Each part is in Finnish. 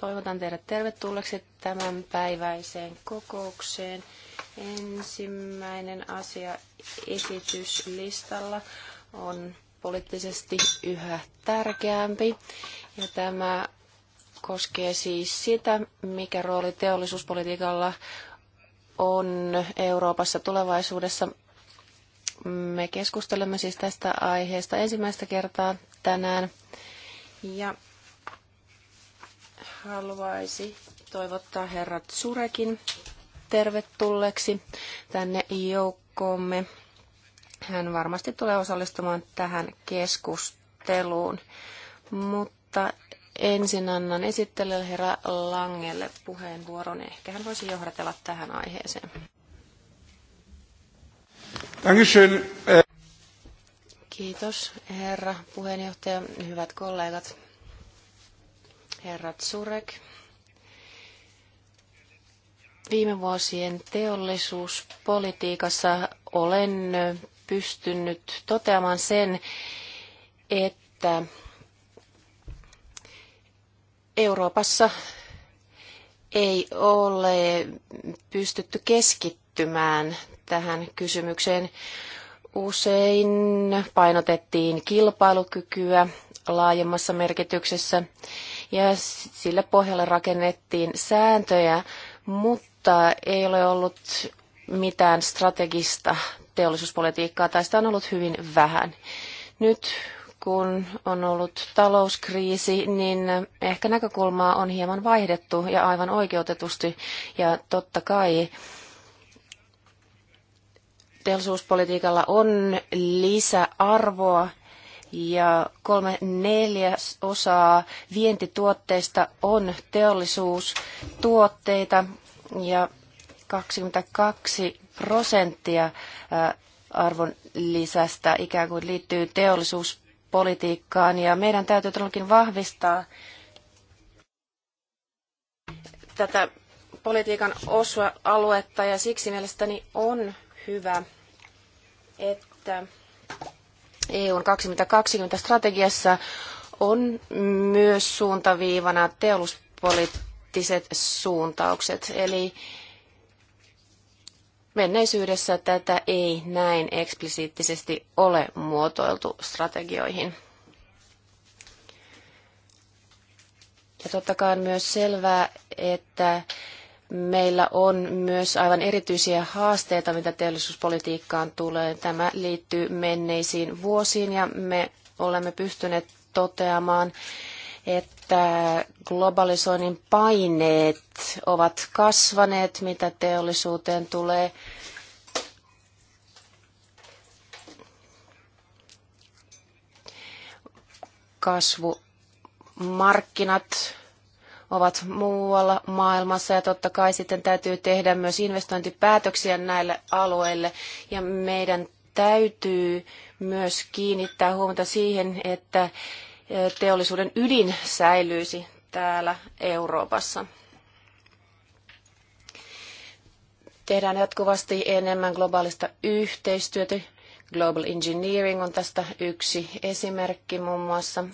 Toivotan teidät tervetulleeksi tämän päiväiseen kokoukseen. Ensimmäinen asia esityslistalla on poliittisesti yhä tärkeämpi. Ja tämä koskee siis sitä, mikä rooli teollisuuspolitiikalla on Euroopassa tulevaisuudessa. Me keskustelemme siis tästä aiheesta ensimmäistä kertaa tänään. Ja haluaisi toivottaa herrat Surekin tervetulleeksi tänne joukkoomme. Hän varmasti tulee osallistumaan tähän keskusteluun, mutta ensin annan esittelijälle herra Langelle puheenvuoron. Ehkä hän voisi johdatella tähän aiheeseen. Kiitos herra puheenjohtaja, hyvät kollegat. Herra Surek. Viime vuosien teollisuuspolitiikassa olen pystynyt toteamaan sen, että Euroopassa ei ole pystytty keskittymään tähän kysymykseen. Usein painotettiin kilpailukykyä laajemmassa merkityksessä ja sille pohjalle rakennettiin sääntöjä, mutta ei ole ollut mitään strategista teollisuuspolitiikkaa, tai sitä on ollut hyvin vähän. Nyt kun on ollut talouskriisi, niin ehkä näkökulmaa on hieman vaihdettu ja aivan oikeutetusti. Ja totta kai teollisuuspolitiikalla on lisäarvoa, ja kolme neljäs osaa vientituotteista on teollisuustuotteita ja 22 prosenttia arvon lisästä ikään kuin liittyy teollisuuspolitiikkaan ja meidän täytyy todellakin vahvistaa tätä politiikan osa-aluetta ja siksi mielestäni on hyvä, että EUn 2020 strategiassa on myös suuntaviivana teollispoliittiset suuntaukset. Eli menneisyydessä tätä ei näin eksplisiittisesti ole muotoiltu strategioihin. Ja totta kai on myös selvää, että Meillä on myös aivan erityisiä haasteita, mitä teollisuuspolitiikkaan tulee. Tämä liittyy menneisiin vuosiin ja me olemme pystyneet toteamaan, että globalisoinnin paineet ovat kasvaneet, mitä teollisuuteen tulee. Kasvumarkkinat ovat muualla maailmassa ja totta kai sitten täytyy tehdä myös investointipäätöksiä näille alueille ja meidän täytyy myös kiinnittää huomiota siihen, että eh, teollisuuden ydin säilyisi täällä Euroopassa. Tehdään jatkuvasti enemmän globaalista yhteistyötä. Global Engineering on tästä yksi esimerkki muun muassa.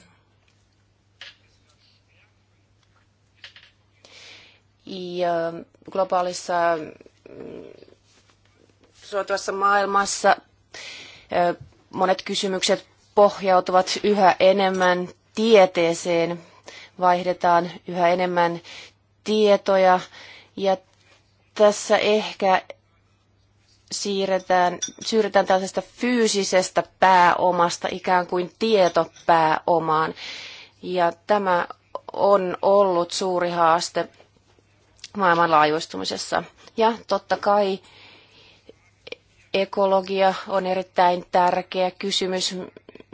Ja globaalissa mm, suotuvassa maailmassa monet kysymykset pohjautuvat yhä enemmän tieteeseen, vaihdetaan yhä enemmän tietoja ja tässä ehkä siirretään, siirretään tällaisesta fyysisestä pääomasta ikään kuin tietopääomaan. Ja tämä on ollut suuri haaste maailmanlaajuistumisessa. Ja totta kai ekologia on erittäin tärkeä kysymys,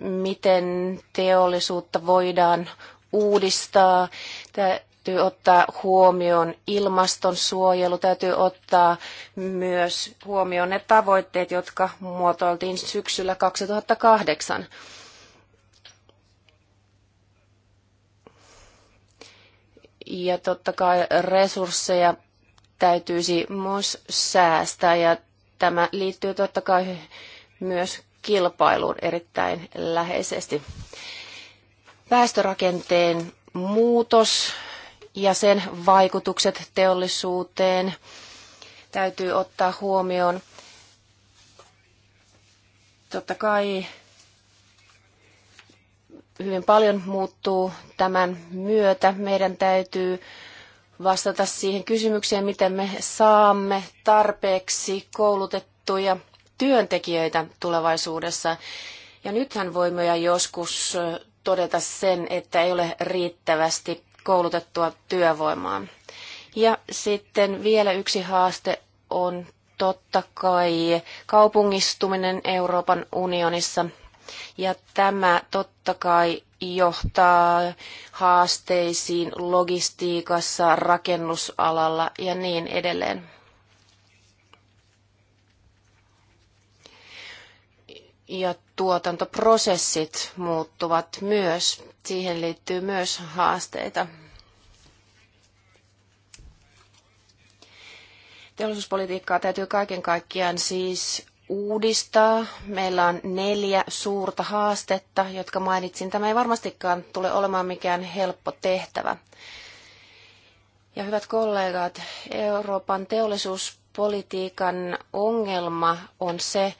miten teollisuutta voidaan uudistaa. Täytyy ottaa huomioon ilmastonsuojelu, täytyy ottaa myös huomioon ne tavoitteet, jotka muotoiltiin syksyllä 2008. ja totta kai resursseja täytyisi myös säästää ja tämä liittyy totta kai myös kilpailuun erittäin läheisesti. Väestörakenteen muutos ja sen vaikutukset teollisuuteen täytyy ottaa huomioon. Totta kai hyvin paljon muuttuu tämän myötä. Meidän täytyy vastata siihen kysymykseen, miten me saamme tarpeeksi koulutettuja työntekijöitä tulevaisuudessa. Ja nythän voimme jo joskus todeta sen, että ei ole riittävästi koulutettua työvoimaa. Ja sitten vielä yksi haaste on totta kai kaupungistuminen Euroopan unionissa – ja tämä totta kai johtaa haasteisiin logistiikassa, rakennusalalla ja niin edelleen. Ja tuotantoprosessit muuttuvat myös. Siihen liittyy myös haasteita. Teollisuuspolitiikkaa täytyy kaiken kaikkiaan siis uudistaa. Meillä on neljä suurta haastetta, jotka mainitsin. Tämä ei varmastikaan tule olemaan mikään helppo tehtävä. Ja hyvät kollegat, Euroopan teollisuuspolitiikan ongelma on se,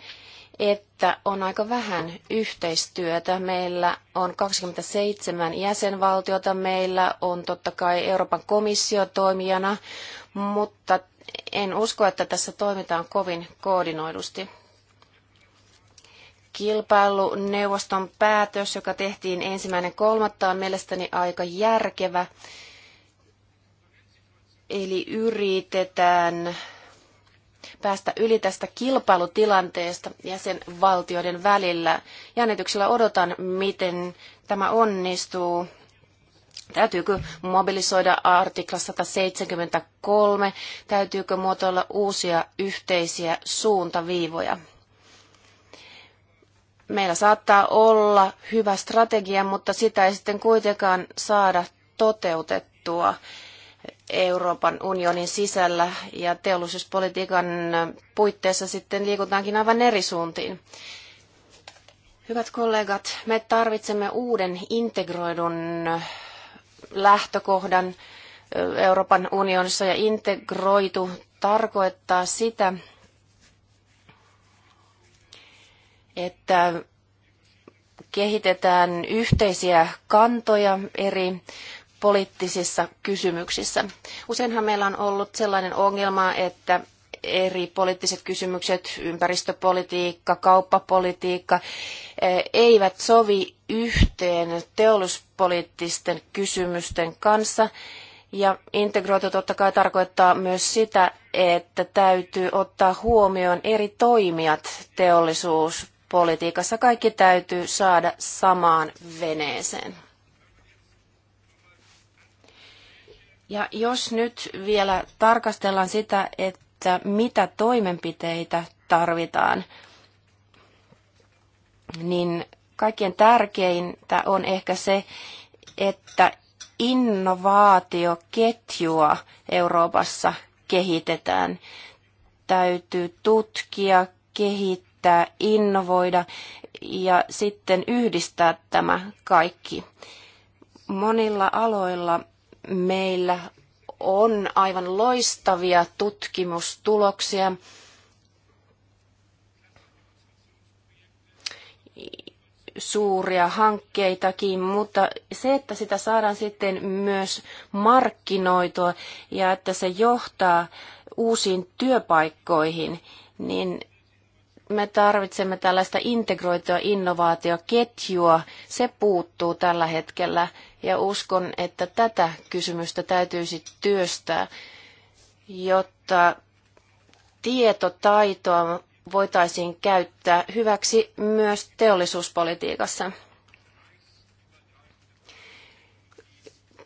että on aika vähän yhteistyötä. Meillä on 27 jäsenvaltiota, meillä on totta kai Euroopan komissio toimijana, mutta en usko, että tässä toimitaan kovin koordinoidusti kilpailuneuvoston päätös, joka tehtiin ensimmäinen kolmatta, on mielestäni aika järkevä. Eli yritetään päästä yli tästä kilpailutilanteesta jäsenvaltioiden välillä. Jännityksellä odotan, miten tämä onnistuu. Täytyykö mobilisoida artikla 173? Täytyykö muotoilla uusia yhteisiä suuntaviivoja? meillä saattaa olla hyvä strategia, mutta sitä ei sitten kuitenkaan saada toteutettua Euroopan unionin sisällä ja teollisuuspolitiikan puitteissa sitten liikutaankin aivan eri suuntiin. Hyvät kollegat, me tarvitsemme uuden integroidun lähtökohdan Euroopan unionissa ja integroitu tarkoittaa sitä, että kehitetään yhteisiä kantoja eri poliittisissa kysymyksissä. Useinhan meillä on ollut sellainen ongelma, että eri poliittiset kysymykset, ympäristöpolitiikka, kauppapolitiikka, eh, eivät sovi yhteen teollispoliittisten kysymysten kanssa. Ja integroitu totta kai tarkoittaa myös sitä, että täytyy ottaa huomioon eri toimijat teollisuus, politiikassa kaikki täytyy saada samaan veneeseen. Ja jos nyt vielä tarkastellaan sitä, että mitä toimenpiteitä tarvitaan, niin kaikkien tärkeintä on ehkä se, että innovaatioketjua Euroopassa kehitetään. Täytyy tutkia, kehittää kehittää, innovoida ja sitten yhdistää tämä kaikki. Monilla aloilla meillä on aivan loistavia tutkimustuloksia. suuria hankkeitakin, mutta se, että sitä saadaan sitten myös markkinoitua ja että se johtaa uusiin työpaikkoihin, niin me tarvitsemme tällaista integroitua innovaatioketjua. Se puuttuu tällä hetkellä ja uskon, että tätä kysymystä täytyisi työstää, jotta tietotaitoa voitaisiin käyttää hyväksi myös teollisuuspolitiikassa.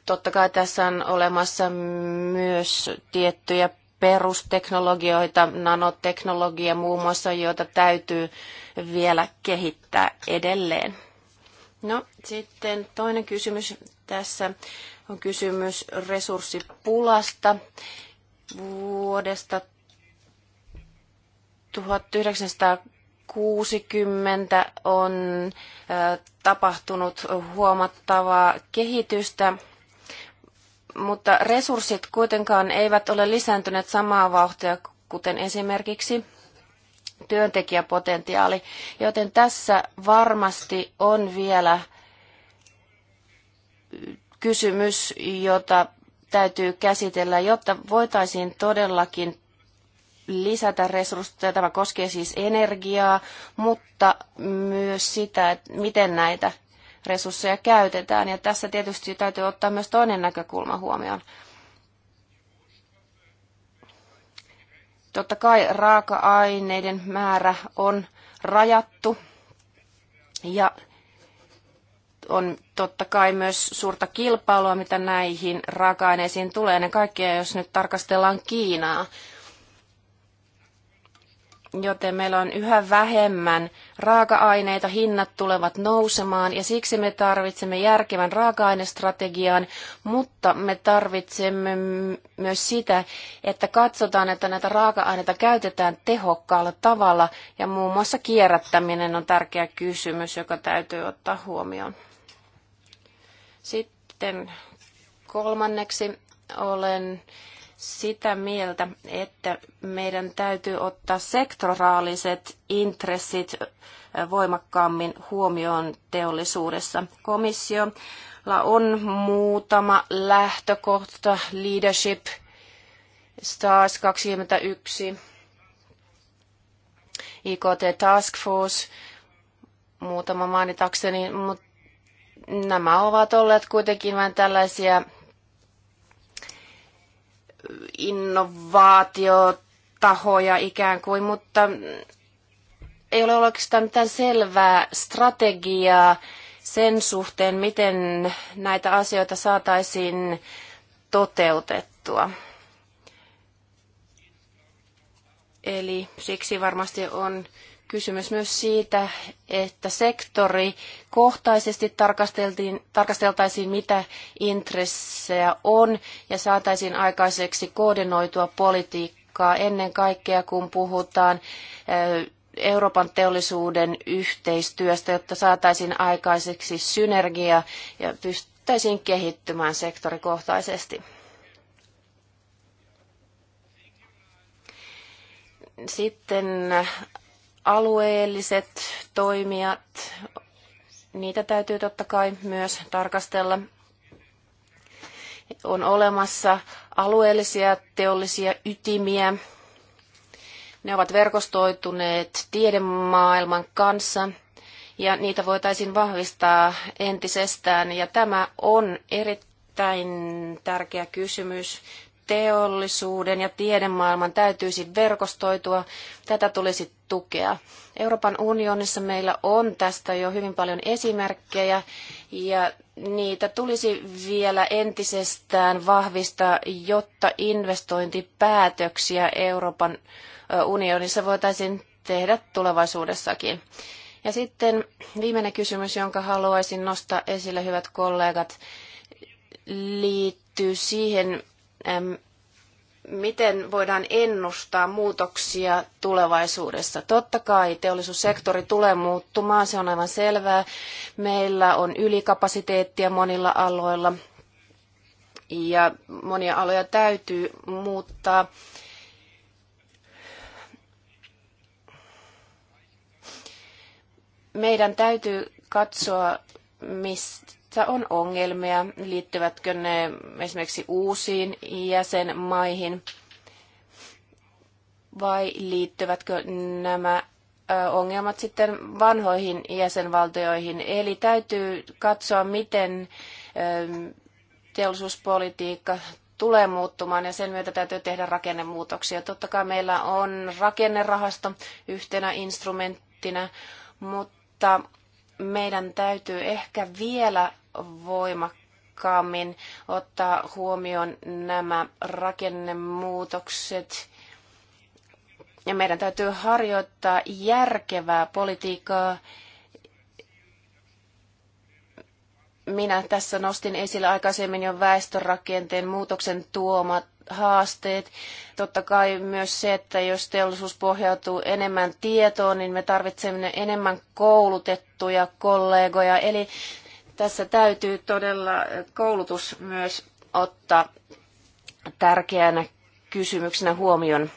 Totta kai tässä on olemassa myös tiettyjä perusteknologioita, nanoteknologia muun muassa, joita täytyy vielä kehittää edelleen. No sitten toinen kysymys tässä on kysymys resurssipulasta vuodesta 1960 on tapahtunut huomattavaa kehitystä mutta resurssit kuitenkaan eivät ole lisääntyneet samaa vauhtia, kuten esimerkiksi työntekijäpotentiaali, joten tässä varmasti on vielä kysymys, jota täytyy käsitellä, jotta voitaisiin todellakin lisätä resursseja. Tämä koskee siis energiaa, mutta myös sitä, että miten näitä resursseja käytetään. Ja tässä tietysti täytyy ottaa myös toinen näkökulma huomioon. Totta kai raaka-aineiden määrä on rajattu ja on totta kai myös suurta kilpailua, mitä näihin raaka-aineisiin tulee. Ne kaikkia, jos nyt tarkastellaan Kiinaa, joten meillä on yhä vähemmän raaka-aineita, hinnat tulevat nousemaan ja siksi me tarvitsemme järkevän raaka-ainestrategian, mutta me tarvitsemme myös sitä, että katsotaan, että näitä raaka-aineita käytetään tehokkaalla tavalla ja muun muassa kierrättäminen on tärkeä kysymys, joka täytyy ottaa huomioon. Sitten kolmanneksi olen sitä mieltä, että meidän täytyy ottaa sektoraaliset intressit voimakkaammin huomioon teollisuudessa. Komissiolla on muutama lähtökohta, leadership, STARS 21, IKT Task Force, muutama mainitakseni, mutta nämä ovat olleet kuitenkin vain tällaisia innovaatiotahoja ikään kuin, mutta ei ole oikeastaan mitään selvää strategiaa sen suhteen, miten näitä asioita saataisiin toteutettua. Eli siksi varmasti on kysymys myös siitä, että sektori kohtaisesti tarkasteltiin, tarkasteltaisiin, mitä intressejä on ja saataisiin aikaiseksi koordinoitua politiikkaa ennen kaikkea, kun puhutaan Euroopan teollisuuden yhteistyöstä, jotta saataisiin aikaiseksi synergia ja pystyttäisiin kehittymään sektorikohtaisesti. Sitten alueelliset toimijat, niitä täytyy totta kai myös tarkastella. On olemassa alueellisia teollisia ytimiä. Ne ovat verkostoituneet tiedemaailman kanssa ja niitä voitaisiin vahvistaa entisestään. Ja tämä on erittäin tärkeä kysymys teollisuuden ja tiedemaailman täytyisi verkostoitua. Tätä tulisi tukea. Euroopan unionissa meillä on tästä jo hyvin paljon esimerkkejä ja niitä tulisi vielä entisestään vahvistaa, jotta investointipäätöksiä Euroopan unionissa voitaisiin tehdä tulevaisuudessakin. Ja sitten viimeinen kysymys, jonka haluaisin nostaa esille, hyvät kollegat, liittyy siihen, miten voidaan ennustaa muutoksia tulevaisuudessa. Totta kai teollisuussektori tulee muuttumaan, se on aivan selvää. Meillä on ylikapasiteettia monilla aloilla ja monia aloja täytyy muuttaa. Meidän täytyy katsoa, mistä että on ongelmia, liittyvätkö ne esimerkiksi uusiin jäsenmaihin vai liittyvätkö nämä ongelmat sitten vanhoihin jäsenvaltioihin. Eli täytyy katsoa, miten teollisuuspolitiikka tulee muuttumaan ja sen myötä täytyy tehdä rakennemuutoksia. Totta kai meillä on rakennerahasto yhtenä instrumenttina, mutta meidän täytyy ehkä vielä voimakkaammin ottaa huomioon nämä rakennemuutokset. Ja meidän täytyy harjoittaa järkevää politiikkaa. Minä tässä nostin esille aikaisemmin jo väestörakenteen muutoksen tuomat haasteet. Totta kai myös se, että jos teollisuus pohjautuu enemmän tietoon, niin me tarvitsemme enemmän koulutettuja kollegoja. Eli tässä täytyy todella koulutus myös ottaa tärkeänä kysymyksenä huomioon.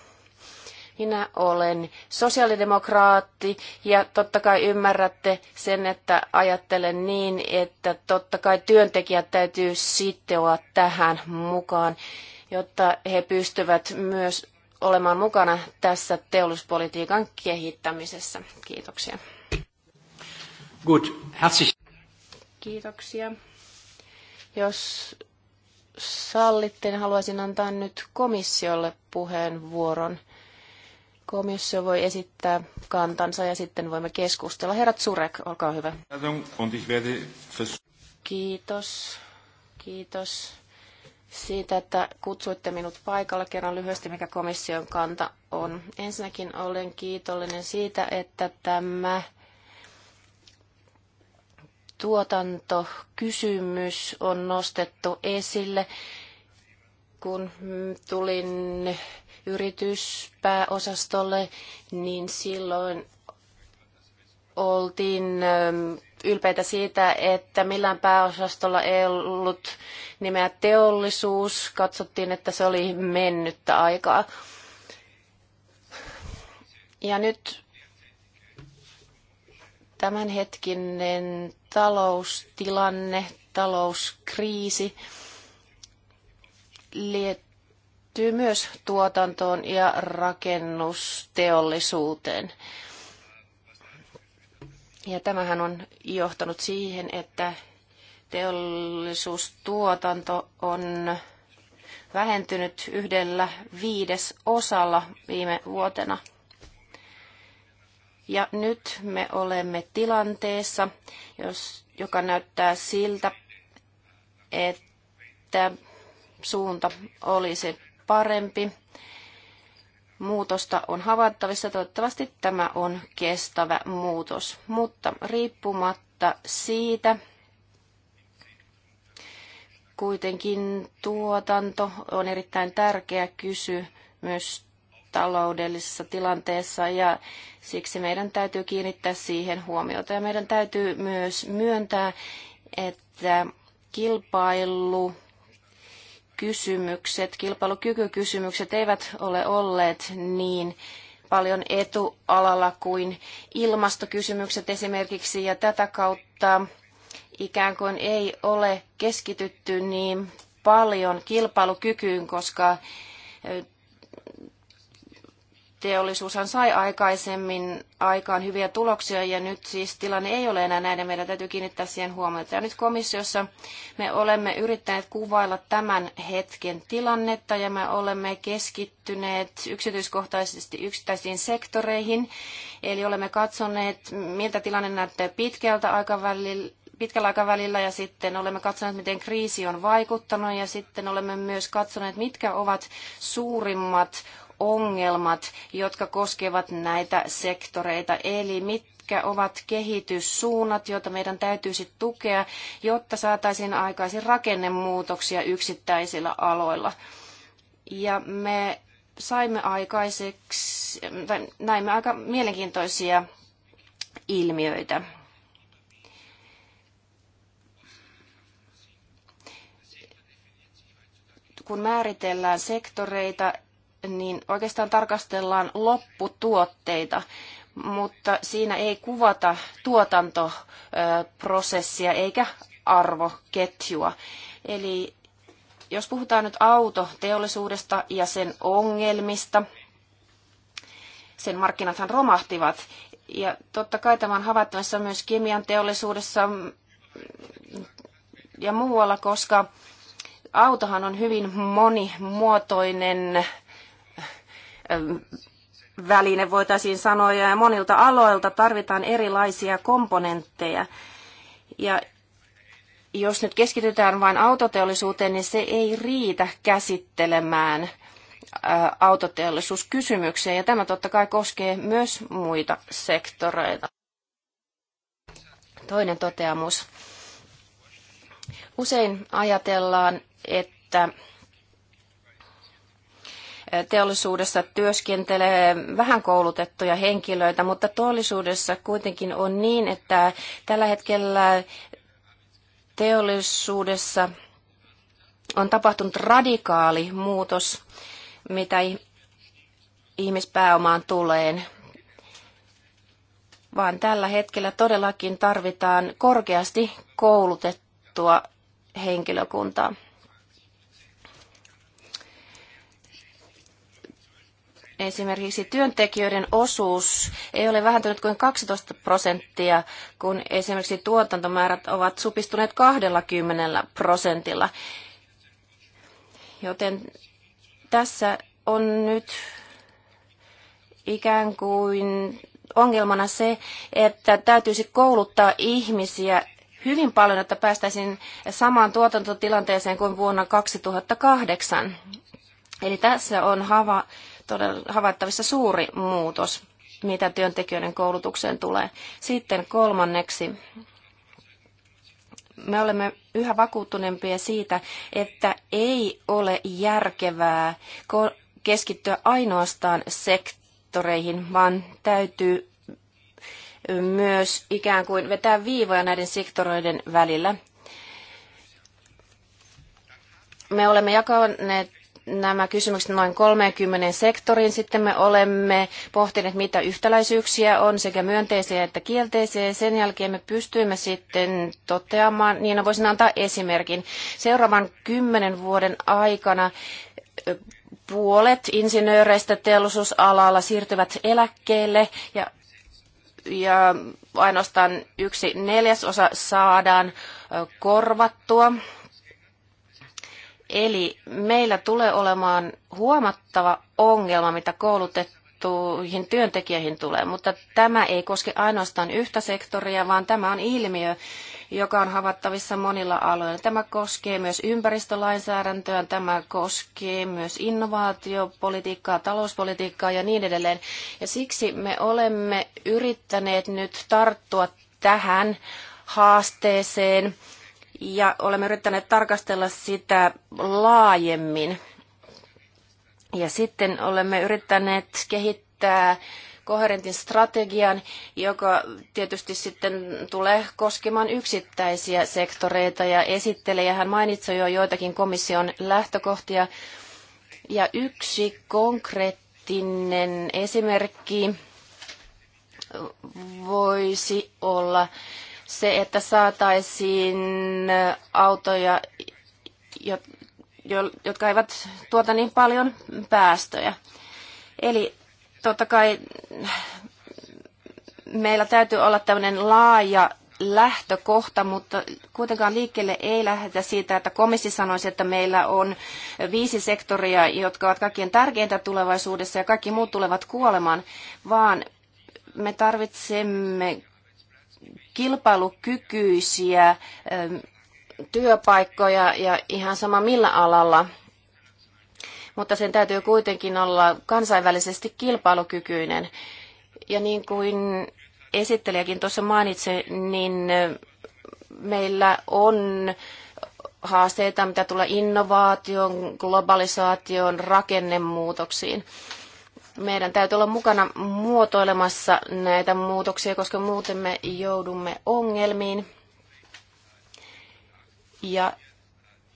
Minä olen sosiaalidemokraatti ja totta kai ymmärrätte sen, että ajattelen niin, että totta kai työntekijät täytyy sitten olla tähän mukaan, jotta he pystyvät myös olemaan mukana tässä teollisuuspolitiikan kehittämisessä. Kiitoksia. Good. herzlich. Kiitoksia. Jos sallitte, niin haluaisin antaa nyt komissiolle puheenvuoron. Komissio voi esittää kantansa ja sitten voimme keskustella. Herrat Surek, olkaa hyvä. Kiitos. Kiitos siitä, että kutsuitte minut paikalla. Kerran lyhyesti, mikä komission kanta on. Ensinnäkin olen kiitollinen siitä, että tämä tuotantokysymys on nostettu esille. Kun tulin yrityspääosastolle, niin silloin oltiin ähm, ylpeitä siitä, että millään pääosastolla ei ollut nimeä teollisuus. Katsottiin, että se oli mennyttä aikaa. Ja nyt tämänhetkinen taloustilanne, talouskriisi liittyy myös tuotantoon ja rakennusteollisuuteen. Ja tämähän on johtanut siihen, että teollisuustuotanto on vähentynyt yhdellä viides osalla viime vuotena – ja nyt me olemme tilanteessa, jos, joka näyttää siltä, että suunta olisi parempi. Muutosta on havaittavissa. Toivottavasti tämä on kestävä muutos. Mutta riippumatta siitä, kuitenkin tuotanto on erittäin tärkeä kysymys taloudellisessa tilanteessa ja siksi meidän täytyy kiinnittää siihen huomiota. Ja meidän täytyy myös myöntää, että kilpailu kysymykset, kilpailukykykysymykset eivät ole olleet niin paljon etualalla kuin ilmastokysymykset esimerkiksi, ja tätä kautta ikään kuin ei ole keskitytty niin paljon kilpailukykyyn, koska teollisuushan sai aikaisemmin aikaan hyviä tuloksia ja nyt siis tilanne ei ole enää näiden. Meidän täytyy kiinnittää siihen huomiota. Ja nyt komissiossa me olemme yrittäneet kuvailla tämän hetken tilannetta ja me olemme keskittyneet yksityiskohtaisesti yksittäisiin sektoreihin. Eli olemme katsoneet, miltä tilanne näyttää pitkältä aikavälillä pitkällä aikavälillä ja sitten olemme katsoneet, miten kriisi on vaikuttanut ja sitten olemme myös katsoneet, mitkä ovat suurimmat ongelmat, jotka koskevat näitä sektoreita, eli mitkä ovat kehityssuunnat, joita meidän täytyisi tukea, jotta saataisiin aikaisin rakennemuutoksia yksittäisillä aloilla. Ja me saimme aikaiseksi, tai näimme aika mielenkiintoisia ilmiöitä. kun määritellään sektoreita, niin oikeastaan tarkastellaan lopputuotteita, mutta siinä ei kuvata tuotantoprosessia eikä arvoketjua. Eli jos puhutaan nyt autoteollisuudesta ja sen ongelmista, sen markkinathan romahtivat. Ja totta kai tämä on havaittavissa myös kemian teollisuudessa ja muualla, koska autohan on hyvin monimuotoinen väline, voitaisiin sanoa, ja monilta aloilta tarvitaan erilaisia komponentteja. Ja jos nyt keskitytään vain autoteollisuuteen, niin se ei riitä käsittelemään autoteollisuuskysymyksiä, ja tämä totta kai koskee myös muita sektoreita. Toinen toteamus. Usein ajatellaan, että teollisuudessa työskentelee vähän koulutettuja henkilöitä, mutta teollisuudessa kuitenkin on niin, että tällä hetkellä teollisuudessa on tapahtunut radikaali muutos, mitä ihmispääomaan tulee vaan tällä hetkellä todellakin tarvitaan korkeasti koulutettua henkilökuntaa. Esimerkiksi työntekijöiden osuus ei ole vähentynyt kuin 12 prosenttia, kun esimerkiksi tuotantomäärät ovat supistuneet 20 prosentilla. Joten tässä on nyt ikään kuin ongelmana se, että täytyisi kouluttaa ihmisiä hyvin paljon, että päästäisiin samaan tuotantotilanteeseen kuin vuonna 2008. Eli tässä on hava, todella havaittavissa suuri muutos, mitä työntekijöiden koulutukseen tulee. Sitten kolmanneksi, me olemme yhä vakuuttuneempia siitä, että ei ole järkevää keskittyä ainoastaan sektoreihin, vaan täytyy myös ikään kuin vetää viivoja näiden sektoreiden välillä. Me olemme jakaneet nämä kysymykset noin 30 sektoriin. Sitten me olemme pohtineet, mitä yhtäläisyyksiä on, sekä myönteisiä että kielteisiä. Sen jälkeen me pystyimme sitten toteamaan, niin no, voisin antaa esimerkin. Seuraavan kymmenen vuoden aikana puolet insinööreistä teollisuusalalla siirtyvät eläkkeelle ja, ja ainoastaan yksi neljäsosa saadaan korvattua Eli meillä tulee olemaan huomattava ongelma, mitä koulutettuihin työntekijöihin tulee, mutta tämä ei koske ainoastaan yhtä sektoria, vaan tämä on ilmiö, joka on havattavissa monilla aloilla. Tämä koskee myös ympäristölainsäädäntöä, tämä koskee myös innovaatiopolitiikkaa, talouspolitiikkaa ja niin edelleen. Ja siksi me olemme yrittäneet nyt tarttua tähän haasteeseen ja olemme yrittäneet tarkastella sitä laajemmin. Ja sitten olemme yrittäneet kehittää koherentin strategian, joka tietysti sitten tulee koskemaan yksittäisiä sektoreita ja esittelee. Hän mainitsi jo joitakin komission lähtökohtia. Ja yksi konkreettinen esimerkki voisi olla se, että saataisiin autoja, jotka eivät tuota niin paljon päästöjä. Eli totta kai meillä täytyy olla tämmöinen laaja lähtökohta, mutta kuitenkaan liikkeelle ei lähdetä siitä, että komissi sanoisi, että meillä on viisi sektoria, jotka ovat kaikkien tärkeintä tulevaisuudessa ja kaikki muut tulevat kuolemaan, vaan me tarvitsemme kilpailukykyisiä työpaikkoja ja ihan sama millä alalla, mutta sen täytyy kuitenkin olla kansainvälisesti kilpailukykyinen. Ja niin kuin esittelijäkin tuossa mainitsi, niin meillä on haasteita, mitä tulee innovaation, globalisaation, rakennemuutoksiin meidän täytyy olla mukana muotoilemassa näitä muutoksia, koska muuten me joudumme ongelmiin. Ja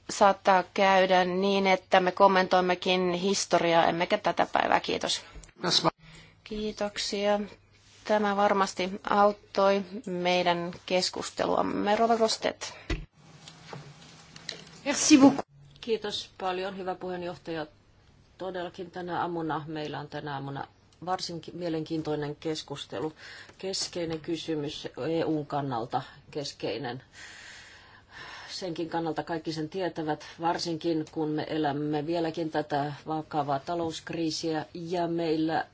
saattaa käydä niin, että me kommentoimmekin historiaa, emmekä tätä päivää. Kiitos. Kiitoksia. Tämä varmasti auttoi meidän keskusteluamme. Rova Rostet. Kiitos paljon, hyvä puheenjohtaja. Todellakin tänä aamuna, meillä on tänä aamuna varsin mielenkiintoinen keskustelu, keskeinen kysymys EUn kannalta, keskeinen senkin kannalta kaikki sen tietävät, varsinkin kun me elämme vieläkin tätä vakavaa talouskriisiä ja meillä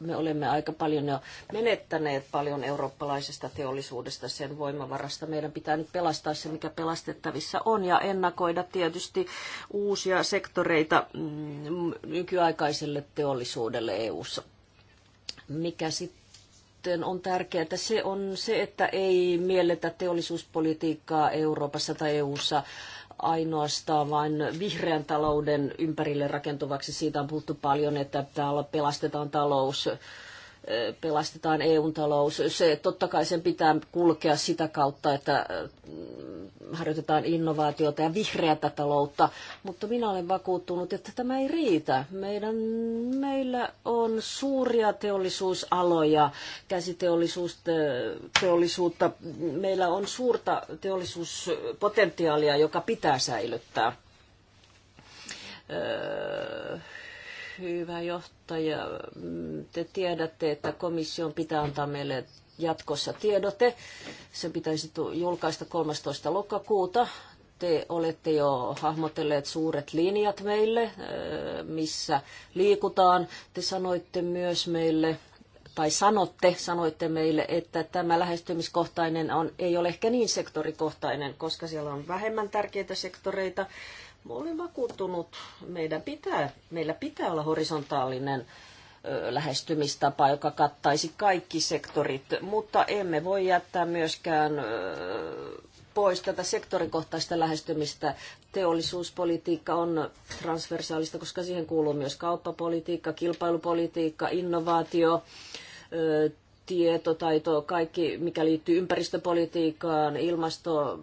me olemme aika paljon jo menettäneet paljon eurooppalaisesta teollisuudesta, sen voimavarasta. Meidän pitää nyt pelastaa se, mikä pelastettavissa on, ja ennakoida tietysti uusia sektoreita mm, nykyaikaiselle teollisuudelle EU:ssa. Mikä sitten on tärkeää, se on se, että ei mielletä teollisuuspolitiikkaa Euroopassa tai EU:ssa ainoastaan vain vihreän talouden ympärille rakentuvaksi. Siitä on puhuttu paljon, että täällä pelastetaan talous pelastetaan EUn talous. Se totta kai sen pitää kulkea sitä kautta, että mm, harjoitetaan innovaatiota ja vihreätä taloutta, mutta minä olen vakuuttunut, että tämä ei riitä. Meidän, meillä on suuria teollisuusaloja, käsiteollisuutta, meillä on suurta teollisuuspotentiaalia, joka pitää säilyttää. Öö, Hyvä johtaja, mm, te tiedätte, että komission pitää antaa meille jatkossa tiedote. sen pitäisi julkaista 13. lokakuuta. Te olette jo hahmotelleet suuret linjat meille, äh, missä liikutaan. Te sanoitte myös meille, tai sanotte, sanoitte meille, että tämä lähestymiskohtainen on, ei ole ehkä niin sektorikohtainen, koska siellä on vähemmän tärkeitä sektoreita olen vakuuttunut, meidän pitää, meillä pitää olla horisontaalinen lähestymistapa, joka kattaisi kaikki sektorit, mutta emme voi jättää myöskään pois tätä sektorikohtaista lähestymistä. Teollisuuspolitiikka on transversaalista, koska siihen kuuluu myös kauppapolitiikka, kilpailupolitiikka, innovaatio, tietotaito, kaikki mikä liittyy ympäristöpolitiikkaan, ilmasto,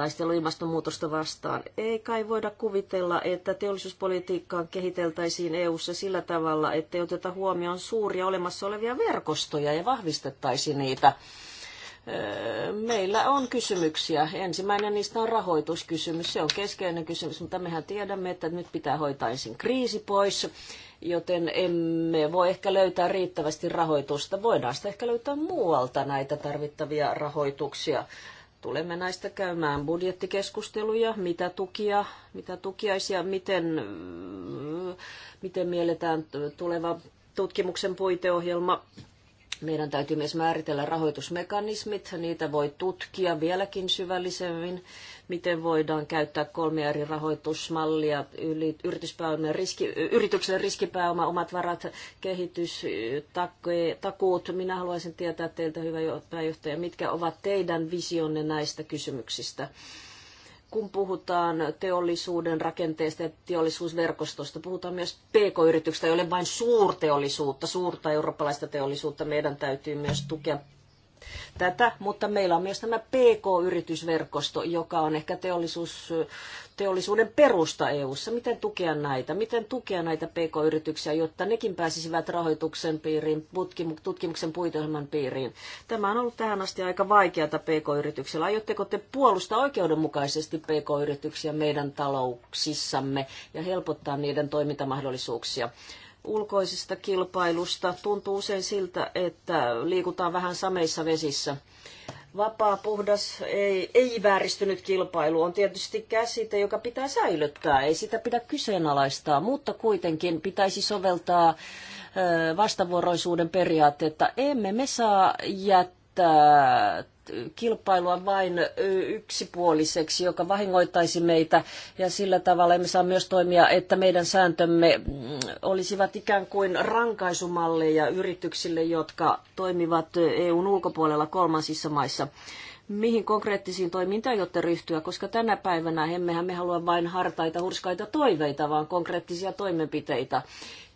taistelu ilmastonmuutosta vastaan. Ei kai voida kuvitella, että teollisuuspolitiikkaan kehiteltäisiin EU:ssa sillä tavalla, että ei oteta huomioon suuria olemassa olevia verkostoja ja vahvistettaisiin niitä. Öö, meillä on kysymyksiä. Ensimmäinen niistä on rahoituskysymys. Se on keskeinen kysymys, mutta mehän tiedämme, että nyt pitää hoitaa ensin kriisi pois, joten emme voi ehkä löytää riittävästi rahoitusta. Voidaan sitä ehkä löytää muualta näitä tarvittavia rahoituksia Tulemme näistä käymään budjettikeskusteluja, mitä tukia, mitä tukiaisia, miten, miten mielletään tuleva tutkimuksen puiteohjelma. Meidän täytyy myös määritellä rahoitusmekanismit, niitä voi tutkia vieläkin syvällisemmin miten voidaan käyttää kolme eri rahoitusmallia, yrityspääomien riski, yrityksen riskipääoma, omat varat, kehitys, takuut. Minä haluaisin tietää teiltä, hyvä pääjohtaja, mitkä ovat teidän visionne näistä kysymyksistä? kun puhutaan teollisuuden rakenteesta ja teollisuusverkostosta, puhutaan myös pk-yrityksistä, joille vain suurteollisuutta, suurta eurooppalaista teollisuutta. Meidän täytyy myös tukea tätä, mutta meillä on myös tämä PK-yritysverkosto, joka on ehkä teollisuus, teollisuuden perusta EU:ssa. Miten tukea näitä? Miten tukea näitä PK-yrityksiä, jotta nekin pääsisivät rahoituksen piiriin, tutkimuksen puiteohjelman piiriin? Tämä on ollut tähän asti aika vaikeata PK-yrityksellä. Aiotteko te puolustaa oikeudenmukaisesti PK-yrityksiä meidän talouksissamme ja helpottaa niiden toimintamahdollisuuksia? ulkoisesta kilpailusta. Tuntuu usein siltä, että liikutaan vähän sameissa vesissä. Vapaa, puhdas, ei, ei vääristynyt kilpailu on tietysti käsite, joka pitää säilyttää. Ei sitä pidä kyseenalaistaa, mutta kuitenkin pitäisi soveltaa vastavuoroisuuden periaatteita. Emme me saa jättää että kilpailua vain yksipuoliseksi, joka vahingoittaisi meitä ja sillä tavalla emme saa myös toimia, että meidän sääntömme olisivat ikään kuin rankaisumalleja yrityksille, jotka toimivat EUn ulkopuolella kolmansissa maissa mihin konkreettisiin toimiin te aiotte ryhtyä, koska tänä päivänä emmehän me halua vain hartaita, hurskaita toiveita, vaan konkreettisia toimenpiteitä,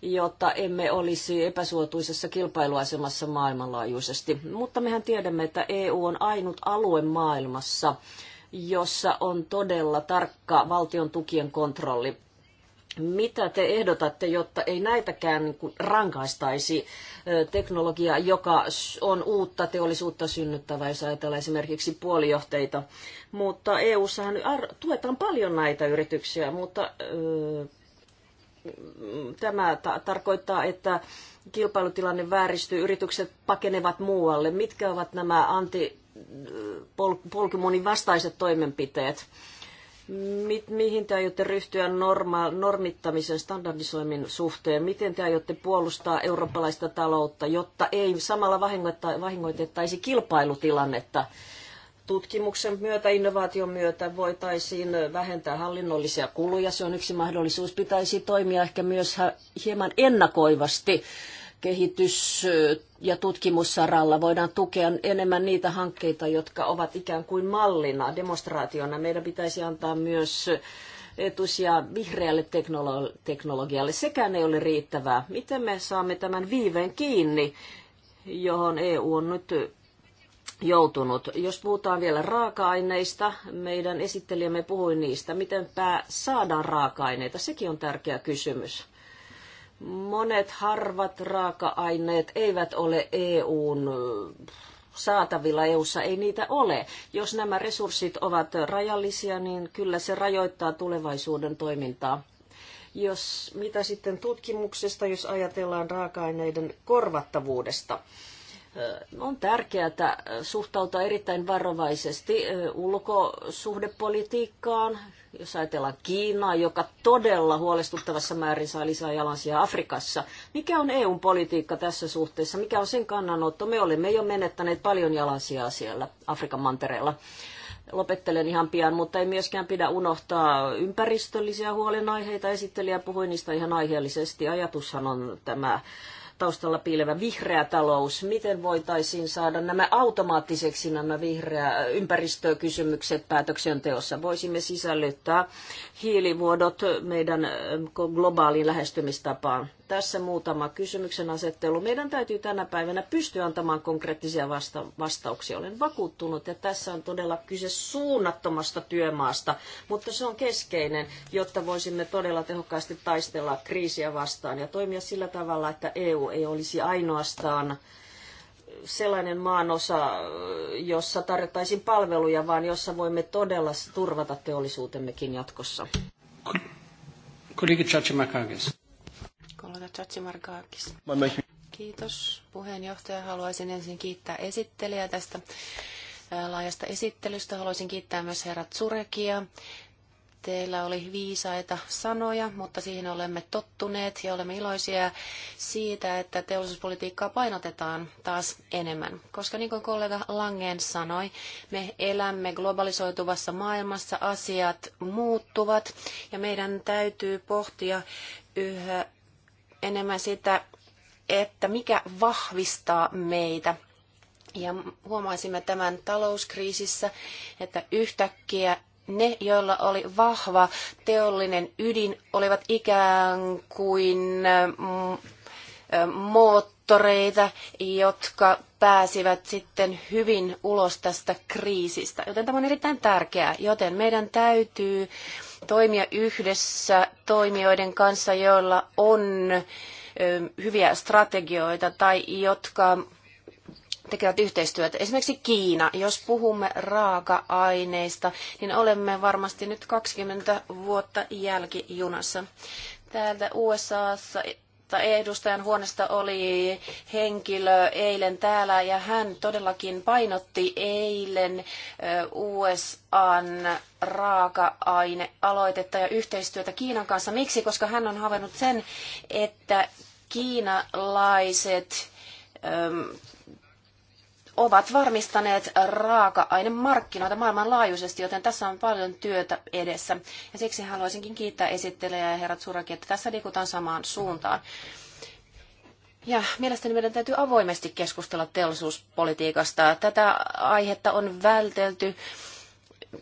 jotta emme olisi epäsuotuisessa kilpailuasemassa maailmanlaajuisesti. Mutta mehän tiedämme, että EU on ainut alue maailmassa, jossa on todella tarkka valtion tukien kontrolli. Mitä te ehdotatte, jotta ei näitäkään niin kuin rankaistaisi teknologiaa, joka on uutta teollisuutta synnyttävää, jos ajatellaan esimerkiksi puolijohteita? Mutta EU-ssahan tuetaan paljon näitä yrityksiä, mutta tämä ta- tarkoittaa, että kilpailutilanne vääristyy, yritykset pakenevat muualle. Mitkä ovat nämä antipolkymonin vastaiset toimenpiteet? Mi- mihin te aiotte ryhtyä norma- normittamisen standardisoimin suhteen? Miten te aiotte puolustaa eurooppalaista taloutta, jotta ei samalla vahingoitettaisi kilpailutilannetta? Tutkimuksen myötä, innovaation myötä voitaisiin vähentää hallinnollisia kuluja. Se on yksi mahdollisuus. Pitäisi toimia ehkä myös hieman ennakoivasti kehitys- ja tutkimussaralla voidaan tukea enemmän niitä hankkeita, jotka ovat ikään kuin mallina, demonstraationa. Meidän pitäisi antaa myös etusia vihreälle teknolo- teknologialle. Sekään ei ole riittävää. Miten me saamme tämän viiveen kiinni, johon EU on nyt joutunut. Jos puhutaan vielä raaka-aineista, meidän esittelijämme puhui niistä. Miten pää saadaan raaka-aineita? Sekin on tärkeä kysymys. Monet harvat raaka-aineet eivät ole EUn äh, saatavilla EUssa ei niitä ole. Jos nämä resurssit ovat rajallisia, niin kyllä se rajoittaa tulevaisuuden toimintaa. Jos, mitä sitten tutkimuksesta, jos ajatellaan raaka-aineiden korvattavuudesta? Äh, on tärkeää suhtautua erittäin varovaisesti äh, ulkosuhdepolitiikkaan, jos ajatellaan Kiinaa, joka todella huolestuttavassa määrin saa lisää jalansia Afrikassa, mikä on EUn politiikka tässä suhteessa? Mikä on sen kannanotto? Me olemme jo menettäneet paljon jalansia siellä Afrikan mantereella. Lopettelen ihan pian, mutta ei myöskään pidä unohtaa ympäristöllisiä huolenaiheita. Esittelijä puhui niistä ihan aiheellisesti. Ajatushan on tämä taustalla piilevä vihreä talous. Miten voitaisiin saada nämä automaattiseksi nämä vihreä äh, ympäristökysymykset päätöksenteossa? Voisimme sisällyttää hiilivuodot meidän äh, globaaliin lähestymistapaan. Tässä muutama kysymyksen asettelu. Meidän täytyy tänä päivänä pystyä antamaan konkreettisia vasta- vastauksia. Olen vakuuttunut, että tässä on todella kyse suunnattomasta työmaasta, mutta se on keskeinen, jotta voisimme todella tehokkaasti taistella kriisiä vastaan ja toimia sillä tavalla, että EU ei olisi ainoastaan sellainen maanosa, jossa tarjottaisiin palveluja, vaan jossa voimme todella turvata teollisuutemmekin jatkossa. Kollega Chachimakagis kollega Chachimarkaakis. Kiitos puheenjohtaja. Haluaisin ensin kiittää esittelijää tästä laajasta esittelystä. Haluaisin kiittää myös herra Tsurekia. Teillä oli viisaita sanoja, mutta siihen olemme tottuneet ja olemme iloisia siitä, että teollisuuspolitiikkaa painotetaan taas enemmän. Koska niin kuin kollega Langen sanoi, me elämme globalisoituvassa maailmassa, asiat muuttuvat ja meidän täytyy pohtia yhä enemmän sitä, että mikä vahvistaa meitä. Ja huomaisimme tämän talouskriisissä, että yhtäkkiä ne, joilla oli vahva teollinen ydin, olivat ikään kuin mm, moottoreita, jotka pääsivät sitten hyvin ulos tästä kriisistä. Joten tämä on erittäin tärkeää, joten meidän täytyy toimia yhdessä toimijoiden kanssa, joilla on hyviä strategioita tai jotka tekevät yhteistyötä. Esimerkiksi Kiina, jos puhumme raaka-aineista, niin olemme varmasti nyt 20 vuotta jälkijunassa. Täältä USAssa mutta edustajan huoneesta oli henkilö eilen täällä ja hän todellakin painotti eilen USAn raaka-ainealoitetta ja yhteistyötä Kiinan kanssa. Miksi? Koska hän on havainnut sen, että kiinalaiset ovat varmistaneet raaka-ainemarkkinoita maailmanlaajuisesti, joten tässä on paljon työtä edessä. Ja siksi haluaisinkin kiittää esittelejä ja herrat Surakin, että tässä liikutaan samaan suuntaan. Ja mielestäni meidän täytyy avoimesti keskustella teollisuuspolitiikasta. Tätä aihetta on vältelty.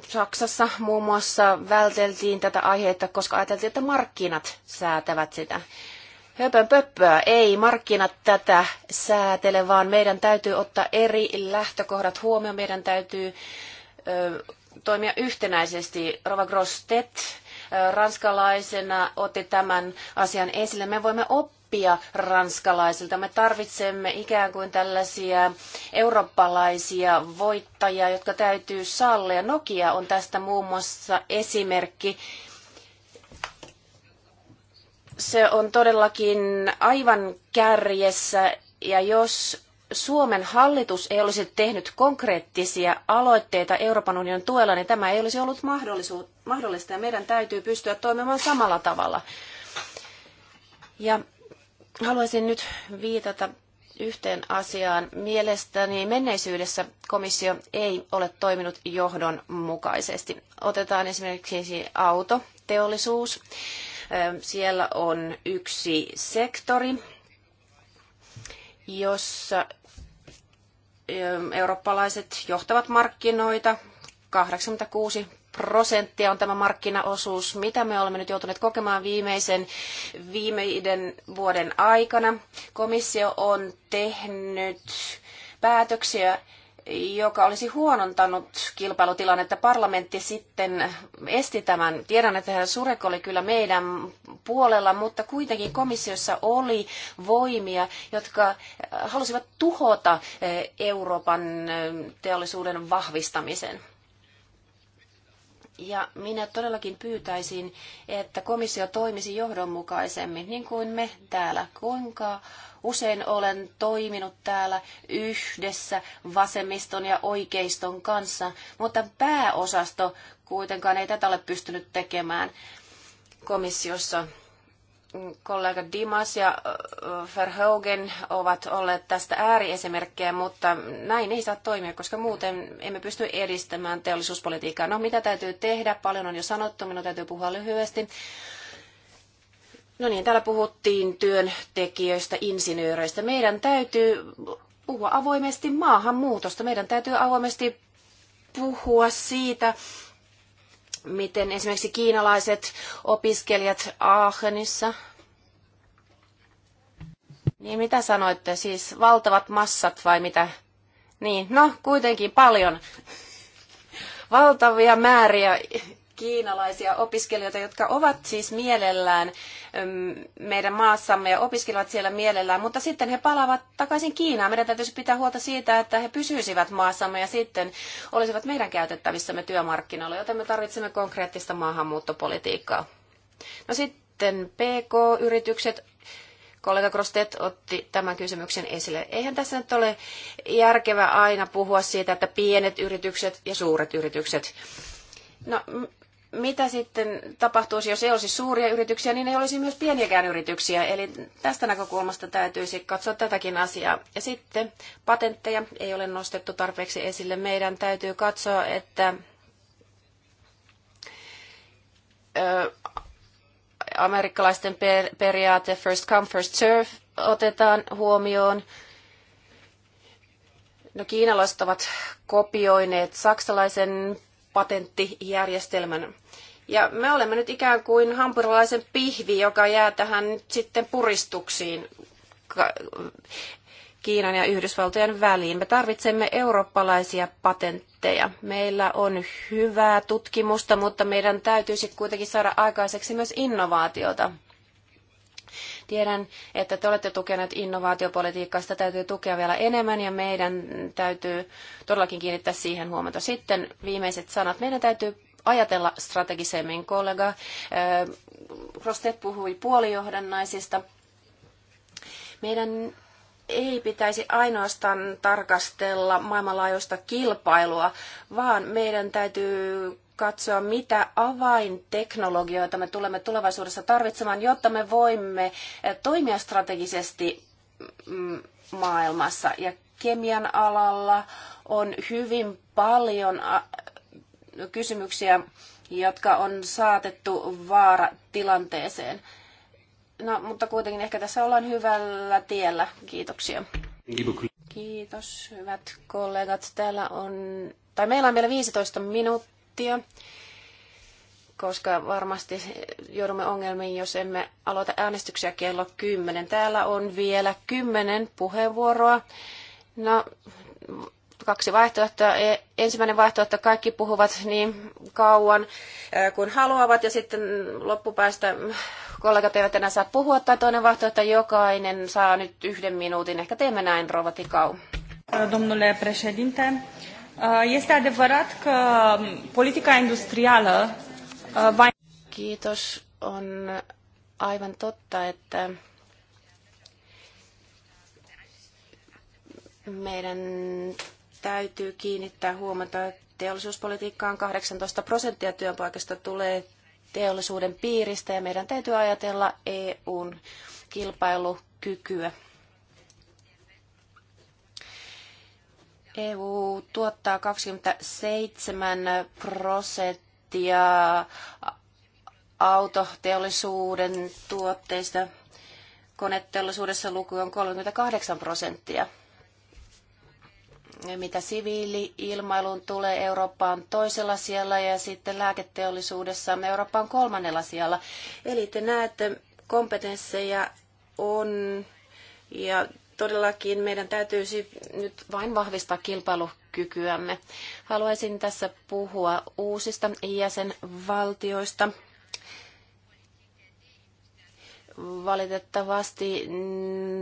Saksassa muun muassa välteltiin tätä aihetta, koska ajateltiin, että markkinat säätävät sitä pöppöä, Ei markkinat tätä säätele, vaan meidän täytyy ottaa eri lähtökohdat huomioon. Meidän täytyy ö, toimia yhtenäisesti. Rova Grostet ranskalaisena otti tämän asian esille. Me voimme oppia ranskalaisilta. Me tarvitsemme ikään kuin tällaisia eurooppalaisia voittajia, jotka täytyy sallia. Nokia on tästä muun muassa esimerkki se on todellakin aivan kärjessä ja jos Suomen hallitus ei olisi tehnyt konkreettisia aloitteita Euroopan unionin tuella, niin tämä ei olisi ollut mahdollista ja meidän täytyy pystyä toimimaan samalla tavalla. Ja haluaisin nyt viitata yhteen asiaan. Mielestäni menneisyydessä komissio ei ole toiminut johdonmukaisesti. Otetaan esimerkiksi autoteollisuus. teollisuus siellä on yksi sektori, jossa eurooppalaiset johtavat markkinoita. 86 prosenttia on tämä markkinaosuus, mitä me olemme nyt joutuneet kokemaan viimeisen viimeiden vuoden aikana. Komissio on tehnyt päätöksiä joka olisi huonontanut kilpailutilannetta. Parlamentti sitten esti tämän. Tiedän, että Surek oli kyllä meidän puolella, mutta kuitenkin komissiossa oli voimia, jotka äh, halusivat tuhota äh, Euroopan äh, teollisuuden vahvistamisen. Ja minä todellakin pyytäisin, että komissio toimisi johdonmukaisemmin, niin kuin me täällä. Kuinka Usein olen toiminut täällä yhdessä vasemmiston ja oikeiston kanssa, mutta pääosasto kuitenkaan ei tätä ole pystynyt tekemään komissiossa. Kollega Dimas ja äh, Verhoeven ovat olleet tästä ääriesimerkkejä, mutta näin ei saa toimia, koska muuten emme pysty edistämään teollisuuspolitiikkaa. No mitä täytyy tehdä? Paljon on jo sanottu, minun täytyy puhua lyhyesti. No niin, täällä puhuttiin työntekijöistä, insinööreistä. Meidän täytyy puhua avoimesti maahanmuutosta. Meidän täytyy avoimesti puhua siitä, miten esimerkiksi kiinalaiset opiskelijat Aachenissa. Niin mitä sanoitte, siis valtavat massat vai mitä? Niin, no kuitenkin paljon. Valtavia määriä kiinalaisia opiskelijoita, jotka ovat siis mielellään meidän maassamme ja opiskelevat siellä mielellään, mutta sitten he palaavat takaisin Kiinaan. Meidän täytyisi pitää huolta siitä, että he pysyisivät maassamme ja sitten olisivat meidän käytettävissämme työmarkkinoilla, joten me tarvitsemme konkreettista maahanmuuttopolitiikkaa. No sitten PK-yritykset, kollega Krostet otti tämän kysymyksen esille. Eihän tässä nyt ole järkevää aina puhua siitä, että pienet yritykset ja suuret yritykset. No, mitä sitten tapahtuisi, jos ei olisi suuria yrityksiä, niin ei olisi myös pieniäkään yrityksiä. Eli tästä näkökulmasta täytyisi katsoa tätäkin asiaa. Ja sitten patentteja ei ole nostettu tarpeeksi esille. Meidän täytyy katsoa, että amerikkalaisten periaate first come, first serve otetaan huomioon. No, kiinalaiset ovat kopioineet saksalaisen patenttijärjestelmän. Ja me olemme nyt ikään kuin hampurilaisen pihvi, joka jää tähän nyt sitten puristuksiin Kiinan ja Yhdysvaltojen väliin. Me tarvitsemme eurooppalaisia patentteja. Meillä on hyvää tutkimusta, mutta meidän täytyisi kuitenkin saada aikaiseksi myös innovaatiota. Tiedän, että te olette tukeneet innovaatiopolitiikkaa, sitä täytyy tukea vielä enemmän ja meidän täytyy todellakin kiinnittää siihen huomiota. Sitten viimeiset sanat. Meidän täytyy ajatella strategisemmin. Kollega eh, Rostet puhui puolijohdannaisista. Meidän ei pitäisi ainoastaan tarkastella maailmanlaajuista kilpailua, vaan meidän täytyy katsoa, mitä avainteknologioita me tulemme tulevaisuudessa tarvitsemaan, jotta me voimme eh, toimia strategisesti mm, maailmassa. Ja kemian alalla on hyvin paljon kysymyksiä, jotka on saatettu vaaratilanteeseen. No, mutta kuitenkin ehkä tässä ollaan hyvällä tiellä. Kiitoksia. Kiitos, hyvät kollegat. Täällä on, tai meillä on vielä 15 minuuttia, koska varmasti joudumme ongelmiin, jos emme aloita äänestyksiä kello 10. Täällä on vielä 10 puheenvuoroa. No, kaksi vaihtoehtoa. E, ensimmäinen vaihtoehto, että kaikki puhuvat niin kauan kuin haluavat ja sitten loppupäästä kollegat eivät enää saa puhua. Tai toinen vaihtoehto, että jokainen saa nyt yhden minuutin. Ehkä teemme näin, Rova Tikau. Domnule președinte, este adevărat că politica industrială va... Kiitos. On aivan totta, että meidän täytyy kiinnittää huomiota teollisuuspolitiikkaan. 18 prosenttia työpaikasta tulee teollisuuden piiristä ja meidän täytyy ajatella EUn kilpailukykyä. EU tuottaa 27 prosenttia autoteollisuuden tuotteista. Koneteollisuudessa luku on 38 prosenttia mitä siviili-ilmailuun tulee, Eurooppa on toisella siellä ja sitten lääketeollisuudessa Eurooppa on kolmannella siellä. Eli te näette, kompetensseja on ja todellakin meidän täytyisi nyt vain vahvistaa kilpailukykyämme. Haluaisin tässä puhua uusista jäsenvaltioista. Valitettavasti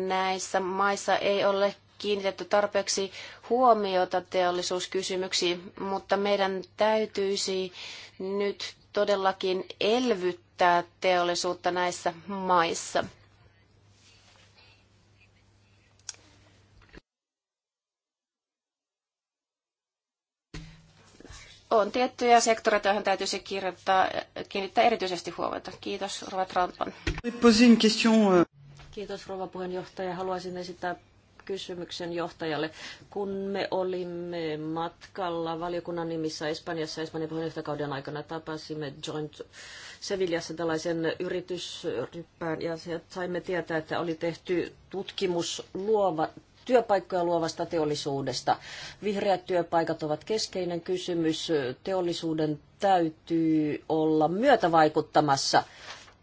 näissä maissa ei ole kiinnitetty tarpeeksi huomiota teollisuuskysymyksiin, mutta meidän täytyisi nyt todellakin elvyttää teollisuutta näissä maissa. on tiettyjä sektoreita, joihin täytyisi kirjoittaa, kiinnittää erityisesti huomiota. Kiitos, Rova Trautman. Euh, Kiitos, Rova puheenjohtaja. Haluaisin esittää kysymyksen johtajalle. Kun me olimme matkalla valiokunnan nimissä Espanjassa Espanjan puheenjohtajakauden aikana, tapasimme Joint Sevillassa tällaisen yritysryppään ja saimme tietää, että oli tehty tutkimus luova, työpaikkoja luovasta teollisuudesta. Vihreät työpaikat ovat keskeinen kysymys. Teollisuuden täytyy olla myötävaikuttamassa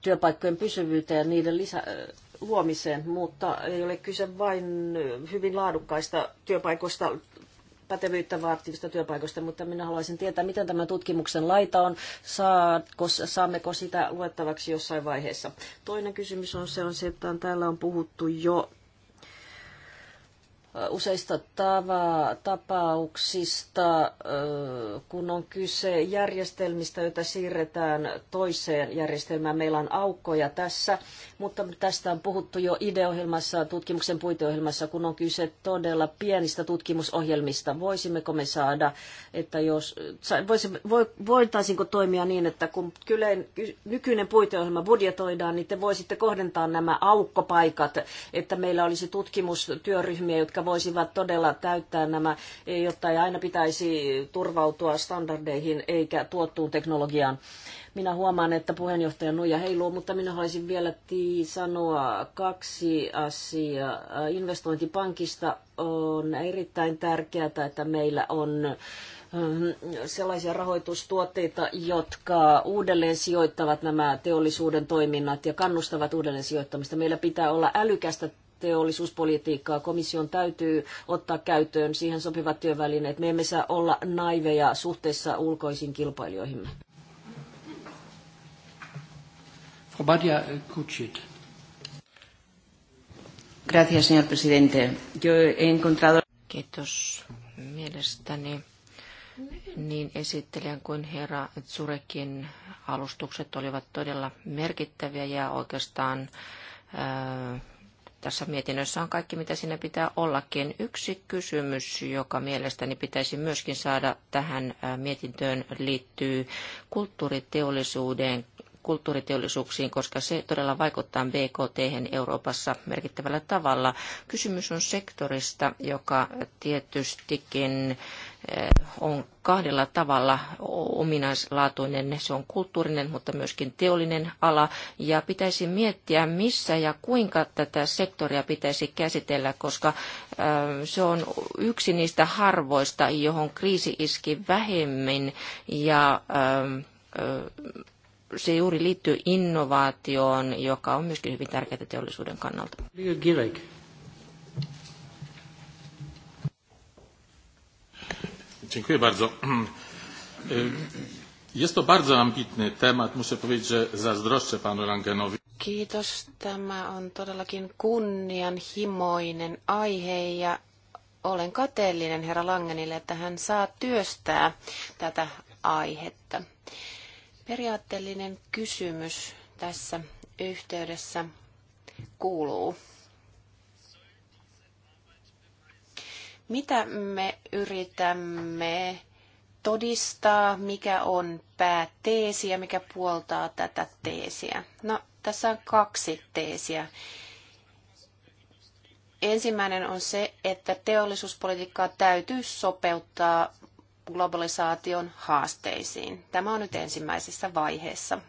työpaikkojen pysyvyyteen ja niiden lisä, luomiseen, mutta ei ole kyse vain hyvin laadukkaista työpaikoista pätevyyttä vaativista työpaikoista, mutta minä haluaisin tietää, miten tämä tutkimuksen laita on, saatko, saammeko sitä luettavaksi jossain vaiheessa. Toinen kysymys on se, on se että täällä on puhuttu jo useista tapauksista, kun on kyse järjestelmistä, joita siirretään toiseen järjestelmään. Meillä on aukkoja tässä, mutta tästä on puhuttu jo ideohjelmassa, tutkimuksen puiteohjelmassa, kun on kyse todella pienistä tutkimusohjelmista. Voisimmeko me saada, että jos, voisimme, voitaisinko toimia niin, että kun kylein, nykyinen puiteohjelma budjetoidaan, niin te voisitte kohdentaa nämä aukkopaikat, että meillä olisi tutkimustyöryhmiä, jotka voisivat todella täyttää nämä, jotta ei aina pitäisi turvautua standardeihin eikä tuottuun teknologiaan. Minä huomaan, että puheenjohtaja Nuija heiluu, mutta minä haluaisin vielä tii sanoa kaksi asiaa. Investointipankista on erittäin tärkeää, että meillä on mm, sellaisia rahoitustuotteita, jotka uudelleen sijoittavat nämä teollisuuden toiminnat ja kannustavat uudelleen sijoittamista. Meillä pitää olla älykästä teollisuuspolitiikkaa. Komission täytyy ottaa käyttöön siihen sopivat työvälineet. Me emme saa olla naiveja suhteessa ulkoisiin kilpailijoihimme. Badia Kuchit. Gracias, señor presidente. Yo he encontrado... Kiitos. Mielestäni niin esittelijän kuin herra Zurekin alustukset olivat todella merkittäviä ja oikeastaan tässä mietinnössä on kaikki, mitä siinä pitää ollakin. Yksi kysymys, joka mielestäni pitäisi myöskin saada tähän mietintöön, liittyy kulttuuriteollisuuden kulttuuriteollisuuksiin, koska se todella vaikuttaa BKT hen Euroopassa merkittävällä tavalla. Kysymys on sektorista, joka tietystikin Eh, on kahdella tavalla ominaislaatuinen. Se on kulttuurinen, mutta myöskin teollinen ala. Ja pitäisi miettiä, missä ja kuinka tätä sektoria pitäisi käsitellä, koska eh, se on yksi niistä harvoista, johon kriisi iski vähemmän. Ja eh, se juuri liittyy innovaatioon, joka on myöskin hyvin tärkeää teollisuuden kannalta. Dziękuję bardzo. Jest to bardzo ambitny temat. Muszę powiedzieć, że zazdroszczę panu Langenowi. Kiitos. Tämä on todellakin kunnianhimoinen aihe ja olen kateellinen herra Langenille, että hän saa työstää tätä aihetta. Periaatteellinen kysymys tässä yhteydessä kuuluu, Mitä me yritämme todistaa, mikä on pääteesi ja mikä puoltaa tätä teesiä? No, tässä on kaksi teesiä. Ensimmäinen on se, että teollisuuspolitiikkaa täytyy sopeuttaa globalisaation haasteisiin. Tämä on nyt ensimmäisessä vaiheessa.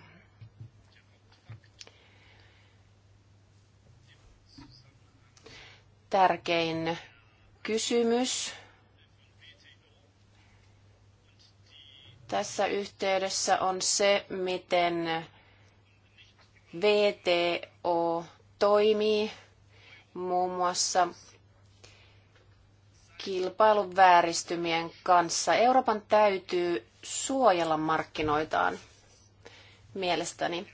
Tärkein kysymys. Tässä yhteydessä on se, miten VTO toimii muun muassa kilpailun vääristymien kanssa. Euroopan täytyy suojella markkinoitaan mielestäni.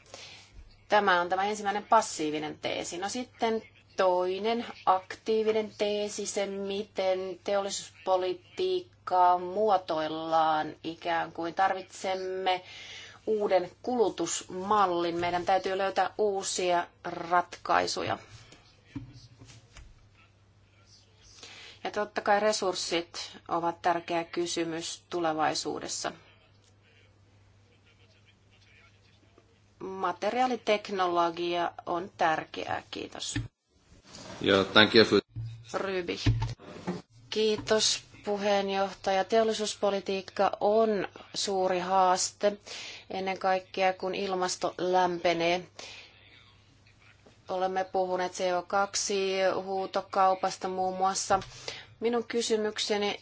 Tämä on tämä ensimmäinen passiivinen teesi. No sitten toinen aktiivinen teesi, se miten teollisuuspolitiikkaa muotoillaan ikään kuin. Tarvitsemme uuden kulutusmallin. Meidän täytyy löytää uusia ratkaisuja. Ja totta kai resurssit ovat tärkeä kysymys tulevaisuudessa. Materiaaliteknologia on tärkeää. Kiitos. Ja, thank you for... Ryby. Kiitos puheenjohtaja. Teollisuuspolitiikka on suuri haaste, ennen kaikkea kun ilmasto lämpenee. Olemme puhuneet CO2-huutokaupasta muun muassa. Minun kysymykseni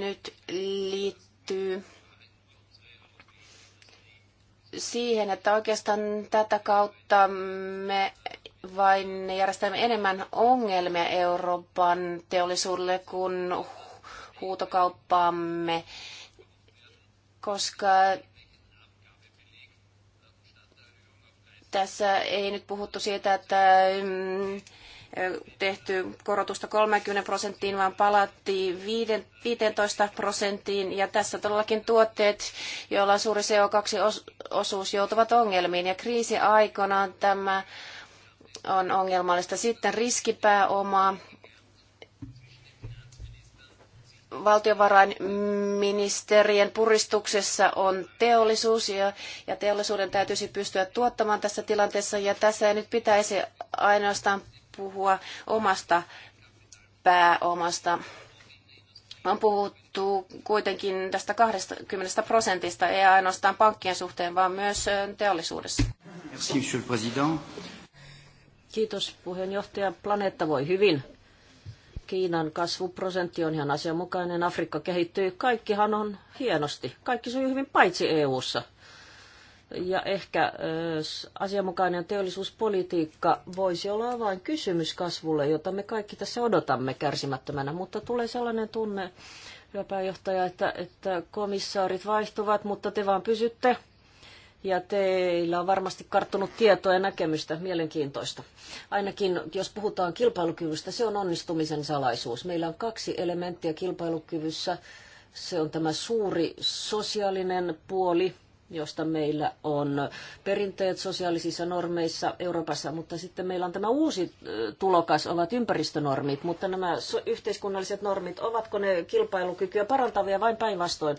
nyt liittyy siihen, että oikeastaan tätä kautta me vain ne järjestämme enemmän ongelmia Euroopan teollisuudelle kuin huutokauppaamme, koska tässä ei nyt puhuttu siitä, että mm, tehty korotusta 30 prosenttiin, vaan palattiin 15 prosenttiin. Ja tässä todellakin tuotteet, joilla on suuri CO2-osuus, joutuvat ongelmiin. Ja kriisiaikana tämä on ongelmallista. Sitten riskipääomaa. Valtiovarainministerien puristuksessa on teollisuus ja, ja teollisuuden täytyisi pystyä tuottamaan tässä tilanteessa. Ja tässä ei nyt pitäisi ainoastaan puhua omasta pääomasta. On puhuttu kuitenkin tästä 20 prosentista, ei ainoastaan pankkien suhteen, vaan myös teollisuudessa. Merci, Kiitos puheenjohtaja. Planeetta voi hyvin. Kiinan kasvuprosentti on ihan asianmukainen, Afrikka kehittyy, kaikkihan on hienosti, kaikki sujuu hyvin paitsi EU:ssa. Ja ehkä asianmukainen teollisuuspolitiikka voisi olla vain kysymys kasvulle, jota me kaikki tässä odotamme kärsimättömänä, mutta tulee sellainen tunne, hyvä pääjohtaja, että, että komissaarit vaihtuvat, mutta te vaan pysytte ja teillä on varmasti karttunut tietoa ja näkemystä mielenkiintoista. Ainakin jos puhutaan kilpailukyvystä, se on onnistumisen salaisuus. Meillä on kaksi elementtiä kilpailukyvyssä. Se on tämä suuri sosiaalinen puoli, josta meillä on perinteet sosiaalisissa normeissa Euroopassa, mutta sitten meillä on tämä uusi tulokas, ovat ympäristönormit, mutta nämä yhteiskunnalliset normit, ovatko ne kilpailukykyä parantavia vain päinvastoin?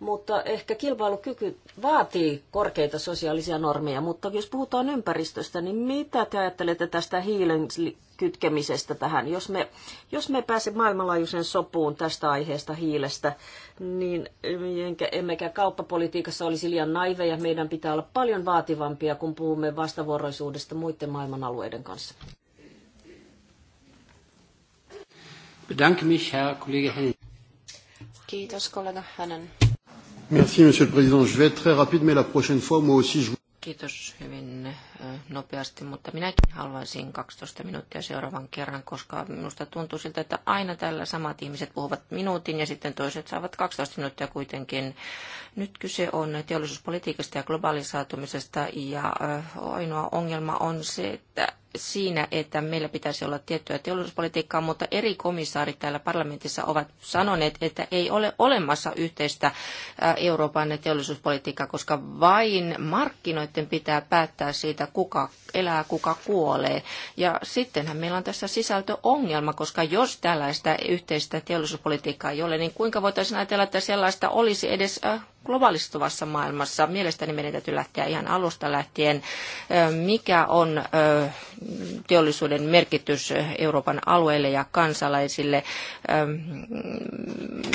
mutta ehkä kilpailukyky vaatii korkeita sosiaalisia normeja, mutta jos puhutaan ympäristöstä, niin mitä te ajattelette tästä hiilen kytkemisestä tähän? Jos me, jos me pääse maailmanlaajuisen sopuun tästä aiheesta hiilestä, niin enkä, emmekä kauppapolitiikassa olisi liian naiveja. Meidän pitää olla paljon vaativampia, kun puhumme vastavuoroisuudesta muiden maailman alueiden kanssa. Bedanke mich, Herr Kollege Kiitos kollega Hänen. Merci, monsieur le président. Je vais être très rapide, mais la prochaine fois, moi aussi, je... Kiitos hyvin nopeasti, mutta minäkin haluaisin 12 minuuttia seuraavan kerran, koska minusta tuntuu siltä, että aina tällä samat ihmiset puhuvat minuutin ja sitten toiset saavat 12 minuuttia kuitenkin. Nyt kyse on teollisuuspolitiikasta ja globalisaatumisesta ja ainoa ongelma on se, että siinä, että meillä pitäisi olla tiettyä teollisuuspolitiikkaa, mutta eri komissaarit täällä parlamentissa ovat sanoneet, että ei ole olemassa yhteistä Euroopan teollisuuspolitiikkaa, koska vain markkinoiden pitää päättää siitä, kuka elää, kuka kuolee. Ja sittenhän meillä on tässä sisältöongelma, koska jos tällaista yhteistä teollisuuspolitiikkaa ei ole, niin kuinka voitaisiin ajatella, että sellaista olisi edes äh, globaalistuvassa maailmassa. Mielestäni meidän täytyy lähteä ihan alusta lähtien. Mikä on teollisuuden merkitys Euroopan alueelle ja kansalaisille?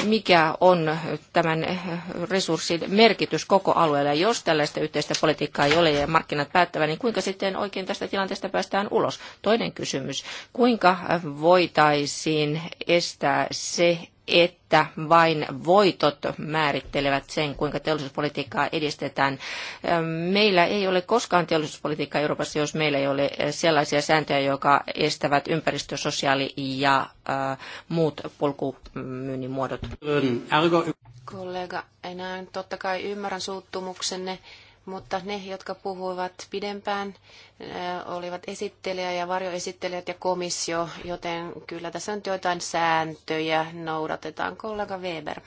Mikä on tämän resurssin merkitys koko alueelle? Jos tällaista yhteistä politiikkaa ei ole ja markkinat päättävät, niin kuinka sitten oikein tästä tilanteesta päästään ulos? Toinen kysymys. Kuinka voitaisiin estää se, että vain voitot määrittelevät sen, kuinka teollisuuspolitiikkaa edistetään. Meillä ei ole koskaan teollisuuspolitiikkaa Euroopassa, jos meillä ei ole sellaisia sääntöjä, jotka estävät ympäristö, sosiaali ja äh, muut polkumyynnin muodot. Ähm, Kollega, enää totta kai ymmärrän suuttumuksenne mutta ne, jotka puhuivat pidempään, olivat esittelijä ja varjoesittelijät ja komissio, joten kyllä tässä on joitain sääntöjä noudatetaan. Kollega Weber.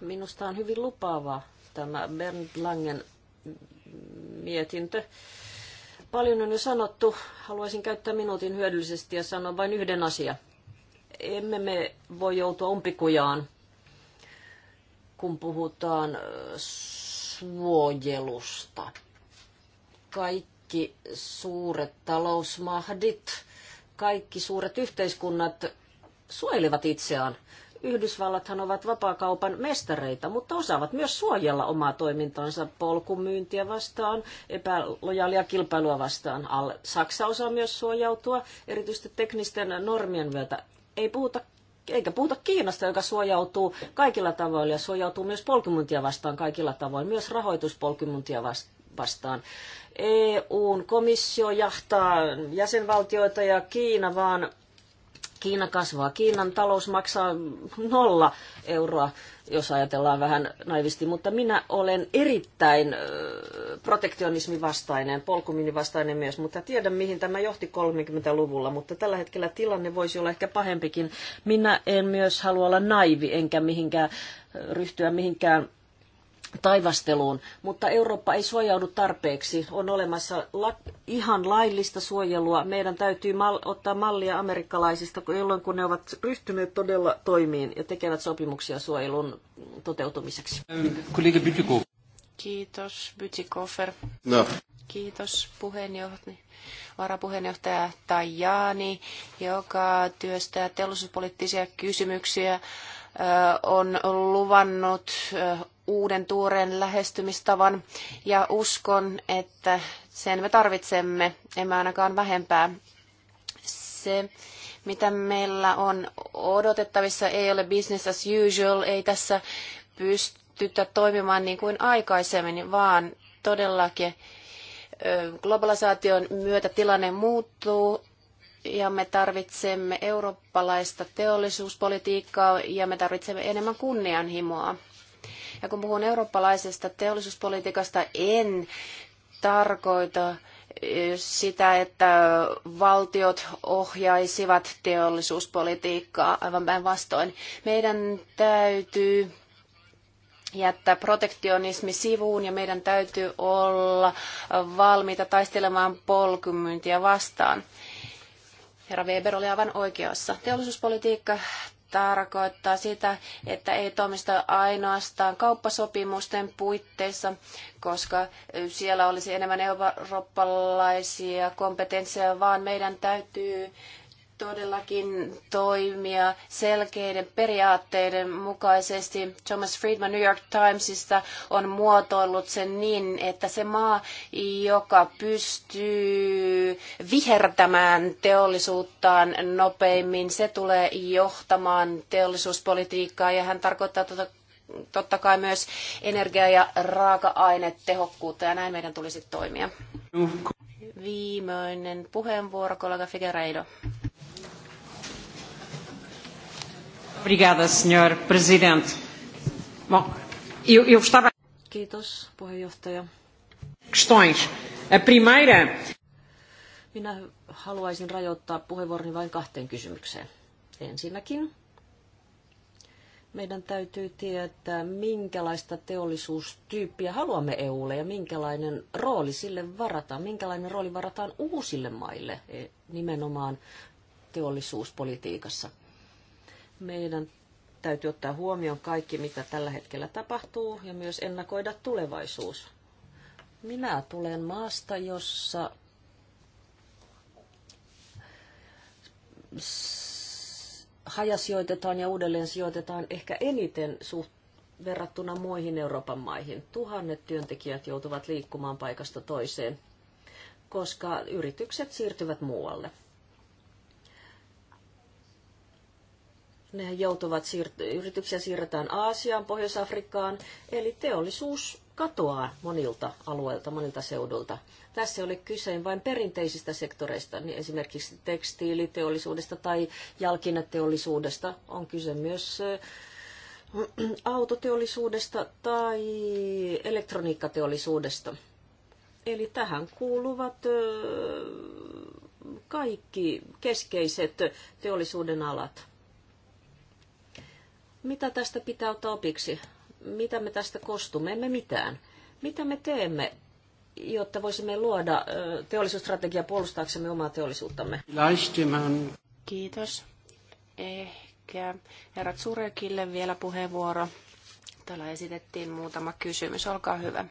Minusta on hyvin lupaava tämä Bernd Langen mietintö. Paljon on jo sanottu. Haluaisin käyttää minuutin hyödyllisesti ja sanoa vain yhden asian. Emme me voi joutua umpikujaan kun puhutaan suojelusta. Kaikki suuret talousmahdit, kaikki suuret yhteiskunnat suojelivat itseään. Yhdysvallathan ovat vapaakaupan mestareita, mutta osaavat myös suojella omaa toimintaansa polkumyyntiä vastaan, epälojaalia kilpailua vastaan. Saksa osaa myös suojautua, erityisesti teknisten normien myötä. Ei puhuta eikä puhuta Kiinasta, joka suojautuu kaikilla tavoilla ja suojautuu myös polkimuntia vastaan kaikilla tavoin, myös rahoituspolkimuntia vastaan. EUn komissio jahtaa jäsenvaltioita ja Kiina vaan Kiina kasvaa. Kiinan talous maksaa nolla euroa, jos ajatellaan vähän naivisti, mutta minä olen erittäin protektionismin vastainen, vastainen myös, mutta tiedän mihin tämä johti 30-luvulla, mutta tällä hetkellä tilanne voisi olla ehkä pahempikin. Minä en myös halua olla naivi, enkä mihinkään ryhtyä mihinkään taivasteluun, mutta Eurooppa ei suojaudu tarpeeksi. On olemassa la- ihan laillista suojelua. Meidän täytyy mal- ottaa mallia amerikkalaisista, jolloin kun ne ovat ryhtyneet todella toimiin ja tekevät sopimuksia suojelun toteutumiseksi. Kollega Bytiko. Kiitos, Bytikofer. No. Kiitos puheenjohtaja, varapuheenjohtaja Tajani, joka työstää teollisuuspoliittisia kysymyksiä on luvannut uuden tuoreen lähestymistavan ja uskon, että sen me tarvitsemme, emme ainakaan vähempää. Se, mitä meillä on odotettavissa, ei ole business as usual, ei tässä pystytä toimimaan niin kuin aikaisemmin, vaan todellakin globalisaation myötä tilanne muuttuu ja me tarvitsemme eurooppalaista teollisuuspolitiikkaa ja me tarvitsemme enemmän kunnianhimoa. Ja kun puhun eurooppalaisesta teollisuuspolitiikasta, en tarkoita eh, sitä, että valtiot ohjaisivat teollisuuspolitiikkaa aivan päinvastoin. Meidän täytyy jättää protektionismi sivuun ja meidän täytyy olla valmiita taistelemaan polkumyyntiä vastaan. Herra Weber oli aivan oikeassa. Teollisuuspolitiikka tarkoittaa sitä, että ei toimista ainoastaan kauppasopimusten puitteissa, koska siellä olisi enemmän eurooppalaisia kompetensseja, vaan meidän täytyy todellakin toimia selkeiden periaatteiden mukaisesti. Thomas Friedman New York Timesista on muotoillut sen niin, että se maa, joka pystyy vihertämään teollisuuttaan nopeimmin, se tulee johtamaan teollisuuspolitiikkaa ja hän tarkoittaa tuota totta kai myös energia- ja raaka-ainetehokkuutta ja näin meidän tulisi toimia. Viimeinen puheenvuoro, kollega Figueiredo. Obrigada, presidente. Bom, eu, eu gostava... Kiitos, puheenjohtaja. Questões. A primeira... Minä haluaisin rajoittaa puheenvuoroni vain kahteen kysymykseen. Ensinnäkin meidän täytyy tietää, minkälaista teollisuustyyppiä haluamme EUlle ja minkälainen rooli sille varataan, minkälainen rooli varataan uusille maille e, nimenomaan teollisuuspolitiikassa. Meidän täytyy ottaa huomioon kaikki, mitä tällä hetkellä tapahtuu, ja myös ennakoida tulevaisuus. Minä tulen maasta, jossa hajasijoitetaan ja uudelleen sijoitetaan ehkä eniten suht verrattuna muihin Euroopan maihin. Tuhannet työntekijät joutuvat liikkumaan paikasta toiseen, koska yritykset siirtyvät muualle. nehän joutuvat, yrityksiä siirretään Aasiaan, Pohjois-Afrikkaan, eli teollisuus katoaa monilta alueilta, monilta seudulta. Tässä oli kyse vain perinteisistä sektoreista, niin esimerkiksi tekstiiliteollisuudesta tai jalkineteollisuudesta. On kyse myös autoteollisuudesta tai elektroniikkateollisuudesta. Eli tähän kuuluvat kaikki keskeiset teollisuuden alat. Mitä tästä pitää ottaa opiksi? Mitä me tästä kostumme? Emme mitään. Mitä me teemme, jotta voisimme luoda teollisuusstrategia puolustaaksemme omaa teollisuuttamme? Kiitos. Ehkä herrat Surekille vielä puheenvuoro. Täällä esitettiin muutama kysymys. Olkaa hyvä.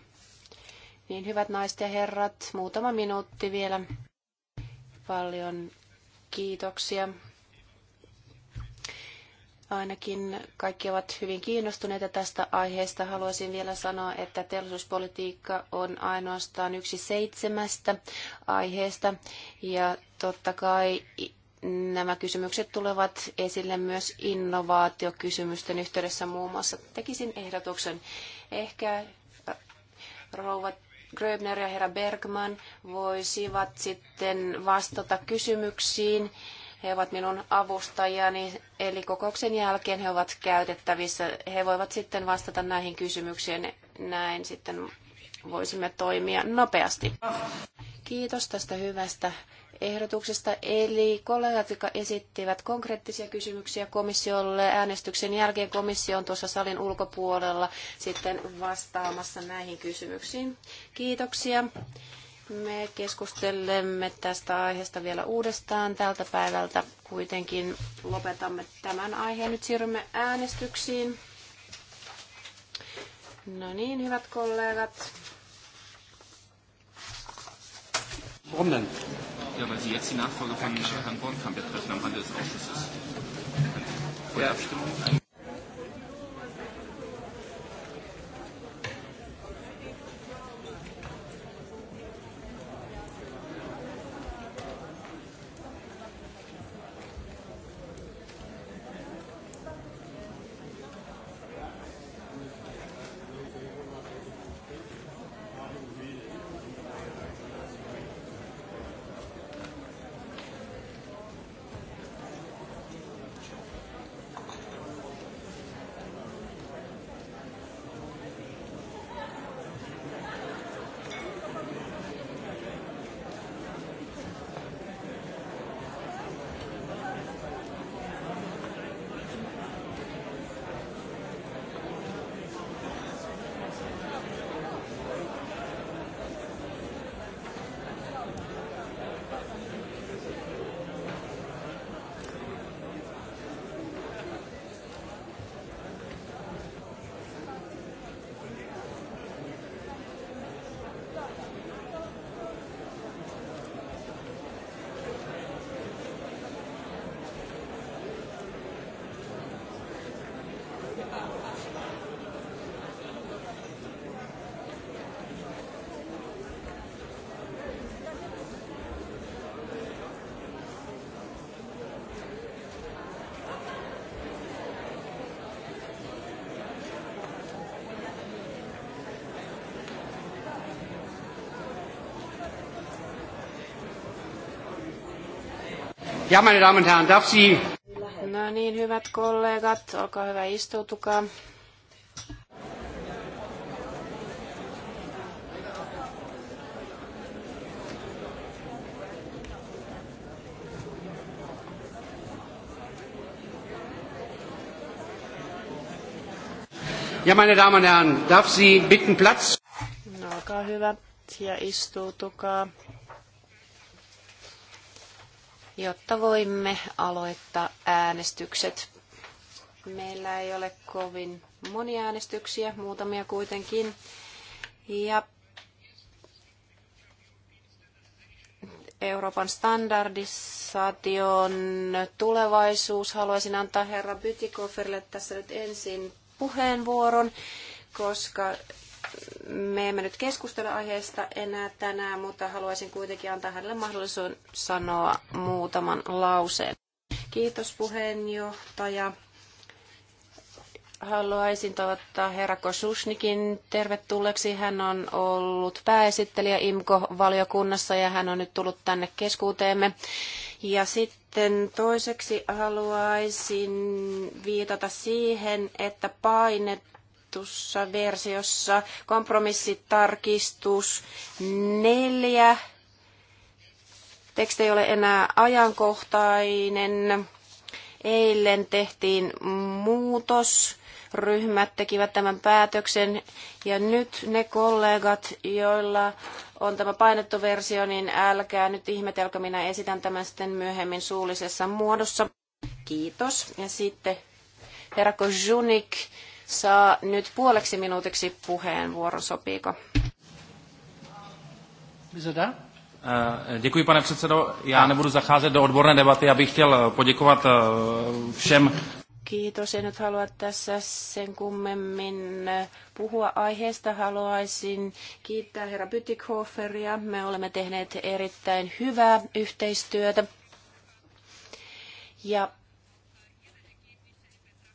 Niin, hyvät naiset ja herrat, muutama minuutti vielä. Paljon kiitoksia Ainakin kaikki ovat hyvin kiinnostuneita tästä aiheesta. Haluaisin vielä sanoa, että teollisuuspolitiikka on ainoastaan yksi seitsemästä aiheesta. Ja totta kai nämä kysymykset tulevat esille myös innovaatiokysymysten yhteydessä muun muassa. Tekisin ehdotuksen. Ehkä äh, rouva Gröbner ja herra Bergman voisivat sitten vastata kysymyksiin he ovat minun avustajani, eli kokouksen jälkeen he ovat käytettävissä. He voivat sitten vastata näihin kysymyksiin. Näin sitten voisimme toimia nopeasti. Kiitos tästä hyvästä ehdotuksesta. Eli kollegat, jotka esittivät konkreettisia kysymyksiä komissiolle äänestyksen jälkeen, komissio on tuossa salin ulkopuolella sitten vastaamassa näihin kysymyksiin. Kiitoksia. Me keskustelemme tästä aiheesta vielä uudestaan tältä päivältä. Kuitenkin lopetamme tämän aiheen. Nyt siirrymme äänestyksiin. No niin, hyvät kollegat. Ja, weil Sie jetzt die Nachfolge von Herrn Bornkamp am Ja. Ja, meine Damen und Herren, darf Sie... No niin, hyvät kollegat, olkaa hyvä, istutukaa. Ja, meine Damen und Herren, darf Sie bitten Platz... No, olkaa hyvä, ja istutukaa jotta voimme aloittaa äänestykset. Meillä ei ole kovin monia äänestyksiä, muutamia kuitenkin. Ja Euroopan standardisaation tulevaisuus. Haluaisin antaa herra Bytikofferille tässä nyt ensin puheenvuoron, koska me emme nyt keskustele aiheesta enää tänään, mutta haluaisin kuitenkin antaa hänelle mahdollisuuden sanoa muutaman lauseen. Kiitos puheenjohtaja. Haluaisin toivottaa herra Kosusnikin tervetulleeksi. Hän on ollut pääesittelijä IMKO-valiokunnassa ja hän on nyt tullut tänne keskuuteemme. Ja sitten toiseksi haluaisin viitata siihen, että paine muutetussa versiossa kompromissitarkistus neljä. Teksti ei ole enää ajankohtainen. Eilen tehtiin muutos. Ryhmät tekivät tämän päätöksen ja nyt ne kollegat, joilla on tämä painettu versio, niin älkää nyt ihmetelkö, minä esitän tämän sitten myöhemmin suullisessa muodossa. Kiitos. Ja sitten Herra Junik saa nyt puoleksi minuutiksi puheenvuoron. Sopiiko? Eh, děkuji, pane předsedo. Já nebudu zacházet do odborné debaty. Já bych chtěl eh, poděkovat eh, všem. Kiitos. En nyt halua tässä sen kummemmin puhua aiheesta. Haluaisin kiittää herra Bytikhoferia. Me olemme tehneet erittäin hyvää yhteistyötä. Ja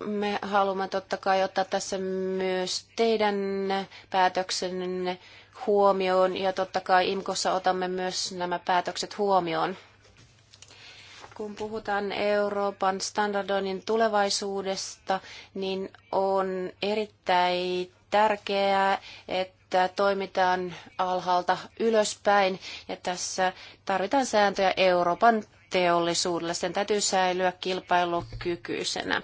me haluamme totta kai ottaa tässä myös teidän päätöksenne huomioon ja totta kai IMKossa otamme myös nämä päätökset huomioon. Kun puhutaan Euroopan standardoinnin tulevaisuudesta, niin on erittäin tärkeää, että toimitaan alhaalta ylöspäin ja tässä tarvitaan sääntöjä Euroopan teollisuudelle. Sen täytyy säilyä kilpailukykyisenä.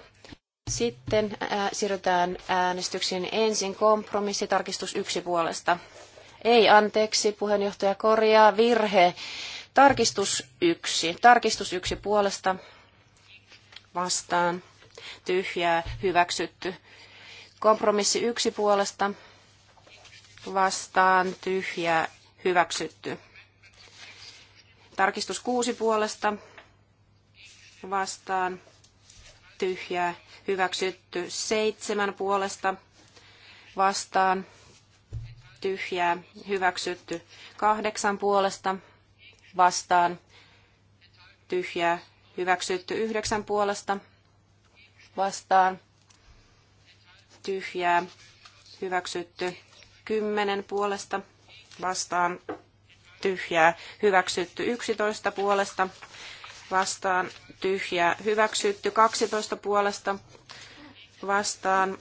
Sitten ää, äh, siirrytään äänestyksiin ensin kompromissitarkistus yksi puolesta. Ei, anteeksi, puheenjohtaja korjaa virhe. Tarkistus yksi. Tarkistus yksi puolesta vastaan. Tyhjää, hyväksytty. Kompromissi yksi puolesta vastaan. Tyhjää, hyväksytty. Tarkistus kuusi puolesta vastaan tyhjää hyväksytty. Seitsemän puolesta vastaan tyhjää hyväksytty. Kahdeksan puolesta vastaan tyhjää hyväksytty. Yhdeksän puolesta vastaan tyhjää hyväksytty. Kymmenen puolesta vastaan tyhjää hyväksytty. Yksitoista puolesta vastaan tyhjä. hyväksytty. 12 puolesta vastaan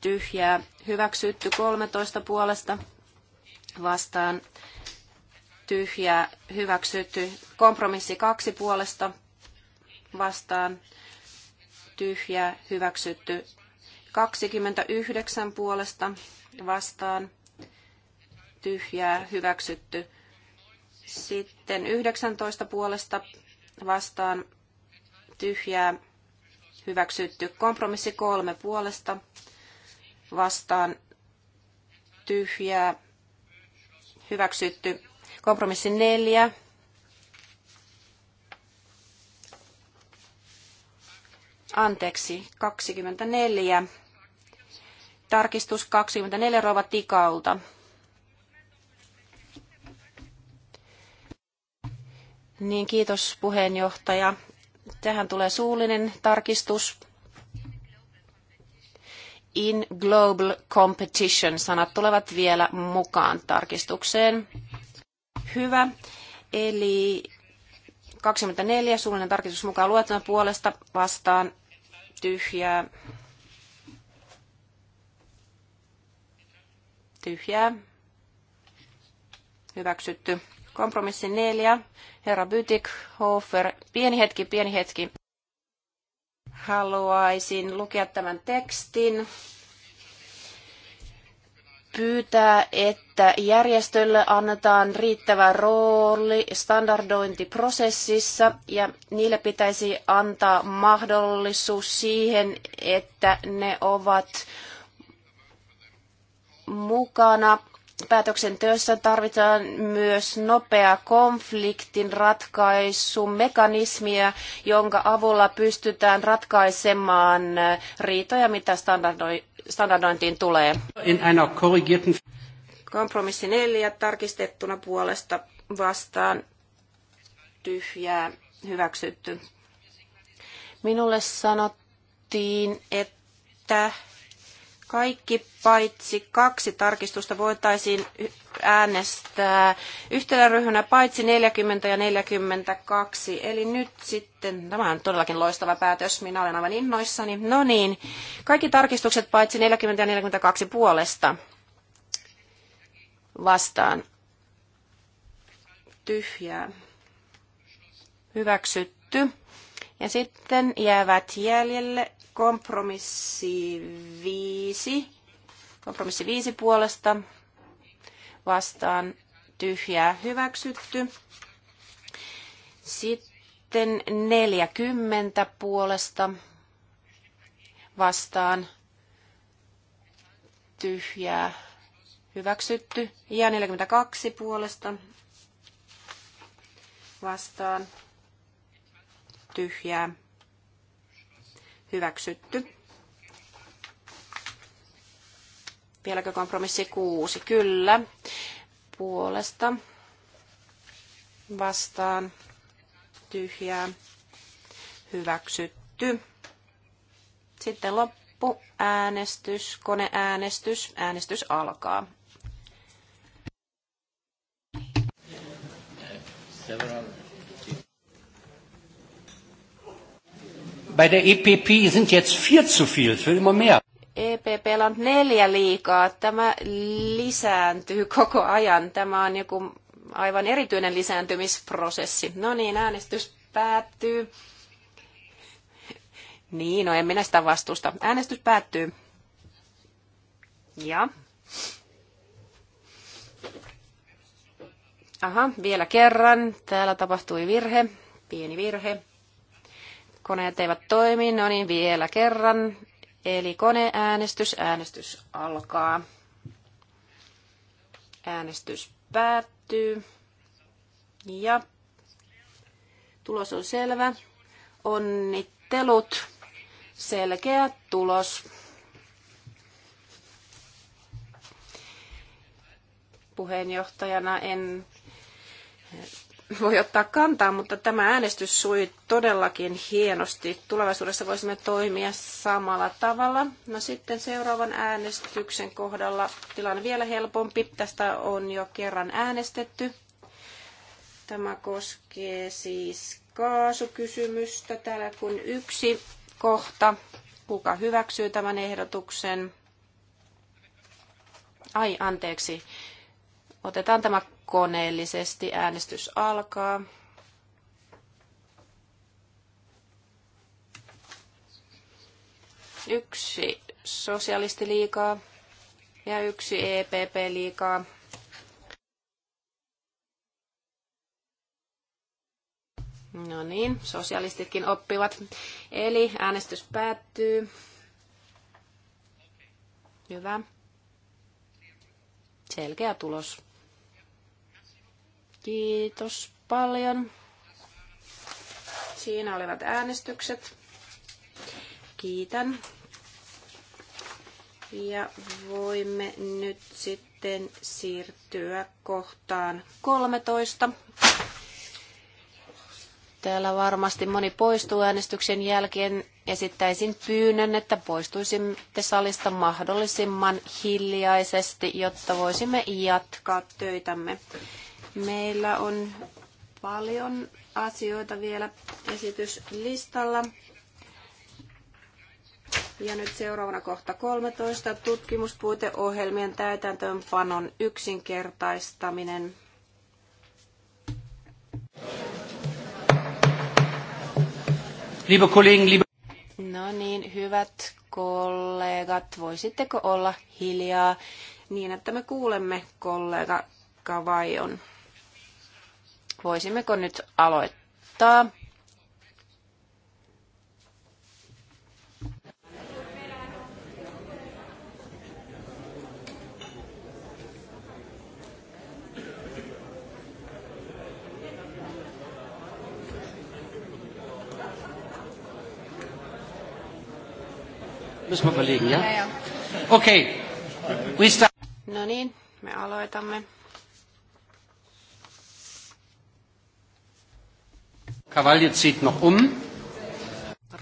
tyhjää hyväksytty. 13 puolesta vastaan tyhjää hyväksytty. Kompromissi 2 puolesta vastaan tyhjää hyväksytty. 29 puolesta vastaan tyhjää hyväksytty. Sitten 19 puolesta vastaan tyhjää hyväksytty. Kompromissi kolme puolesta vastaan tyhjää hyväksytty. Kompromissi neljä anteeksi, 24. Tarkistus 24 Rova Tikalta Niin kiitos puheenjohtaja. Tähän tulee suullinen tarkistus. In global competition sanat tulevat vielä mukaan tarkistukseen. Hyvä. Eli 24 suullinen tarkistus mukaan luettuna puolesta vastaan tyhjää. Tyhjää. Hyväksytty. Kompromissi 4 Herra Bütikhofer, pieni hetki, pieni hetki. Haluaisin lukea tämän tekstin. Pyytää, että järjestölle annetaan riittävä rooli standardointiprosessissa ja niille pitäisi antaa mahdollisuus siihen, että ne ovat mukana päätöksenteossa tarvitaan myös nopeaa konfliktin ratkaisumekanismia, jonka avulla pystytään ratkaisemaan riitoja, mitä standardointiin tulee. Kompromissi neljä tarkistettuna puolesta vastaan tyhjää hyväksytty. Minulle sanottiin, että kaikki paitsi kaksi tarkistusta voitaisiin äänestää yhtenä ryhmänä paitsi 40 ja 42. Eli nyt sitten, tämä on todellakin loistava päätös, minä olen aivan innoissani. No niin, kaikki tarkistukset paitsi 40 ja 42 puolesta vastaan. Tyhjää. Hyväksytty. Ja sitten jäävät jäljelle Kompromissi viisi. Kompromissi viisi puolesta vastaan tyhjää hyväksytty. Sitten 40 puolesta vastaan tyhjää hyväksytty. Ja 42 puolesta vastaan tyhjää Hyväksytty. Vieläkö kompromissi kuusi? Kyllä. Puolesta. Vastaan. Tyhjää. Hyväksytty. Sitten loppu. Äänestys. Koneäänestys. Äänestys alkaa. Several Bei der EPP sind jetzt vier zu viel, es wird immer mehr. EPPllä on neljä liikaa. Tämä lisääntyy koko ajan. Tämä on joku aivan erityinen lisääntymisprosessi. No niin, äänestys päättyy. Niin, no en minä sitä vastusta. Äänestys päättyy. Ja. Aha, vielä kerran. Täällä tapahtui virhe, pieni virhe. Koneet eivät toimi, no niin vielä kerran. Eli koneäänestys, äänestys alkaa. Äänestys päättyy. Ja tulos on selvä. Onnittelut. Selkeä tulos. Puheenjohtajana en voi ottaa kantaa, mutta tämä äänestys sui todellakin hienosti. Tulevaisuudessa voisimme toimia samalla tavalla. No sitten seuraavan äänestyksen kohdalla tilanne vielä helpompi. Tästä on jo kerran äänestetty. Tämä koskee siis kaasukysymystä. Täällä kun yksi kohta, kuka hyväksyy tämän ehdotuksen. Ai, anteeksi. Otetaan tämä koneellisesti. Äänestys alkaa. Yksi sosialisti liikaa ja yksi EPP liikaa. No niin, sosialistitkin oppivat. Eli äänestys päättyy. Hyvä. Selkeä tulos. Kiitos paljon. Siinä olivat äänestykset. Kiitän. Ja voimme nyt sitten siirtyä kohtaan 13. Täällä varmasti moni poistuu äänestyksen jälkeen. Esittäisin pyynnön, että poistuisitte salista mahdollisimman hiljaisesti, jotta voisimme jatkaa töitämme. Meillä on paljon asioita vielä esityslistalla. Ja nyt seuraavana kohta 13. Tutkimuspuiteohjelmien täytäntöönpanon yksinkertaistaminen. Liebe Kollegen, liebe... No niin, hyvät kollegat, voisitteko olla hiljaa niin, että me kuulemme kollega Kavajon. Voisimmeko nyt aloittaa? Müssen wir überlegen, ja? Okay. We start. No niin, me aloitamme. Cavalli zieht noch um.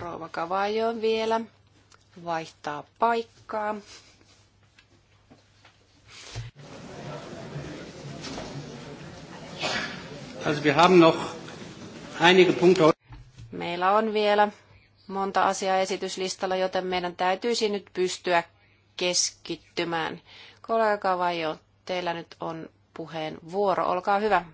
Rouva Cavallo vielä vaihtaa paikkaa. Also wir haben noch einige Punkte. Meillä on vielä monta asiaa esityslistalla, joten meidän täytyisi nyt pystyä keskittymään. Kollega Vajo, teillä nyt on puheenvuoro. Olkaa hyvä.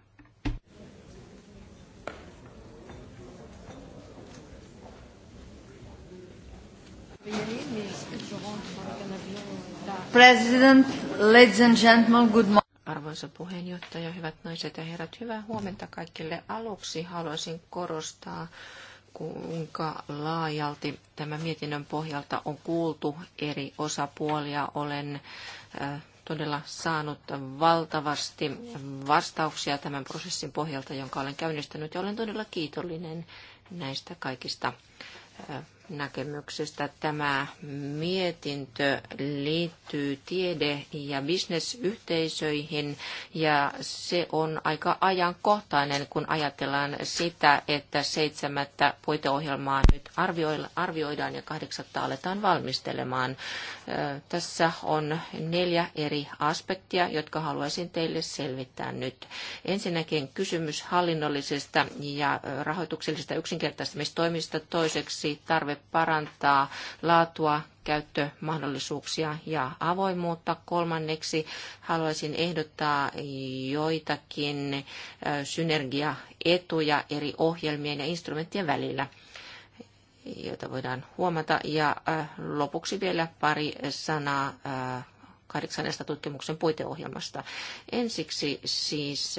President, ladies and gentlemen, good morning. Arvoisa puheenjohtaja, hyvät naiset ja herrat, hyvää huomenta kaikille. Aluksi haluaisin korostaa, kuinka laajalti tämä mietinnön pohjalta on kuultu eri osapuolia. Olen äh, todella saanut valtavasti vastauksia tämän prosessin pohjalta, jonka olen käynnistänyt, ja olen todella kiitollinen näistä kaikista äh, näkemyksestä. Tämä mietintö liittyy tiede- ja bisnesyhteisöihin ja se on aika ajankohtainen, kun ajatellaan sitä, että seitsemättä puiteohjelmaa nyt arvioidaan ja kahdeksatta aletaan valmistelemaan. Tässä on neljä eri aspektia, jotka haluaisin teille selvittää nyt. Ensinnäkin kysymys hallinnollisesta ja rahoituksellisesta yksinkertaistamistoimista, toiseksi tarve parantaa laatua, käyttömahdollisuuksia ja avoimuutta. Kolmanneksi haluaisin ehdottaa joitakin synergiaetuja eri ohjelmien ja instrumenttien välillä joita voidaan huomata. Ja lopuksi vielä pari sanaa kahdeksannesta tutkimuksen puiteohjelmasta. Ensiksi siis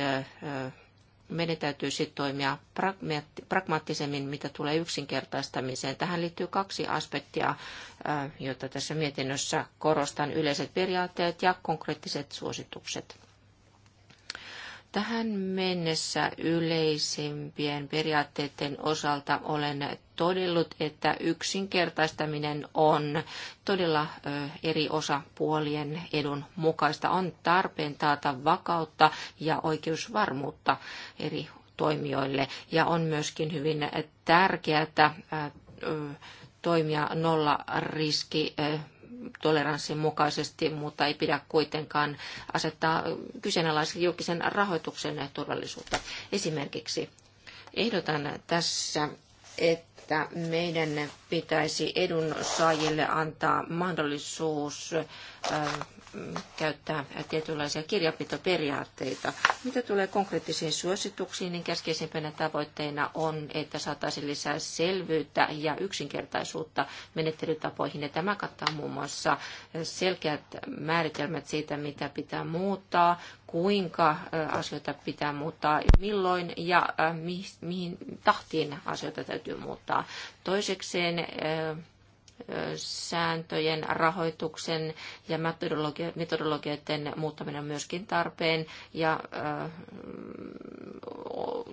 meidän täytyy sitten toimia pragmaattisemmin, mitä tulee yksinkertaistamiseen. Tähän liittyy kaksi aspektia, joita tässä mietinnössä korostan. Yleiset periaatteet ja konkreettiset suositukset. Tähän mennessä yleisimpien periaatteiden osalta olen todellut, että yksinkertaistaminen on todella eri osapuolien edun mukaista. On tarpeen taata vakautta ja oikeusvarmuutta eri toimijoille ja on myöskin hyvin tärkeää toimia nolla riski toleranssin mukaisesti, mutta ei pidä kuitenkaan asettaa kyseenalaisen julkisen rahoituksen turvallisuutta. Esimerkiksi ehdotan tässä, että että meidän pitäisi edunsaajille antaa mahdollisuus käyttää tietynlaisia kirjapitoperiaatteita. Mitä tulee konkreettisiin suosituksiin, niin keskeisimpänä tavoitteena on, että saataisiin lisää selvyyttä ja yksinkertaisuutta menettelytapoihin. Ja tämä kattaa muun muassa selkeät määritelmät siitä, mitä pitää muuttaa, kuinka asioita pitää muuttaa, milloin ja mihin tahtiin asioita täytyy muuttaa. Toisekseen sääntöjen, rahoituksen ja metodologioiden muuttaminen on myöskin tarpeen. Ja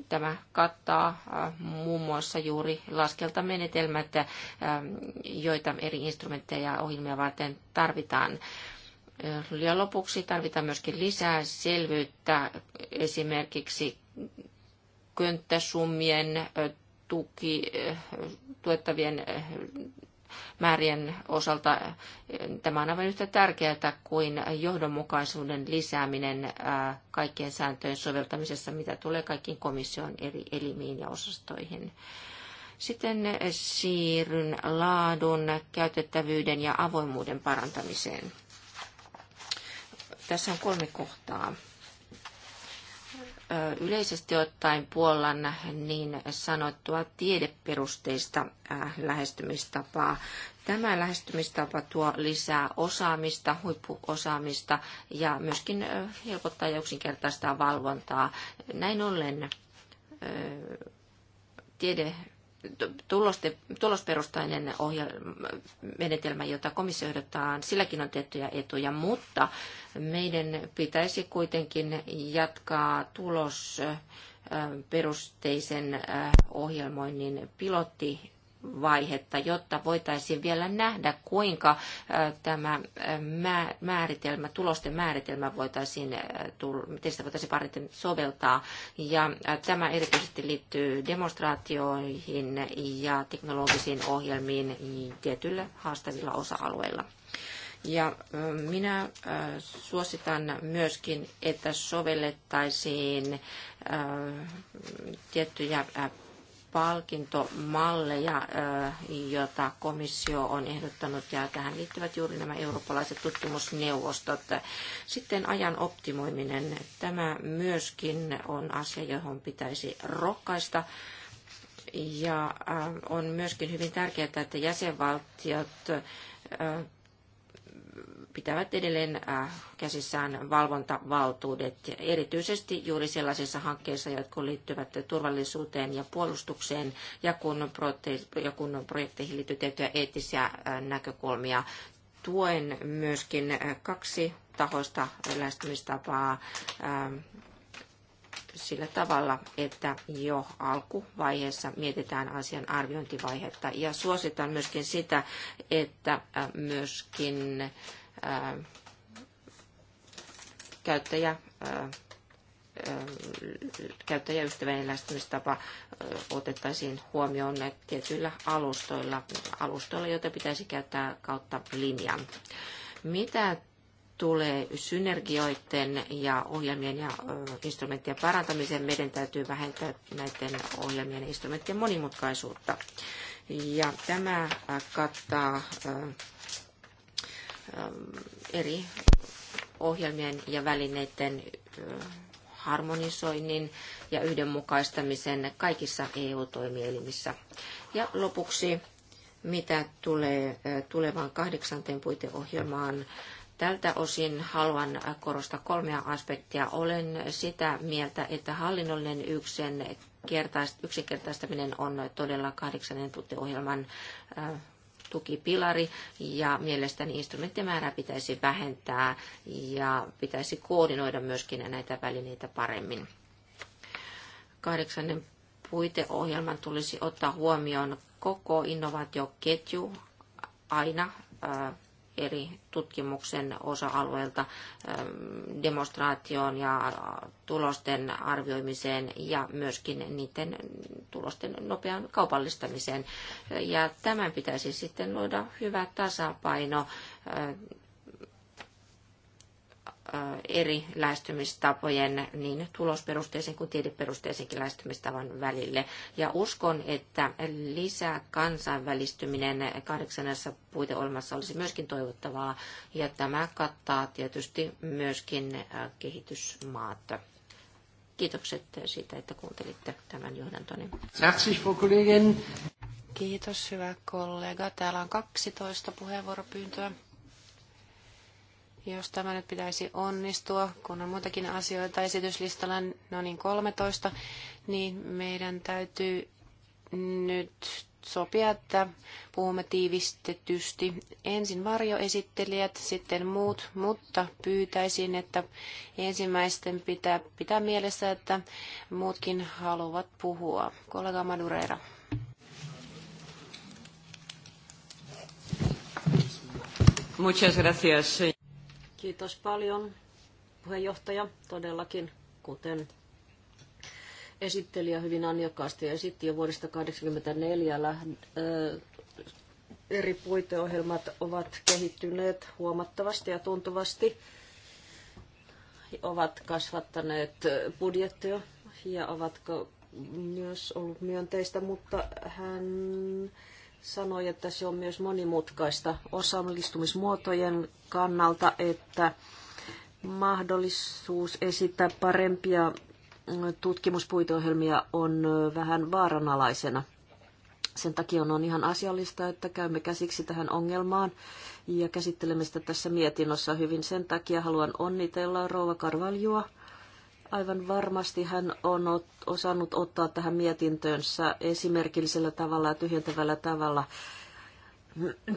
tämä kattaa muun muassa juuri laskeltamenetelmät, joita eri instrumentteja ja ohjelmia varten tarvitaan. Ja lopuksi tarvitaan myöskin lisää selvyyttä esimerkiksi könttäsummien tuki, eh, tuettavien eh, määrien osalta tämä on aivan yhtä tärkeää kuin johdonmukaisuuden lisääminen eh, kaikkien sääntöjen soveltamisessa, mitä tulee kaikkiin komission eri elimiin ja osastoihin. Sitten siirryn laadun, käytettävyyden ja avoimuuden parantamiseen. Tässä on kolme kohtaa yleisesti ottaen Puolan niin sanottua tiedeperusteista lähestymistapaa. Tämä lähestymistapa tuo lisää osaamista, huippuosaamista ja myöskin helpottaa ja yksinkertaistaa valvontaa. Näin ollen tiede tuloste, tulosperustainen menetelmä, jota komissio ehdottaa, silläkin on tiettyjä etuja, mutta meidän pitäisi kuitenkin jatkaa tulosperusteisen äh, ohjelmoinnin pilotti vaihetta, jotta voitaisiin vielä nähdä, kuinka tämä määritelmä, tulosten määritelmä voitaisiin, miten sitä voitaisiin pariten soveltaa. Ja tämä erityisesti liittyy demonstraatioihin ja teknologisiin ohjelmiin tietyillä haastavilla osa-alueilla. Ja minä suositan myöskin, että sovellettaisiin tiettyjä palkintomalleja, joita komissio on ehdottanut, ja tähän liittyvät juuri nämä eurooppalaiset tutkimusneuvostot. Sitten ajan optimoiminen. Tämä myöskin on asia, johon pitäisi rohkaista. Ja on myöskin hyvin tärkeää, että jäsenvaltiot pitävät edelleen äh, käsissään valvontavaltuudet, erityisesti juuri sellaisissa hankkeissa, jotka liittyvät turvallisuuteen ja puolustukseen, ja kun, prote- ja kun projekteihin liittyy eettisiä äh, näkökulmia. Tuen myöskin äh, kaksi tahoista lähestymistapaa ähm, sillä tavalla, että jo alkuvaiheessa mietitään asian arviointivaihetta. Ja suositan myöskin sitä, että myöskin käyttäjä käyttäjäystävällinen lähestymistapa otettaisiin huomioon tietyillä alustoilla, alustoilla, joita pitäisi käyttää kautta linjan. Mitä tulee synergioiden ja ohjelmien ja instrumenttien parantamiseen, meidän täytyy vähentää näiden ohjelmien ja instrumenttien monimutkaisuutta. Ja tämä kattaa eri ohjelmien ja välineiden harmonisoinnin ja yhdenmukaistamisen kaikissa EU-toimielimissä. Ja lopuksi, mitä tulee tulevaan kahdeksanteen puiteohjelmaan, Tältä osin haluan korostaa kolmea aspektia. Olen sitä mieltä, että hallinnollinen yksinkertaistaminen on todella kahdeksannen puitteohjelman tukipilari ja mielestäni instrumenttien määrää pitäisi vähentää ja pitäisi koordinoida myöskin näitä välineitä paremmin. Kahdeksannen puiteohjelman tulisi ottaa huomioon koko innovaatioketju aina eri tutkimuksen osa-alueilta ähm, demonstraatioon ja tulosten arvioimiseen ja myöskin niiden tulosten nopean kaupallistamiseen. Ja tämän pitäisi sitten luoda hyvä tasapaino äh, eri lähestymistapojen, niin tulosperusteisen kuin tiedeperusteisenkin lähestymistavan välille. Ja uskon, että lisää kansainvälistyminen kahdeksannessa puiteolmassa olisi myöskin toivottavaa, ja tämä kattaa tietysti myöskin kehitysmaat. Kiitokset siitä, että kuuntelitte tämän johdantoni. Kiitos, hyvä kollega. Täällä on 12 puheenvuoropyyntöä. Jos tämä nyt pitäisi onnistua, kun on muitakin asioita esityslistalla, no niin 13, niin meidän täytyy nyt sopia, että puhumme tiivistetysti. Ensin varjoesittelijät, sitten muut, mutta pyytäisin, että ensimmäisten pitää pitää mielessä, että muutkin haluavat puhua. Kollega Madureira. Muchas gracias. Kiitos paljon, puheenjohtaja. Todellakin, kuten esittelijä hyvin ansiokkaasti esitti jo vuodesta 1984 eri puiteohjelmat ovat kehittyneet huomattavasti ja tuntuvasti, ovat kasvattaneet budjettia ja ovat myös ollut myönteistä, mutta hän sanoi, että se on myös monimutkaista osallistumismuotojen kannalta, että mahdollisuus esittää parempia mm, tutkimuspuiteohjelmia on vähän vaaranalaisena. Sen takia on ihan asiallista, että käymme käsiksi tähän ongelmaan ja käsittelemme sitä tässä mietinnössä hyvin. Sen takia haluan onnitella Rouva Karvaljua Aivan varmasti hän on osannut ottaa tähän mietintöönsä esimerkillisellä tavalla ja tyhjentävällä tavalla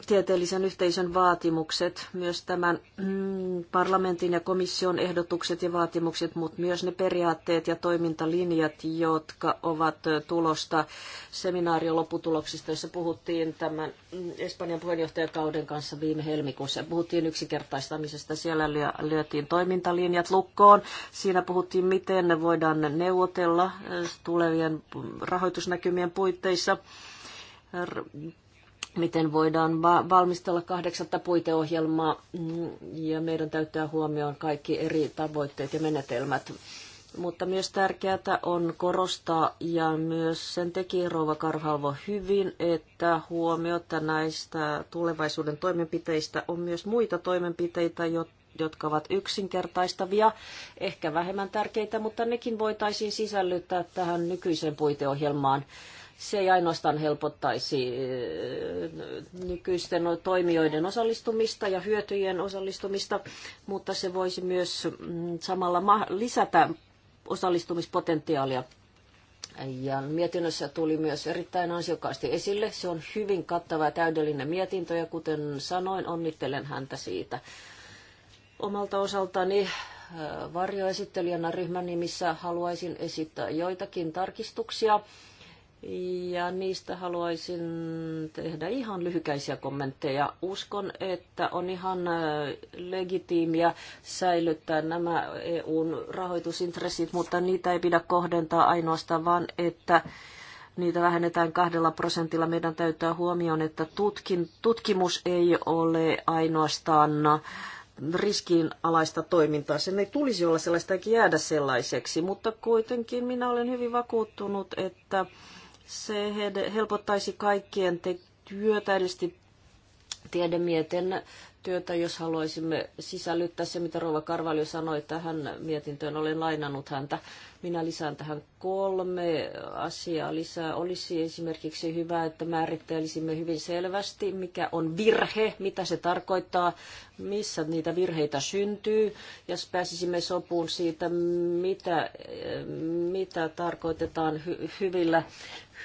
tieteellisen yhteisön vaatimukset, myös tämän mm, parlamentin ja komission ehdotukset ja vaatimukset, mutta myös ne periaatteet ja toimintalinjat, jotka ovat tulosta seminaarion lopputuloksista, jossa puhuttiin tämän mm, Espanjan puheenjohtajakauden kanssa viime helmikuussa. Puhuttiin yksinkertaistamisesta, siellä lyö, lyötiin toimintalinjat lukkoon. Siinä puhuttiin, miten ne voidaan neuvotella tulevien rahoitusnäkymien puitteissa miten voidaan valmistella kahdeksatta puiteohjelmaa mm, ja meidän täytyy huomioon kaikki eri tavoitteet ja menetelmät. Mutta myös tärkeää on korostaa, ja myös sen teki Rouva Karhalvo hyvin, että huomiota näistä tulevaisuuden toimenpiteistä on myös muita toimenpiteitä, jotka ovat yksinkertaistavia, ehkä vähemmän tärkeitä, mutta nekin voitaisiin sisällyttää tähän nykyiseen puiteohjelmaan se ei ainoastaan helpottaisi eh, nykyisten toimijoiden osallistumista ja hyötyjen osallistumista, mutta se voisi myös mm, samalla lisätä osallistumispotentiaalia. Ja mietinnössä tuli myös erittäin ansiokkaasti esille. Se on hyvin kattava ja täydellinen mietintö ja kuten sanoin, onnittelen häntä siitä. Omalta osaltani eh, varjoesittelijänä ryhmän nimissä haluaisin esittää joitakin tarkistuksia ja niistä haluaisin tehdä ihan lyhykäisiä kommentteja. Uskon, että on ihan legitiimiä säilyttää nämä EUn rahoitusintressit, mutta niitä ei pidä kohdentaa ainoastaan, vaan että niitä vähennetään kahdella prosentilla. Meidän täytyy huomioon, että tutkin, tutkimus ei ole ainoastaan riskiin alaista toimintaa. Sen ei tulisi olla sellaista eikä jäädä sellaiseksi, mutta kuitenkin minä olen hyvin vakuuttunut, että se helpottaisi kaikkien te- työtä, erityisesti tiedemieten työtä, jos haluaisimme sisällyttää se, mitä Rova Karvalio sanoi tähän mietintöön. Olen lainannut häntä. Minä lisään tähän kolme asiaa lisää. Olisi esimerkiksi hyvä, että määrittelisimme hyvin selvästi, mikä on virhe, mitä se tarkoittaa, missä niitä virheitä syntyy, ja pääsisimme sopuun siitä, mitä, eh, mitä tarkoitetaan hy- hyvillä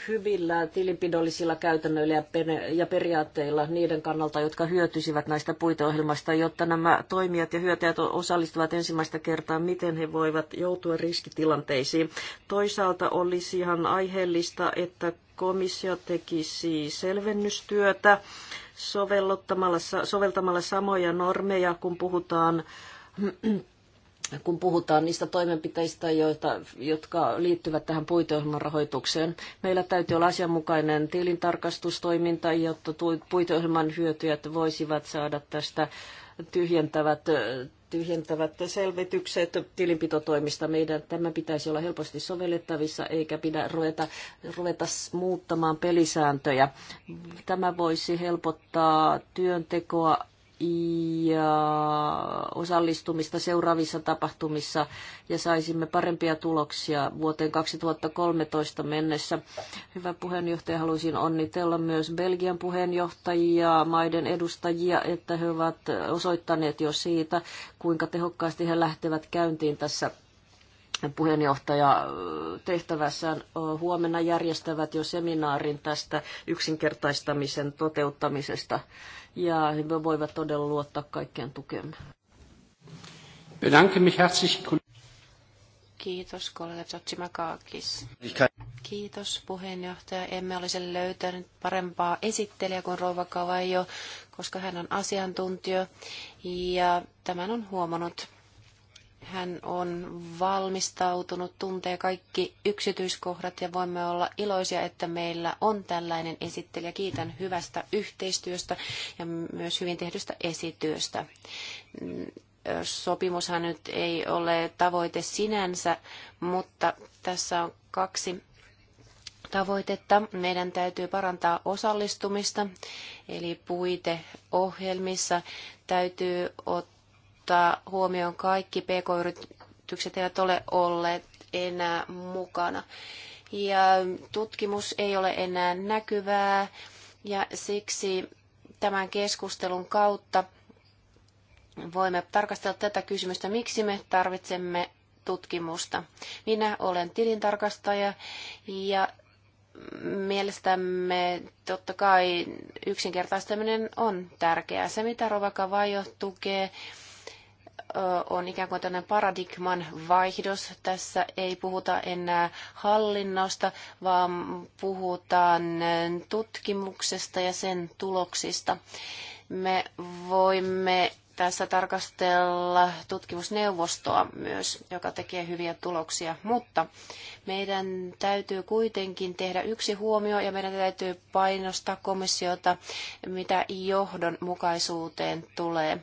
hyvillä tilinpidollisilla käytännöillä ja periaatteilla niiden kannalta, jotka hyötyisivät näistä puiteohjelmasta, jotta nämä toimijat ja hyötyjät osallistuvat ensimmäistä kertaa, miten he voivat joutua riskitilanteisiin. Toisaalta olisi ihan aiheellista, että komissio tekisi selvennystyötä soveltamalla samoja normeja, kun puhutaan kun puhutaan niistä toimenpiteistä, joita, jotka liittyvät tähän puiteohjelman rahoitukseen. Meillä täytyy olla asianmukainen tilintarkastustoiminta, jotta puiteohjelman hyötyjät voisivat saada tästä tyhjentävät, tyhjentävät selvitykset tilinpitotoimista. Meidän tämä pitäisi olla helposti sovellettavissa, eikä pidä ruveta, ruveta muuttamaan pelisääntöjä. Tämä voisi helpottaa työntekoa ja äh, osallistumista seuraavissa tapahtumissa ja saisimme parempia tuloksia vuoteen 2013 mennessä. Hyvä puheenjohtaja, haluaisin onnitella myös Belgian puheenjohtajia, maiden edustajia, että he ovat osoittaneet jo siitä, kuinka tehokkaasti he lähtevät käyntiin tässä puheenjohtaja tehtävässään huomenna järjestävät jo seminaarin tästä yksinkertaistamisen toteuttamisesta. Ja he voivat todella luottaa kaikkien tukemme. Kiitos kollega Tsotsimakakis. Kiitos puheenjohtaja. Emme olisi löytänyt parempaa esittelijä kuin Rouva Kavaijo, koska hän on asiantuntija ja tämän on huomannut hän on valmistautunut, tuntee kaikki yksityiskohdat ja voimme olla iloisia, että meillä on tällainen esittelijä. Kiitän hyvästä yhteistyöstä ja myös hyvin tehdystä esityöstä. Sopimushan nyt ei ole tavoite sinänsä, mutta tässä on kaksi tavoitetta. Meidän täytyy parantaa osallistumista, eli puiteohjelmissa täytyy ottaa ottaa huomioon kaikki pk-yritykset eivät ole olleet enää mukana. Ja tutkimus ei ole enää näkyvää ja siksi tämän keskustelun kautta voimme tarkastella tätä kysymystä, miksi me tarvitsemme tutkimusta. Minä olen tilintarkastaja ja mielestämme totta kai yksinkertaistaminen on tärkeää. Se, mitä Rovakavajo tukee, on ikään kuin tällainen paradigman vaihdos. Tässä ei puhuta enää hallinnosta, vaan puhutaan tutkimuksesta ja sen tuloksista. Me voimme tässä tarkastella tutkimusneuvostoa myös, joka tekee hyviä tuloksia, mutta meidän täytyy kuitenkin tehdä yksi huomio ja meidän täytyy painostaa komissiota, mitä johdonmukaisuuteen tulee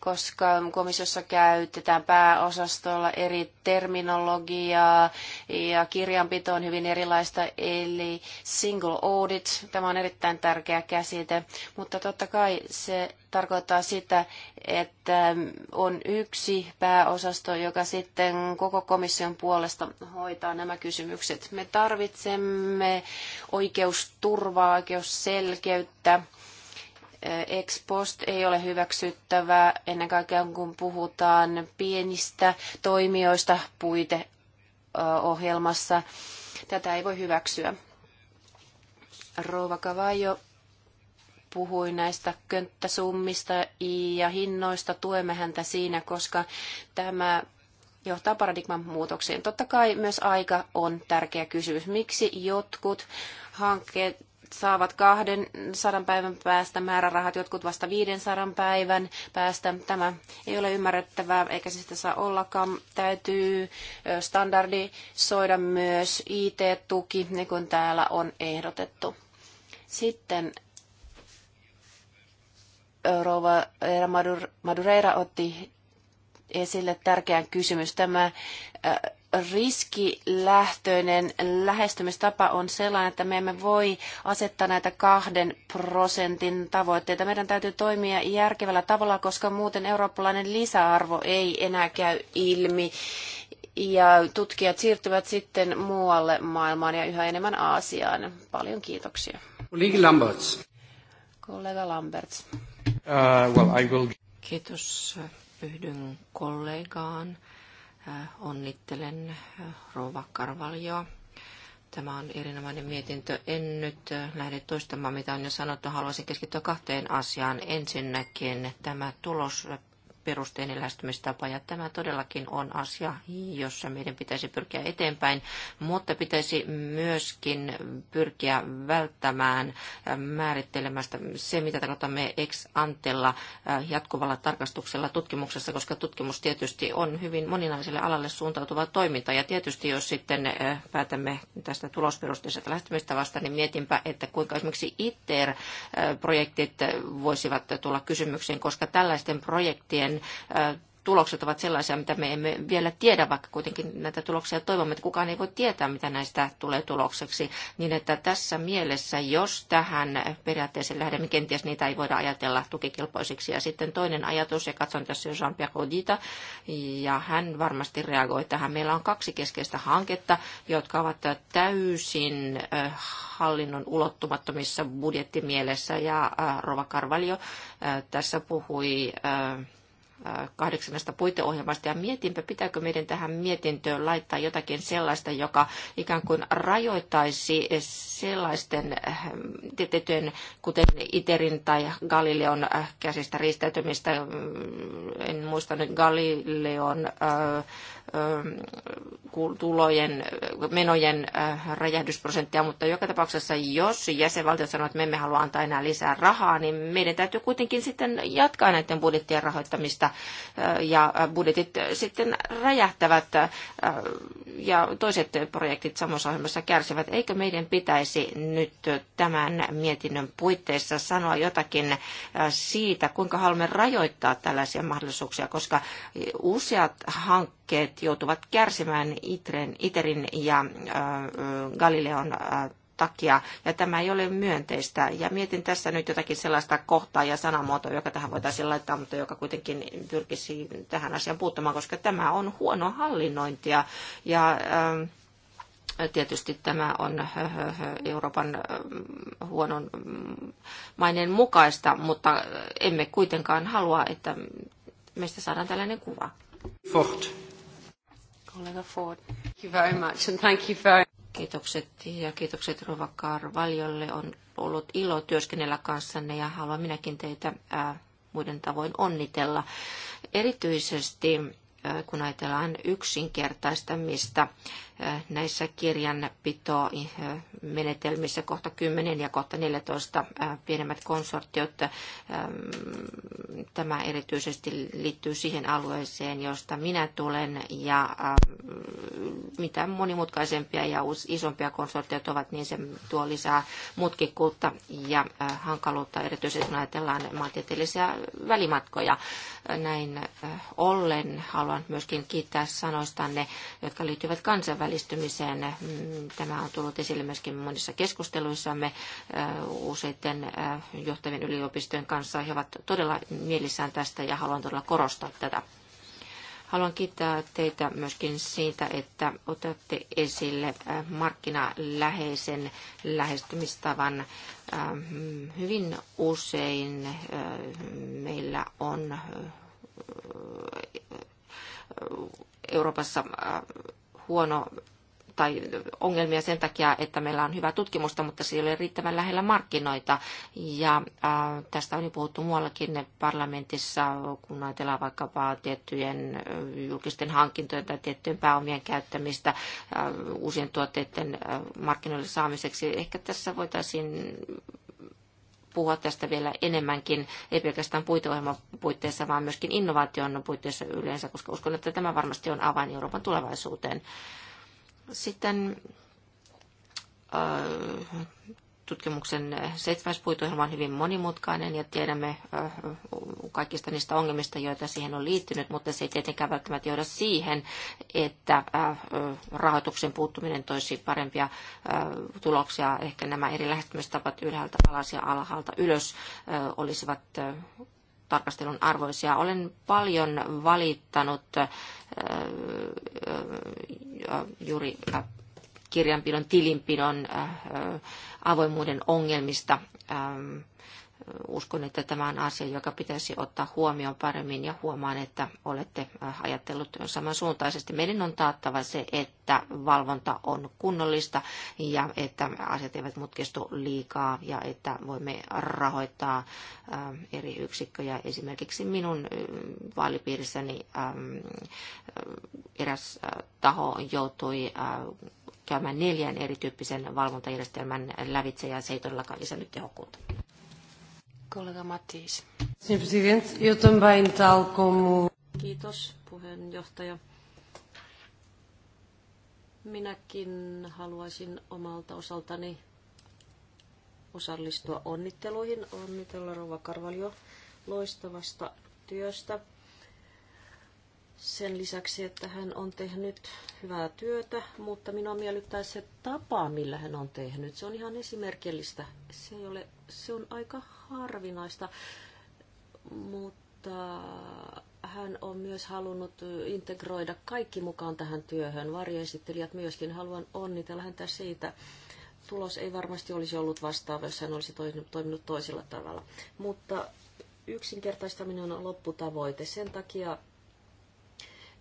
koska komissiossa käytetään pääosastolla eri terminologiaa ja kirjanpito on hyvin erilaista, eli single audit, tämä on erittäin tärkeä käsite, mutta totta kai se tarkoittaa sitä, että on yksi pääosasto, joka sitten koko komission puolesta hoitaa nämä kysymykset. Me tarvitsemme oikeusturvaa, oikeusselkeyttä Äh, ex post ei ole hyväksyttävää ennen kaikkea kun puhutaan pienistä toimijoista puiteohjelmassa. Tätä ei voi hyväksyä. Rouva Kavajo puhui näistä könttäsummista ja hinnoista. Tuemme häntä siinä, koska tämä johtaa paradigman muutokseen. Totta kai myös aika on tärkeä kysymys. Miksi jotkut hankkeet saavat 200 päivän päästä määrärahat, jotkut vasta 500 päivän päästä. Tämä ei ole ymmärrettävää, eikä se sitä saa ollakaan. Täytyy standardisoida myös IT-tuki, niin kuin täällä on ehdotettu. Sitten Rova Madureira otti esille tärkeän kysymys. Tämä riskilähtöinen lähestymistapa on sellainen, että me emme voi asettaa näitä kahden prosentin tavoitteita. Meidän täytyy toimia järkevällä tavalla, koska muuten eurooppalainen lisäarvo ei enää käy ilmi. Ja tutkijat siirtyvät sitten muualle maailmaan ja yhä enemmän Aasiaan. Paljon kiitoksia. Kollega Lamberts. Kollega Lamberts. Uh, well, I will... Kiitos. Yhdyn kollegaan Äh, onnittelen äh, Rova Karvaljoa. Tämä on erinomainen mietintö. En nyt äh, lähde toistamaan, mitä on jo sanottu. Haluaisin keskittyä kahteen asiaan. Ensinnäkin tämä tulos perusteinen lähestymistapa. Ja tämä todellakin on asia, jossa meidän pitäisi pyrkiä eteenpäin, mutta pitäisi myöskin pyrkiä välttämään äh, määrittelemästä se, mitä tarkoitamme ex antella äh, jatkuvalla tarkastuksella tutkimuksessa, koska tutkimus tietysti on hyvin moninaiselle alalle suuntautuvaa toimintaa. Ja tietysti jos sitten äh, päätämme tästä tulosperusteisesta lähestymistavasta, niin mietinpä, että kuinka esimerkiksi ITER-projektit voisivat tulla kysymykseen, koska tällaisten projektien sen tulokset ovat sellaisia, mitä me emme vielä tiedä, vaikka kuitenkin näitä tuloksia toivomme, että kukaan ei voi tietää, mitä näistä tulee tulokseksi. Niin että tässä mielessä, jos tähän periaatteeseen lähdemme, kenties niitä ei voida ajatella tukikelpoisiksi. Ja sitten toinen ajatus, ja katson tässä jo jean Rodita, ja hän varmasti reagoi tähän. Meillä on kaksi keskeistä hanketta, jotka ovat täysin hallinnon ulottumattomissa budjettimielessä, ja Rova Carvalho tässä puhui kahdeksannesta puiteohjelmasta ja mietinpä, pitääkö meidän tähän mietintöön laittaa jotakin sellaista, joka ikään kuin rajoittaisi sellaisten eh, tietetyön, kuten ITERin tai Galileon eh, käsistä riistäytymistä. En muista nyt Galileon eh, Ähm, tulojen, menojen äh, räjähdysprosenttia, mutta joka tapauksessa, jos jäsenvaltiot sanoo, että me emme halua antaa enää lisää rahaa, niin meidän täytyy kuitenkin sitten jatkaa näiden budjettien rahoittamista, äh, ja äh, budjetit sitten räjähtävät, ja toiset projektit samassa ohjelmassa kärsivät. Eikö meidän pitäisi nyt tämän mietinnön puitteissa sanoa jotakin siitä, kuinka haluamme rajoittaa tällaisia mahdollisuuksia, koska useat hankkeet, liikkeet joutuvat kärsimään Itren, ITERin ja Galileon takia, ja tämä ei ole myönteistä. Ja mietin tässä nyt jotakin sellaista kohtaa ja sanamuotoa, joka tähän voitaisiin laittaa, mutta joka kuitenkin pyrkisi tähän asiaan puuttumaan, koska tämä on huono hallinnointia. Ja, Tietysti tämä on Euroopan huonon mm, maineen mukaista, mutta emme kuitenkaan halua, että meistä saadaan tällainen kuva. Fort. Kollega Ford. Thank you very much and thank you very Kiitokset ja kiitokset Rova Karvaljolle. On ollut ilo työskennellä kanssanne ja haluan minäkin teitä ää, muiden tavoin onnitella. Erityisesti ää, kun ajatellaan yksinkertaistamista näissä kirjanpitomenetelmissä kohta 10 ja kohta 14 pienemmät konsortiot. Tämä erityisesti liittyy siihen alueeseen, josta minä tulen ja mitä monimutkaisempia ja isompia konsortiot ovat, niin se tuo lisää mutkikkuutta ja hankaluutta, erityisesti kun ajatellaan maantieteellisiä välimatkoja. Näin ollen haluan myöskin kiittää sanoistanne, jotka liittyvät kansainväliseen työllistymiseen. Mm, Tämä on tullut esille myöskin monissa keskusteluissamme useiden johtavien yliopistojen kanssa. He ovat todella mielissään tästä ja haluan todella korostaa tätä. Haluan kiittää teitä myöskin siitä, että otatte esille markkinaläheisen lähestymistavan. Hyvin usein meillä on Euroopassa huono tai ongelmia sen takia, että meillä on hyvää tutkimusta, mutta se ei ole riittävän lähellä markkinoita. Ja ää, tästä on jo puhuttu muuallakin parlamentissa, kun ajatellaan vaikkapa tiettyjen julkisten hankintojen tai tiettyjen pääomien käyttämistä ää, uusien tuotteiden ää, markkinoille saamiseksi. Ehkä tässä voitaisiin puhua tästä vielä enemmänkin, ei pelkästään puiteohjelman puitteissa, vaan myöskin innovaation puitteissa yleensä, koska uskon, että tämä varmasti on avain Euroopan tulevaisuuteen. Sitten äh, tutkimuksen seitsemäspuitohjelma on hyvin monimutkainen ja tiedämme äh, kaikista niistä ongelmista, joita siihen on liittynyt, mutta se ei tietenkään välttämättä johda siihen, että äh, rahoituksen puuttuminen toisi parempia äh, tuloksia. Ehkä nämä eri lähestymistapat ylhäältä alas ja alhaalta ylös olisivat tarkastelun arvoisia. Olen paljon valittanut juuri kirjanpidon, tilinpidon, äh, äh, avoimuuden ongelmista. Ähm, uskon, että tämä on asia, joka pitäisi ottaa huomioon paremmin ja huomaan, että olette äh, ajatellut samansuuntaisesti. Meidän on taattava se, että valvonta on kunnollista ja että asiat eivät mutkistu liikaa ja että voimme rahoittaa eri yksikköjä. Esimerkiksi minun vaalipiirissäni ähm, eräs taho joutui käymään neljän erityyppisen valvontajärjestelmän lävitse ja se ei todellakaan lisännyt tehokkuutta. Kollega Matis. Kiitos puheenjohtaja. Minäkin haluaisin omalta osaltani osallistua onnitteluihin. Onnitella Rova Karvalio loistavasta työstä sen lisäksi, että hän on tehnyt hyvää työtä, mutta minua miellyttää se tapa, millä hän on tehnyt. Se on ihan esimerkillistä. Se, ei ole, se on aika harvinaista, mutta hän on myös halunnut integroida kaikki mukaan tähän työhön. Varjoesittelijät myöskin. Haluan onnitella häntä siitä. Tulos ei varmasti olisi ollut vastaava, jos hän olisi toiminut toisella tavalla. Mutta yksinkertaistaminen on lopputavoite. Sen takia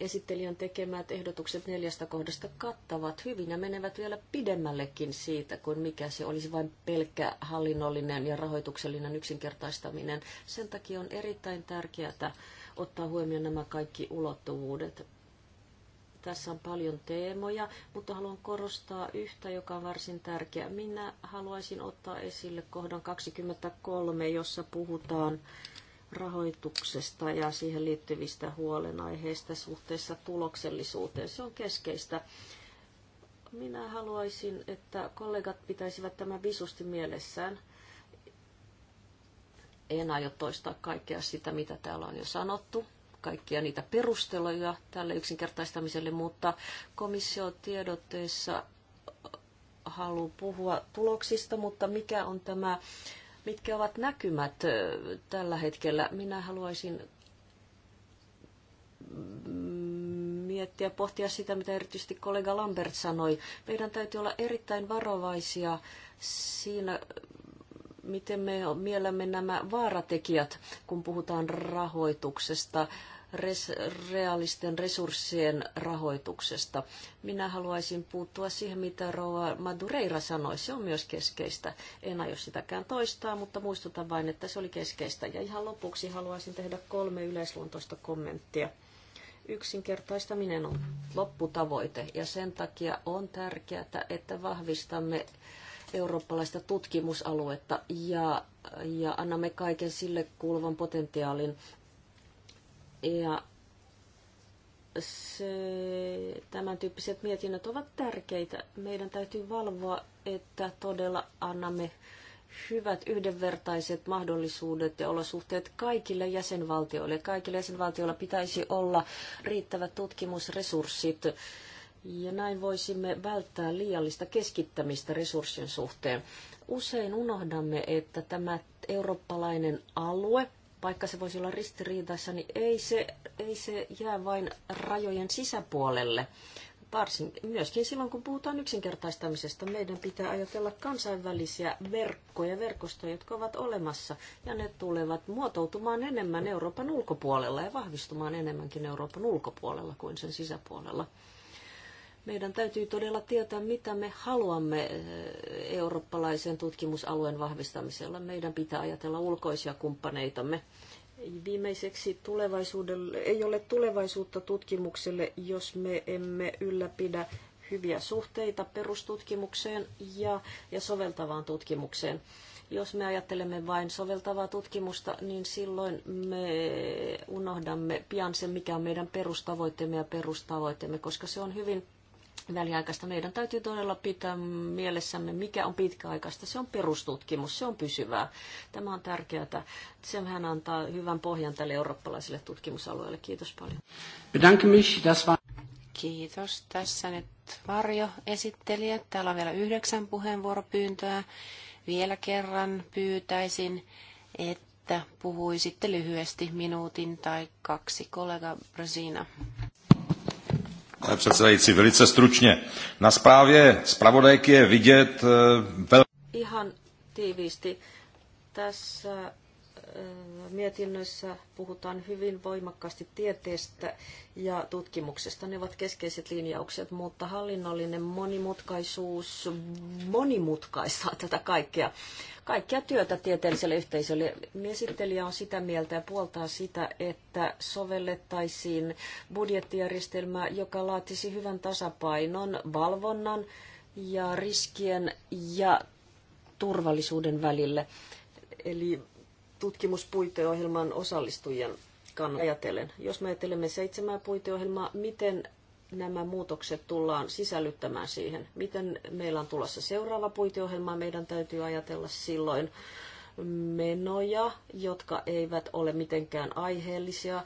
esittelijän tekemät ehdotukset neljästä kohdasta kattavat hyvin ja menevät vielä pidemmällekin siitä kuin mikä se olisi vain pelkkä hallinnollinen ja rahoituksellinen yksinkertaistaminen. Sen takia on erittäin tärkeää ottaa huomioon nämä kaikki ulottuvuudet. Tässä on paljon teemoja, mutta haluan korostaa yhtä, joka on varsin tärkeä. Minä haluaisin ottaa esille kohdan 23, jossa puhutaan rahoituksesta ja siihen liittyvistä huolenaiheista suhteessa tuloksellisuuteen. Se on keskeistä. Minä haluaisin, että kollegat pitäisivät tämän visusti mielessään. En aio toistaa kaikkea sitä, mitä täällä on jo sanottu, kaikkia niitä perusteluja tälle yksinkertaistamiselle, mutta komissio tiedotteessa haluaa puhua tuloksista, mutta mikä on tämä mitkä ovat näkymät tällä hetkellä. Minä haluaisin miettiä, pohtia sitä, mitä erityisesti kollega Lambert sanoi. Meidän täytyy olla erittäin varovaisia siinä, miten me miellämme nämä vaaratekijät, kun puhutaan rahoituksesta res, realisten resurssien rahoituksesta. Minä haluaisin puuttua siihen, mitä Rova Madureira sanoi. Se on myös keskeistä. En aio sitäkään toistaa, mutta muistutan vain, että se oli keskeistä. Ja ihan lopuksi haluaisin tehdä kolme yleisluontoista kommenttia. Yksinkertaistaminen on lopputavoite ja sen takia on tärkeää, että vahvistamme eurooppalaista tutkimusaluetta ja, ja annamme kaiken sille kuuluvan potentiaalin ja se, tämän tyyppiset mietinnöt ovat tärkeitä. Meidän täytyy valvoa, että todella annamme hyvät yhdenvertaiset mahdollisuudet ja olosuhteet kaikille jäsenvaltioille. Kaikille jäsenvaltioilla pitäisi olla riittävät tutkimusresurssit ja näin voisimme välttää liiallista keskittämistä resurssien suhteen. Usein unohdamme, että tämä eurooppalainen alue – vaikka se voisi olla ristiriitaissa, niin ei se, ei se jää vain rajojen sisäpuolelle. Varsin, myöskin silloin, kun puhutaan yksinkertaistamisesta, meidän pitää ajatella kansainvälisiä verkkoja, verkostoja, jotka ovat olemassa, ja ne tulevat muotoutumaan enemmän Euroopan ulkopuolella ja vahvistumaan enemmänkin Euroopan ulkopuolella kuin sen sisäpuolella. Meidän täytyy todella tietää, mitä me haluamme eh, eurooppalaisen tutkimusalueen vahvistamisella. Meidän pitää ajatella ulkoisia kumppaneitamme. Viimeiseksi tulevaisuudelle, ei ole tulevaisuutta tutkimukselle, jos me emme ylläpidä hyviä suhteita perustutkimukseen ja, ja soveltavaan tutkimukseen. Jos me ajattelemme vain soveltavaa tutkimusta, niin silloin me unohdamme pian sen, mikä on meidän perustavoitteemme ja perustavoitteemme, koska se on hyvin väliaikaista. Meidän täytyy todella pitää mielessämme, mikä on pitkäaikaista. Se on perustutkimus, se on pysyvää. Tämä on tärkeää. Sehän antaa hyvän pohjan tälle eurooppalaiselle tutkimusalueelle. Kiitos paljon. Kiitos. Tässä nyt Varjo esittelijä. Täällä on vielä yhdeksän puheenvuoropyyntöä. Vielä kerran pyytäisin, että puhuisitte lyhyesti minuutin tai kaksi kollega Brasina pane předsedající. Velice stručně. Na zprávě zpravodajky je vidět... Eh, vel... Ihan tiiviisti. Tässä mietinnöissä puhutaan hyvin voimakkaasti tieteestä ja tutkimuksesta. Ne ovat keskeiset linjaukset, mutta hallinnollinen monimutkaisuus monimutkaistaa tätä kaikkea, kaikkea työtä tieteelliselle yhteisölle. Miesittelijä on sitä mieltä ja puoltaa sitä, että sovellettaisiin budjettijärjestelmää, joka laatisi hyvän tasapainon valvonnan ja riskien ja turvallisuuden välille. Eli tutkimuspuiteohjelman osallistujien kannalta ajatellen. Jos me ajattelemme seitsemää puiteohjelmaa, miten nämä muutokset tullaan sisällyttämään siihen? Miten meillä on tulossa seuraava puiteohjelma? Meidän täytyy ajatella silloin menoja, jotka eivät ole mitenkään aiheellisia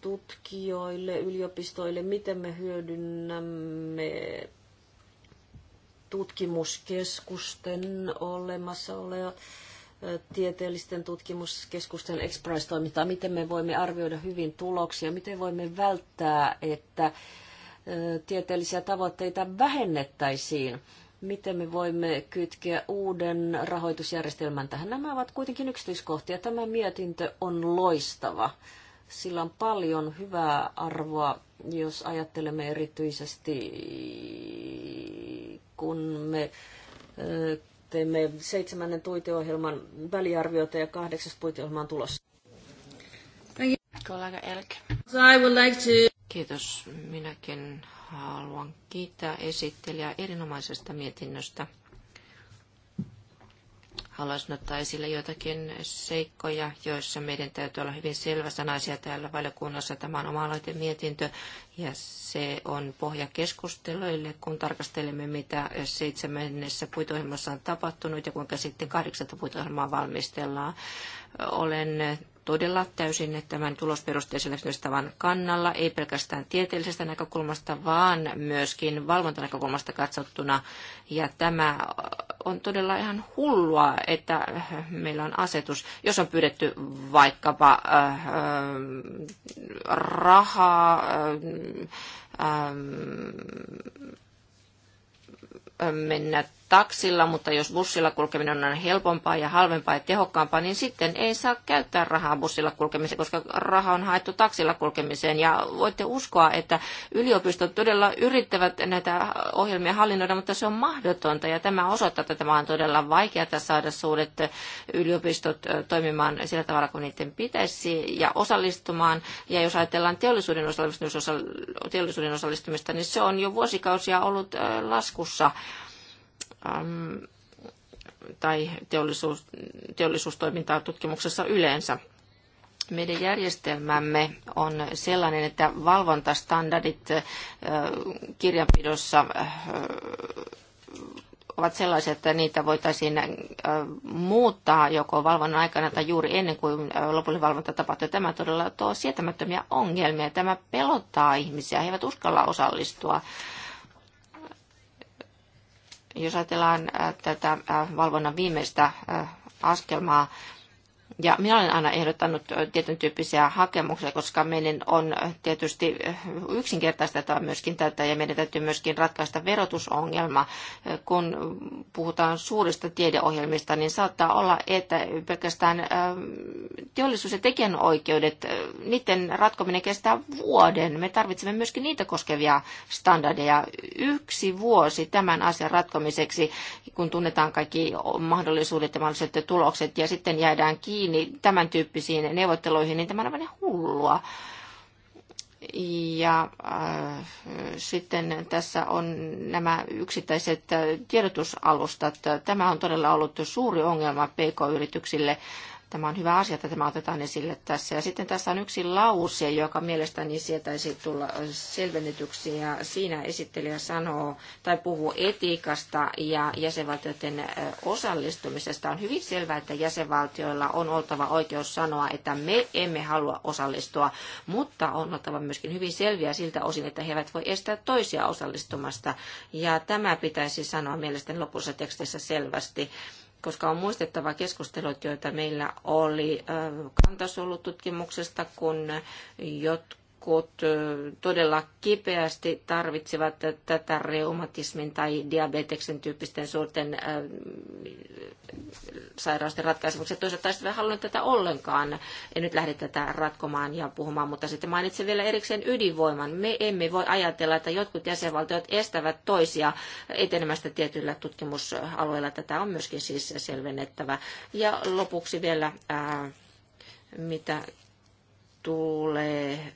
tutkijoille, yliopistoille, miten me hyödynnämme tutkimuskeskusten olemassa olevat tieteellisten tutkimuskeskusten Express-toimintaa, miten me voimme arvioida hyvin tuloksia, miten voimme välttää, että tieteellisiä tavoitteita vähennettäisiin, miten me voimme kytkeä uuden rahoitusjärjestelmän tähän. Nämä ovat kuitenkin yksityiskohtia. Tämä mietintö on loistava. Sillä on paljon hyvää arvoa, jos ajattelemme erityisesti, kun me teemme seitsemännen tuiteohjelman väliarviota ja kahdeksas puiteohjelma on tulossa. Kollega Elke. I would like to... Kiitos. Minäkin haluan kiittää esittelijää erinomaisesta mietinnöstä. Haluaisin ottaa esille joitakin seikkoja, joissa meidän täytyy olla hyvin selväsanaisia täällä valiokunnassa. Tämä on oma mietintö ja se on pohja keskusteluille, kun tarkastelemme, mitä seitsemännessä puitohjelmassa on tapahtunut ja kuinka sitten kahdeksatta puitohjelmaa valmistellaan. Olen todella täysin tämän tulosperusteisen lähestymistavan kannalla, ei pelkästään tieteellisestä näkökulmasta, vaan myöskin valvontanäkökulmasta katsottuna. Ja tämä on todella ihan hullua, että meillä on asetus, jos on pyydetty vaikkapa äh, äh, rahaa, äh, äh, mennä taksilla, mutta jos bussilla kulkeminen on helpompaa ja halvempaa ja tehokkaampaa, niin sitten ei saa käyttää rahaa bussilla kulkemiseen, koska raha on haettu taksilla kulkemiseen. Ja voitte uskoa, että yliopistot todella yrittävät näitä ohjelmia hallinnoida, mutta se on mahdotonta. Ja tämä osoittaa, että tämä on todella vaikeaa saada suuret yliopistot toimimaan sillä tavalla kuin niiden pitäisi ja osallistumaan. Ja jos ajatellaan teollisuuden osallistumista, teollisuuden osallistumista niin se on jo vuosikausia ollut laskussa Ähm, tai teollisuus, teollisuustoimintaa tutkimuksessa yleensä. Meidän järjestelmämme on sellainen, että valvontastandardit äh, kirjanpidossa äh, ovat sellaisia, että niitä voitaisiin äh, muuttaa joko valvonnan aikana tai juuri ennen kuin lopullinen valvonta tapahtuu. Tämä todella tuo sietämättömiä ongelmia. Tämä pelottaa ihmisiä. He eivät uskalla osallistua jos ajatellaan äh, tätä äh, valvonnan viimeistä äh, askelmaa, ja minä olen aina ehdottanut tietyn tyyppisiä hakemuksia, koska meidän on tietysti yksinkertaistettava myöskin tätä ja meidän täytyy myöskin ratkaista verotusongelma. Kun puhutaan suurista tiedeohjelmista, niin saattaa olla, että pelkästään ähm, teollisuus- ja tekijänoikeudet, äh, niiden ratkominen kestää vuoden. Me tarvitsemme myöskin niitä koskevia standardeja. Yksi vuosi tämän asian ratkomiseksi, kun tunnetaan kaikki mahdollisuudet ja mahdolliset tulokset ja sitten jäädään kiinni kiinni tämän tyyppisiin neuvotteluihin, niin tämä on vähän niin hullua. Ja äh, sitten tässä on nämä yksittäiset tiedotusalustat. Tämä on todella ollut suuri ongelma PK-yrityksille. Tämä on hyvä asia, että tämä otetaan esille tässä. Ja sitten tässä on yksi lause, joka mielestäni sietäisi tulla selvennetyksi. Ja siinä esittelijä sanoo tai puhuu etiikasta ja jäsenvaltioiden osallistumisesta. On hyvin selvää, että jäsenvaltioilla on oltava oikeus sanoa, että me emme halua osallistua, mutta on oltava myöskin hyvin selviä siltä osin, että he eivät voi estää toisia osallistumasta. Ja tämä pitäisi sanoa mielestäni lopussa tekstissä selvästi koska on muistettava keskustelut, joita meillä oli kantasolututkimuksesta, kun jotkut jotkut todella kipeästi tarvitsevat tätä reumatismin tai diabeteksen tyyppisten suurten sairausten ratkaisemuksia. toisaalta taas vähän halunnut tätä ollenkaan. En nyt lähde tätä ratkomaan ja puhumaan, mutta sitten mainitsen vielä erikseen ydinvoiman. Me emme voi ajatella, että jotkut jäsenvaltiot estävät toisia etenemästä tietyillä tutkimusalueilla. Tätä on myöskin siis selvennettävä. Ja lopuksi vielä, ää, mitä tulee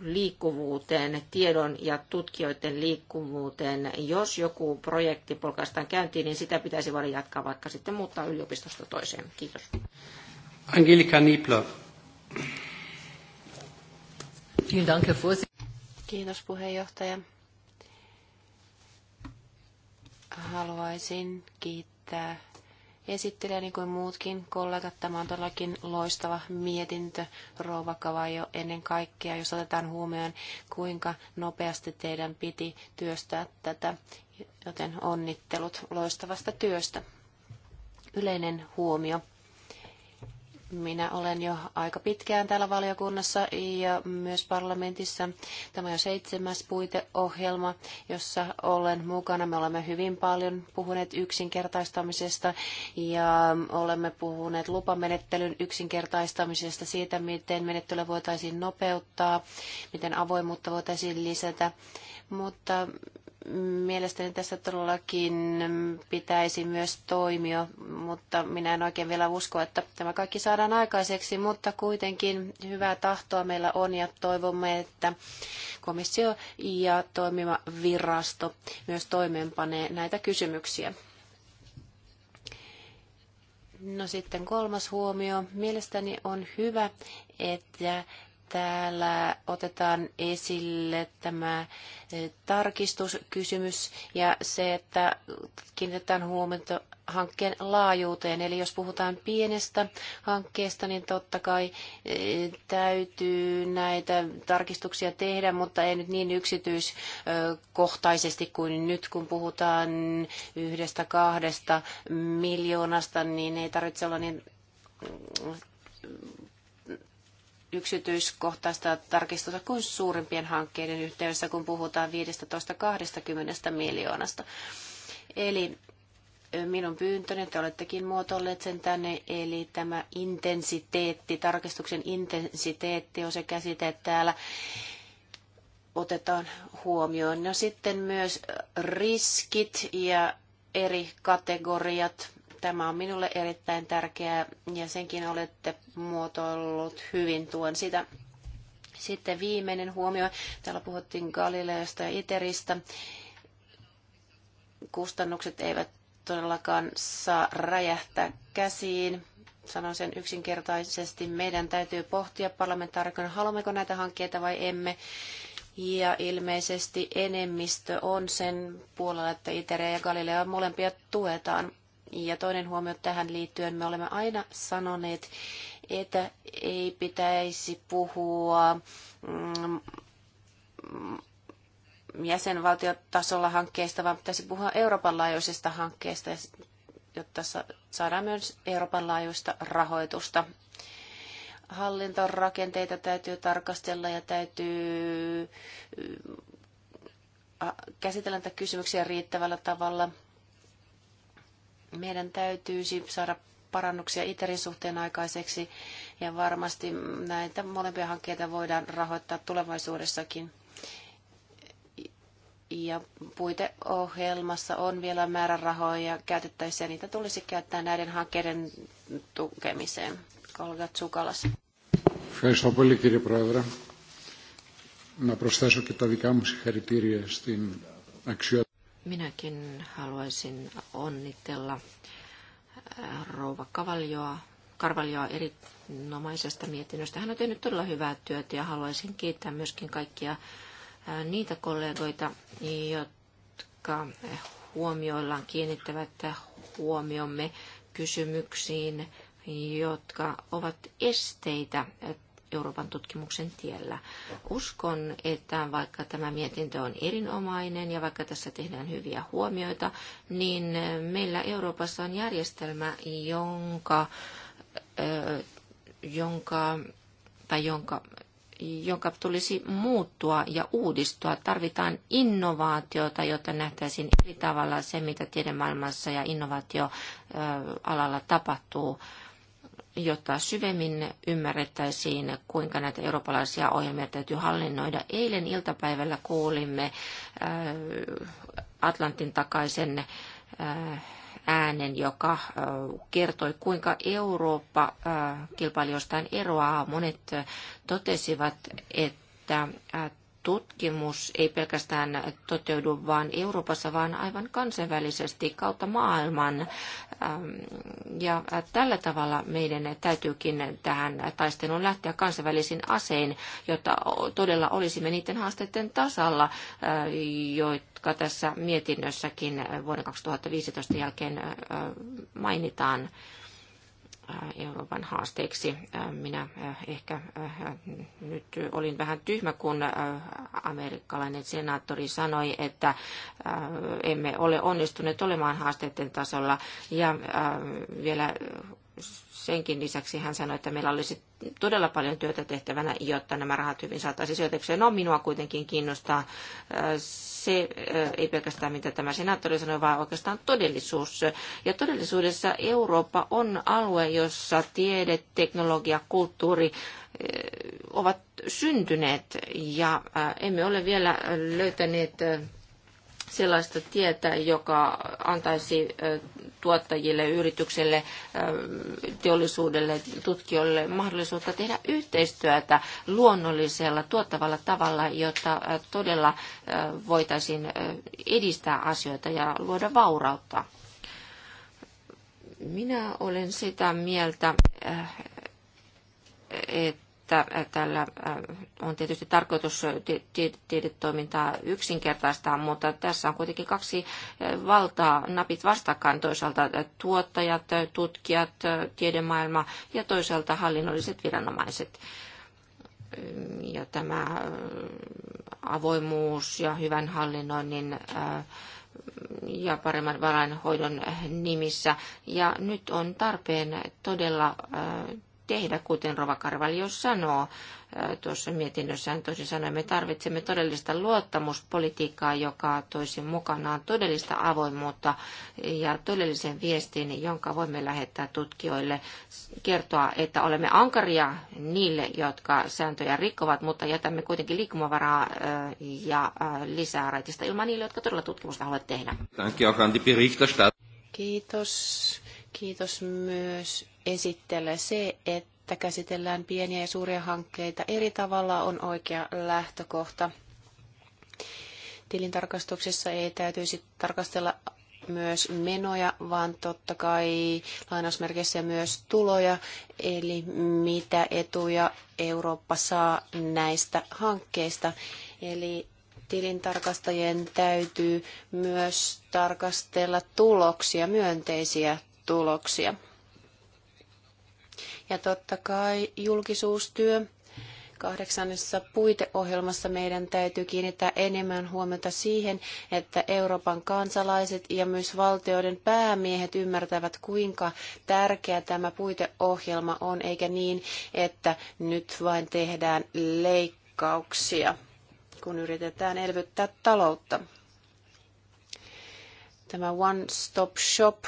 liikkuvuuteen, tiedon ja tutkijoiden liikkuvuuteen. Jos joku projekti polkaistaan käyntiin, niin sitä pitäisi voida jatkaa vaikka sitten muuttaa yliopistosta toiseen. Kiitos. Angelika Niebler. Kiitos puheenjohtaja. Haluaisin kiittää esittelijä, niin kuin muutkin kollegat. Tämä on todellakin loistava mietintö, Rouva jo ennen kaikkea, jos otetaan huomioon, kuinka nopeasti teidän piti työstää tätä, joten onnittelut loistavasta työstä. Yleinen huomio. Minä olen jo aika pitkään täällä valiokunnassa ja myös parlamentissa. Tämä on jo seitsemäs puiteohjelma, jossa olen mukana. Me olemme hyvin paljon puhuneet yksinkertaistamisesta ja olemme puhuneet lupamenettelyn yksinkertaistamisesta, siitä miten menettelyä voitaisiin nopeuttaa, miten avoimuutta voitaisiin lisätä. Mutta mielestäni tässä todellakin pitäisi myös toimia, mutta minä en oikein vielä usko, että tämä kaikki saadaan aikaiseksi, mutta kuitenkin hyvää tahtoa meillä on ja toivomme, että komissio ja toimiva virasto myös toimeenpanee näitä kysymyksiä. No sitten kolmas huomio. Mielestäni on hyvä, että täällä otetaan esille tämä e, tarkistuskysymys ja se, että kiinnitetään huomiota hankkeen laajuuteen. Eli jos puhutaan pienestä hankkeesta, niin totta kai e, täytyy näitä tarkistuksia tehdä, mutta ei nyt niin yksityiskohtaisesti kuin nyt, kun puhutaan yhdestä kahdesta miljoonasta, niin ei tarvitse olla niin yksityiskohtaista tarkistusta kuin suurimpien hankkeiden yhteydessä, kun puhutaan 15-20 miljoonasta. Eli minun pyyntöni, te olettekin muotoilleet sen tänne, eli tämä intensiteetti, tarkistuksen intensiteetti on se käsite täällä, otetaan huomioon. No sitten myös riskit ja eri kategoriat, Tämä on minulle erittäin tärkeää ja senkin olette muotoillut hyvin tuon sitä. Sitten viimeinen huomio. Täällä puhuttiin Galileosta ja Iteristä. Kustannukset eivät todellakaan saa räjähtää käsiin. Sanon sen yksinkertaisesti. Meidän täytyy pohtia parlamentaarikon, haluammeko näitä hankkeita vai emme. Ja ilmeisesti enemmistö on sen puolella, että Iteria ja Galilea molempia tuetaan. Ja toinen huomio tähän liittyen, me olemme aina sanoneet, että ei pitäisi puhua mm, jäsenvaltiotasolla hankkeesta, vaan pitäisi puhua Euroopan laajuisesta hankkeesta, jotta saadaan myös Euroopan laajuista rahoitusta. Hallintorakenteita täytyy tarkastella ja täytyy mm, käsitellä kysymyksiä riittävällä tavalla. Meidän täytyisi saada parannuksia ITERin suhteen aikaiseksi ja varmasti näitä molempia hankkeita voidaan rahoittaa tulevaisuudessakin. Ja puiteohjelmassa on vielä määrärahoja käytettävissä ja niitä tulisi käyttää näiden hankkeiden tukemiseen. Kolga Tsukalas. Ευχαριστώ πολύ κύριε Πρόεδρε. Να προσθέσω και τα δικά μου συγχαρητήρια στην αξιότητα. Minäkin haluaisin onnitella äh, rouva Kavaljoa, Karvaljoa erinomaisesta mietinnöstä. Hän on tehnyt todella hyvää työtä ja haluaisin kiittää myöskin kaikkia äh, niitä kollegoita, jotka huomioillaan kiinnittävät huomiomme kysymyksiin, jotka ovat esteitä Euroopan tutkimuksen tiellä. Uskon, että vaikka tämä mietintö on erinomainen ja vaikka tässä tehdään hyviä huomioita, niin meillä Euroopassa on järjestelmä, jonka, jonka, tai jonka jonka tulisi muuttua ja uudistua. Tarvitaan innovaatiota, jotta nähtäisiin eri tavalla se, mitä tiedemaailmassa ja innovaatioalalla tapahtuu jotta syvemmin ymmärrettäisiin, kuinka näitä eurooppalaisia ohjelmia täytyy hallinnoida. Eilen iltapäivällä kuulimme äh, Atlantin takaisen äh, äänen, joka äh, kertoi, kuinka Eurooppa kilpailijoistaan eroaa. Monet totesivat, että tutkimus ei pelkästään toteudu vaan Euroopassa, vaan aivan kansainvälisesti kautta maailman. Ähm, ja tällä tavalla meidän täytyykin tähän taisteluun lähteä kansainvälisin asein, jotta todella olisimme niiden haasteiden tasalla, äh, jotka tässä mietinnössäkin vuoden 2015 jälkeen äh, mainitaan. Euroopan haasteeksi. Minä ehkä nyt olin vähän tyhmä, kun amerikkalainen senaattori sanoi, että emme ole onnistuneet olemaan haasteiden tasolla. Ja vielä senkin lisäksi hän sanoi, että meillä olisi todella paljon työtä tehtävänä, jotta nämä rahat hyvin saataisiin sijoitukseen. No, minua kuitenkin kiinnostaa äh, se, äh, ei pelkästään mitä tämä senaattori sanoi, vaan oikeastaan todellisuus. Ja todellisuudessa Eurooppa on alue, jossa tiede, teknologia, kulttuuri äh, ovat syntyneet ja emme ole vielä löytäneet sellaista tietä, joka antaisi tuottajille, yrityksille, teollisuudelle, tutkijoille mahdollisuutta tehdä yhteistyötä luonnollisella, tuottavalla tavalla, jotta todella voitaisiin edistää asioita ja luoda vaurautta. Minä olen sitä mieltä, että että äh, tällä äh, on tietysti tarkoitus äh, tiedetoimintaa yksinkertaistaa, mutta tässä on kuitenkin kaksi valtaa, napit vastakkain, toisaalta tuottajat, tutkijat, tiedemaailma ja toisaalta hallinnolliset viranomaiset mm, ja tämä avoimuus ja hyvän hallinnoinnin ja paremman varainhoidon nimissä. Ja nyt on tarpeen todella tehdä, kuten Rova Karvalio sanoo tuossa mietinnössään. Toisin sanoi, me tarvitsemme todellista luottamuspolitiikkaa, joka toisi mukanaan todellista avoimuutta ja todellisen viestin, jonka voimme lähettää tutkijoille, kertoa, että olemme ankaria niille, jotka sääntöjä rikkovat, mutta jätämme kuitenkin liikkumavaraa ja lisää raitista ilman niille, jotka todella tutkimusta haluavat tehdä. Kiitos. Kiitos myös esittelee se, että käsitellään pieniä ja suuria hankkeita eri tavalla on oikea lähtökohta. Tilintarkastuksessa ei täytyisi tarkastella myös menoja, vaan totta kai lainausmerkeissä myös tuloja, eli mitä etuja Eurooppa saa näistä hankkeista. Eli tilintarkastajien täytyy myös tarkastella tuloksia, myönteisiä tuloksia. Ja totta kai julkisuustyö. Kahdeksannessa puiteohjelmassa meidän täytyy kiinnittää enemmän huomiota siihen, että Euroopan kansalaiset ja myös valtioiden päämiehet ymmärtävät, kuinka tärkeä tämä puiteohjelma on, eikä niin, että nyt vain tehdään leikkauksia, kun yritetään elvyttää taloutta. Tämä One Stop Shop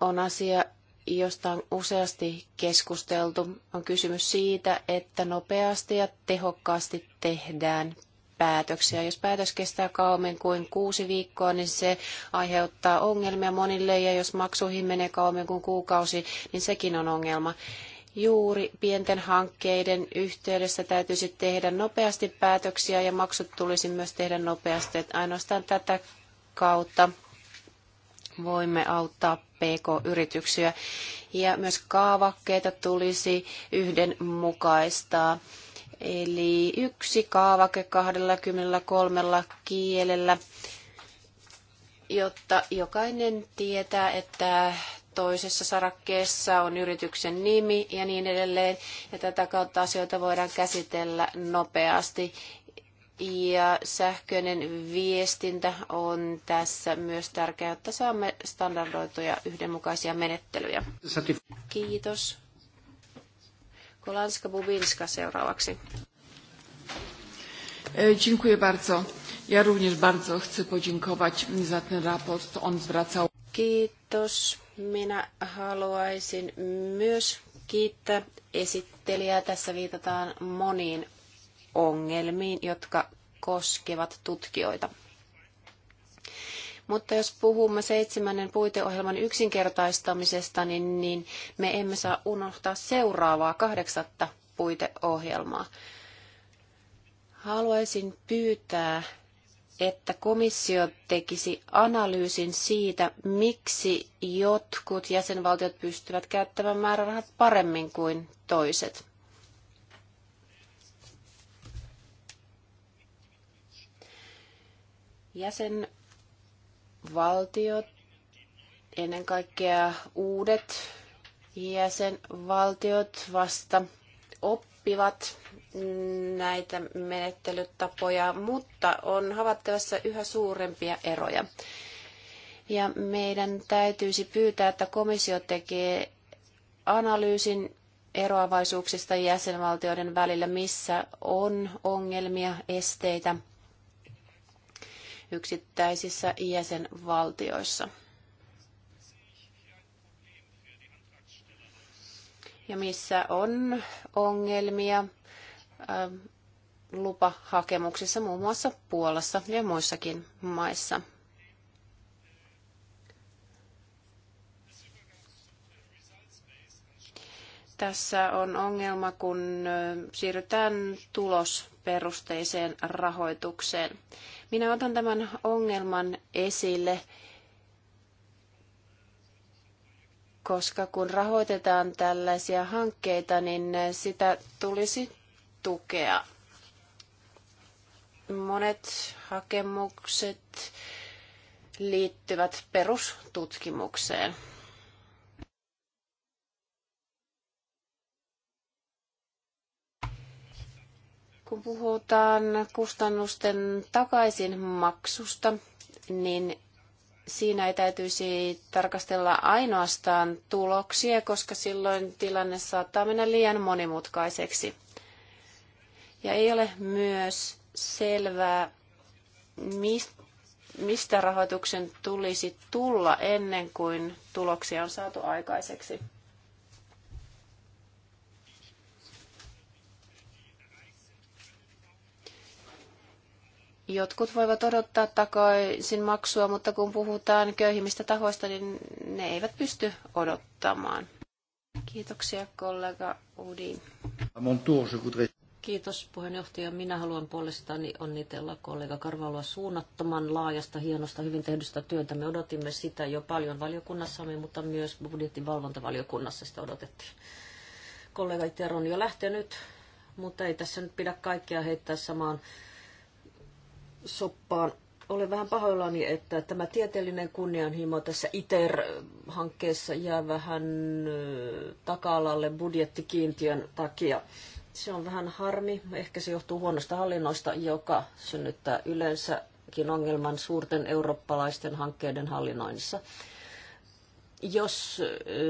on asia, josta on useasti keskusteltu, on kysymys siitä, että nopeasti ja tehokkaasti tehdään päätöksiä. Jos päätös kestää kauemmin kuin kuusi viikkoa, niin se aiheuttaa ongelmia monille, ja jos maksuihin menee kauemmin kuin kuukausi, niin sekin on ongelma. Juuri pienten hankkeiden yhteydessä täytyisi tehdä nopeasti päätöksiä ja maksut tulisi myös tehdä nopeasti. Että ainoastaan tätä kautta voimme auttaa PK-yrityksiä. Ja myös kaavakkeita tulisi yhdenmukaistaa. Eli yksi kaavake 23 kielellä, jotta jokainen tietää, että toisessa sarakkeessa on yrityksen nimi ja niin edelleen. Ja tätä kautta asioita voidaan käsitellä nopeasti ja sähköinen viestintä on tässä myös tärkeää, että saamme standardoituja yhdenmukaisia menettelyjä. Kiitos. Kolanska Bubinska seuraavaksi. E, dziękuję bardzo. Ja również bardzo chcę podziękować za ten raport. On zwracał... Kiitos. Minä haluaisin myös kiittää esittelijää. Tässä viitataan moniin ongelmiin, jotka koskevat tutkijoita. Mutta jos puhumme seitsemännen puiteohjelman yksinkertaistamisesta, niin, niin me emme saa unohtaa seuraavaa kahdeksatta puiteohjelmaa. Haluaisin pyytää, että komissio tekisi analyysin siitä, miksi jotkut jäsenvaltiot pystyvät käyttämään määrärahat paremmin kuin toiset. Jäsenvaltiot, ennen kaikkea uudet jäsenvaltiot vasta oppivat näitä menettelytapoja, mutta on havaittavissa yhä suurempia eroja. Ja meidän täytyisi pyytää, että komissio tekee analyysin eroavaisuuksista jäsenvaltioiden välillä, missä on ongelmia, esteitä – yksittäisissä jäsenvaltioissa. Ja missä on ongelmia äh, lupahakemuksissa muun muassa Puolassa ja muissakin maissa. tässä on ongelma, kun äh, siirrytään tulosperusteiseen rahoitukseen. Minä otan tämän ongelman esille, koska kun rahoitetaan tällaisia hankkeita, niin sitä tulisi tukea. Monet hakemukset liittyvät perustutkimukseen. kun puhutaan kustannusten takaisinmaksusta, niin siinä ei täytyisi tarkastella ainoastaan tuloksia, koska silloin tilanne saattaa mennä liian monimutkaiseksi. Ja ei ole myös selvää, mistä rahoituksen tulisi tulla ennen kuin tuloksia on saatu aikaiseksi. Jotkut voivat odottaa takaisin maksua, mutta kun puhutaan köyhimmistä tahoista, niin ne eivät pysty odottamaan. Kiitoksia kollega Udi. Kiitos puheenjohtaja. Minä haluan puolestani onnitella kollega Karvalua suunnattoman laajasta, hienosta, hyvin tehdystä työtä. Me odotimme sitä jo paljon valiokunnassamme, mutta myös budjetin valvontavaliokunnassa sitä odotettiin. Kollega Itter on jo lähtenyt, mutta ei tässä nyt pidä kaikkia heittää samaan soppaan. Olen vähän pahoillani, että tämä tieteellinen kunnianhimo tässä ITER-hankkeessa jää vähän taka-alalle budjettikiintiön takia. Se on vähän harmi. Ehkä se johtuu huonosta hallinnoista, joka synnyttää yleensäkin ongelman suurten eurooppalaisten hankkeiden hallinnoinnissa. Jos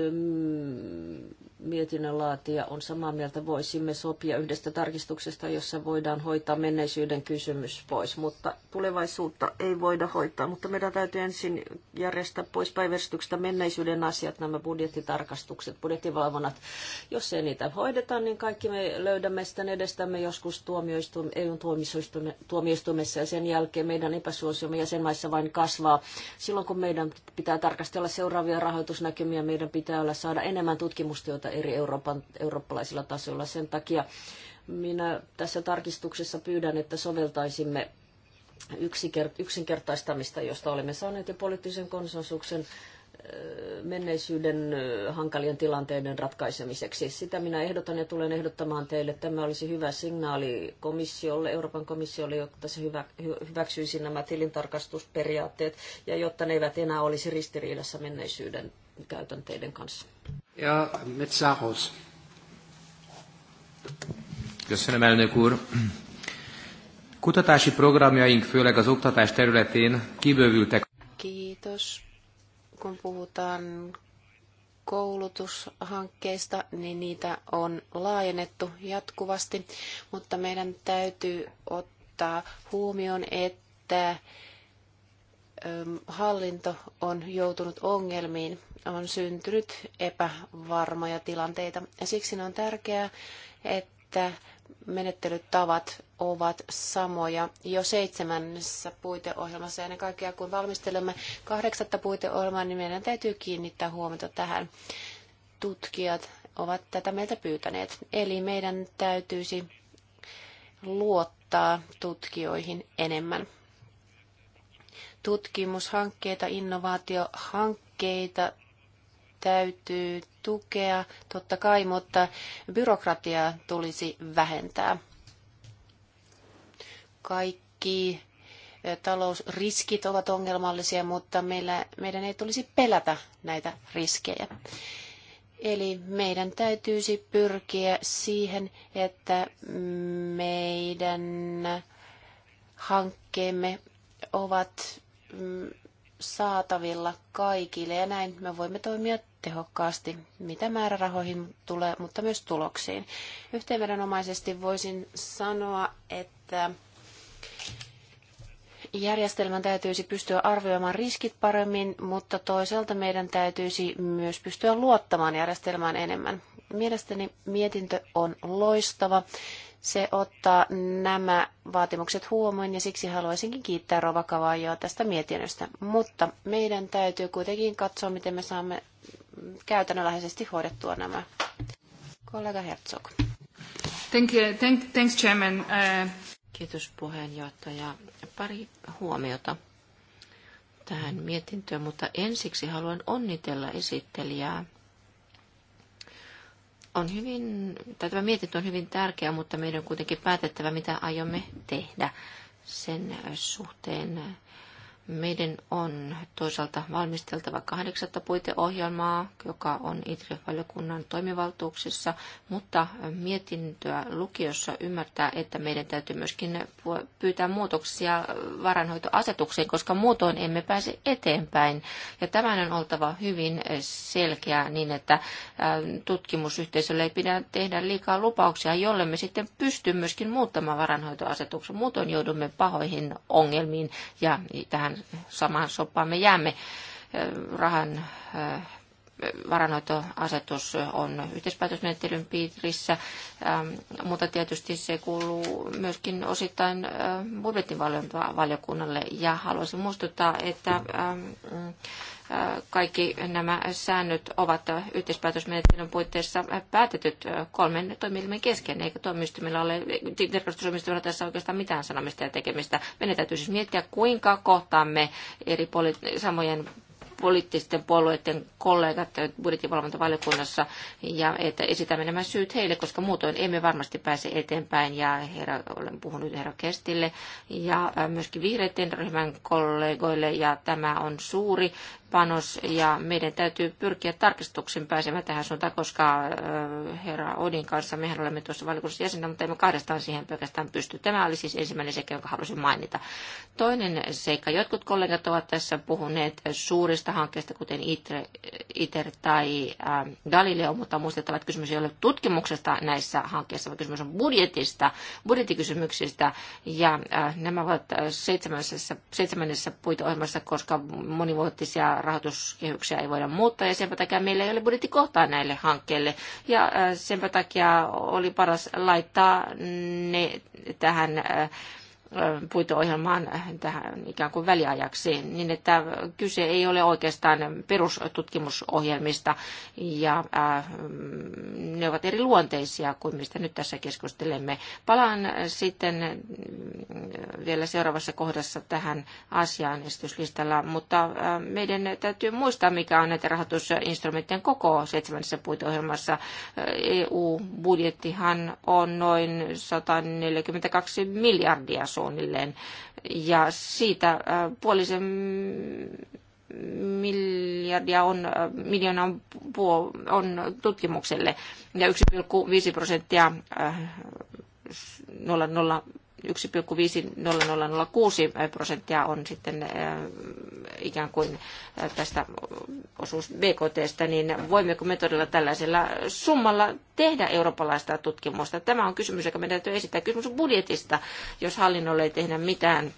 ähm, mietinnön laatija on samaa mieltä, voisimme sopia yhdestä tarkistuksesta, jossa voidaan hoitaa menneisyyden kysymys pois, mutta tulevaisuutta ei voida hoitaa. Mutta meidän täytyy ensin järjestää pois päivästyksestä menneisyyden asiat, nämä budjettitarkastukset, budjettivalvonnat. Jos ei niitä hoideta, niin kaikki me löydämme sitä edestämme joskus eu EUn tuomioistuimessa ja sen jälkeen meidän epäsuosiomme jäsenmaissa vain kasvaa. Silloin kun meidän pitää tarkastella seuraavia rahoja, rahoitusnäkymiä meidän pitää olla saada enemmän tutkimustyötä eri Euroopan, eurooppalaisilla tasoilla. Sen takia minä tässä tarkistuksessa pyydän, että soveltaisimme yksinkertaistamista, josta olemme saaneet jo poliittisen konsensuksen menneisyyden hankalien tilanteiden ratkaisemiseksi. Sitä minä ehdotan ja tulen ehdottamaan teille. Tämä olisi hyvä signaali komissiolle, Euroopan komissiolle, jotta se hyvä, hyväksyisi nämä tilintarkastusperiaatteet ja jotta ne eivät enää olisi ristiriidassa menneisyyden käytänteiden kanssa. Ja Metsahos. Köszönöm, elnök úr. Kutatási programjaink főleg az oktatás területén kibővültek. Kiitos kun puhutaan koulutushankkeista, niin niitä on laajennettu jatkuvasti, mutta meidän täytyy ottaa huomioon, että ähm, hallinto on joutunut ongelmiin, on syntynyt epävarmoja tilanteita. Ja siksi on tärkeää, että menettelytavat ovat samoja jo seitsemännessä puiteohjelmassa. Ennen kaikkea kun valmistelemme kahdeksatta puiteohjelmaa, niin meidän täytyy kiinnittää huomiota tähän. Tutkijat ovat tätä meiltä pyytäneet. Eli meidän täytyisi luottaa tutkijoihin enemmän. Tutkimushankkeita, innovaatiohankkeita täytyy tukea, totta kai, mutta byrokratiaa tulisi vähentää. Kaikki talousriskit ovat ongelmallisia, mutta meillä, meidän ei tulisi pelätä näitä riskejä. Eli meidän täytyisi pyrkiä siihen, että meidän hankkeemme ovat mm, saatavilla kaikille ja näin me voimme toimia tehokkaasti, mitä määrärahoihin tulee, mutta myös tuloksiin. Yhteenvedonomaisesti voisin sanoa, että järjestelmän täytyisi pystyä arvioimaan riskit paremmin, mutta toisaalta meidän täytyisi myös pystyä luottamaan järjestelmään enemmän. Mielestäni mietintö on loistava se ottaa nämä vaatimukset huomioon ja siksi haluaisinkin kiittää Rova Kavaajoa tästä mietinnöstä. Mutta meidän täytyy kuitenkin katsoa, miten me saamme käytännönläheisesti hoidettua nämä. Kollega Herzog. Thank you. Thank, thanks, Chairman. Uh... Kiitos puheenjohtaja. Pari huomiota tähän mietintöön, mutta ensiksi haluan onnitella esittelijää on hyvin, tai tämä mietintö on hyvin tärkeä, mutta meidän on kuitenkin päätettävä, mitä aiomme tehdä sen suhteen, meidän on toisaalta valmisteltava kahdeksatta puiteohjelmaa, joka on ITRE-valiokunnan toimivaltuuksissa, mutta mietintöä lukiossa ymmärtää, että meidän täytyy myöskin pyytää muutoksia varanhoitoasetukseen, koska muutoin emme pääse eteenpäin. Ja tämän on oltava hyvin selkeää niin, että tutkimusyhteisölle ei pidä tehdä liikaa lupauksia, jolle me sitten pystyy myöskin muuttamaan varanhoitoasetuksen. Muutoin joudumme pahoihin ongelmiin ja tähän samaan soppaan me jäämme rahan varanoitoasetus on yhteispäätösmenettelyn piirissä, ähm, mutta tietysti se kuuluu myöskin osittain äh, budjettivaliokunnalle. Ja haluaisin muistuttaa, että ähm, äh, kaikki nämä säännöt ovat yhteispäätösmenettelyn puitteissa päätetyt äh, kolmen toimielimen kesken, eikä tuomioistuimilla ole, tarkastusomistuimilla tässä oikeastaan mitään sanomista ja tekemistä. Meidän täytyy siis miettiä, kuinka kohtaamme eri poli- samojen poliittisten puolueiden kollegat budjettivalvontavaliokunnassa ja että esitämme nämä syyt heille, koska muutoin emme varmasti pääse eteenpäin ja herra, olen puhunut herra Kestille ja myöskin vihreiden ryhmän kollegoille ja tämä on suuri panos ja meidän täytyy pyrkiä tarkistuksen pääsemään tähän suuntaan, koska herra Odin kanssa mehän olemme tuossa valikunnassa jäsenä, mutta emme kahdestaan siihen pelkästään pysty. Tämä oli siis ensimmäinen seikka, jonka halusin mainita. Toinen seikka, jotkut kollegat ovat tässä puhuneet suurista hankkeista, kuten ITER, ITER tai Galileo, mutta muistettava, että kysymys ei ole tutkimuksesta näissä hankkeissa, vaan kysymys on budjetista, budjettikysymyksistä, ja nämä ovat seitsemännessä, seitsemännessä puiteohjelmassa, koska monivuotisia rahoituskehyksiä ei voida muuttaa ja sen takia meillä ei ole budjettikohtaa näille hankkeille. Ja äh, sen takia oli paras laittaa ne tähän äh, puiteohjelmaan tähän ikään kuin väliajaksi, niin että kyse ei ole oikeastaan perustutkimusohjelmista ja mm, ne ovat eri luonteisia kuin mistä nyt tässä keskustelemme. Palaan sitten vielä seuraavassa kohdassa tähän asiaan esityslistalla, mutta meidän täytyy muistaa, mikä on näitä rahoitusinstrumenttien koko seitsemännessä puiteohjelmassa. EU-budjettihan on noin 142 miljardia suoraan suunnilleen. Ja siitä äh, puolisen miljardia on, äh, miljoona on, on tutkimukselle ja 1,5 prosenttia 0,0 äh, 1,5006 prosenttia on sitten äh, ikään kuin äh, tästä osuus BKTstä, niin voimmeko me todella tällaisella summalla tehdä eurooppalaista tutkimusta? Tämä on kysymys, joka meidän täytyy esittää. Kysymys on budjetista, jos hallinnolle ei tehdä mitään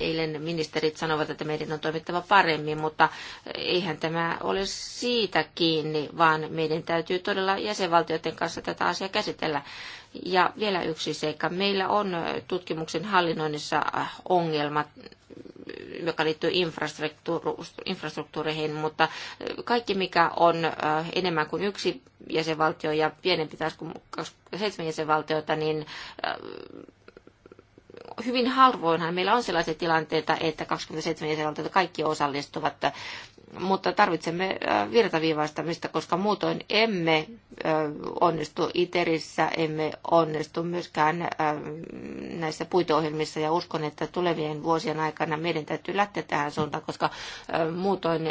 eilen ministerit sanovat, että meidän on toimittava paremmin, mutta eihän tämä ole siitä kiinni, vaan meidän täytyy todella jäsenvaltioiden kanssa tätä asiaa käsitellä. Ja vielä yksi seikka. Meillä on tutkimuksen hallinnoinnissa ongelmat, joka liittyy infrastruktuureihin, mutta kaikki mikä on äh, enemmän kuin yksi jäsenvaltio ja pienempi taas kuin seitsemän jäsenvaltiota, niin äh, hyvin harvoinhan meillä on sellaisia tilanteita, että 27 jäsenvaltiota kaikki osallistuvat mutta tarvitsemme virtaviivaistamista, koska muutoin emme onnistu ITERissä, emme onnistu myöskään näissä puiteohjelmissa ja uskon, että tulevien vuosien aikana meidän täytyy lähteä tähän suuntaan, koska muutoin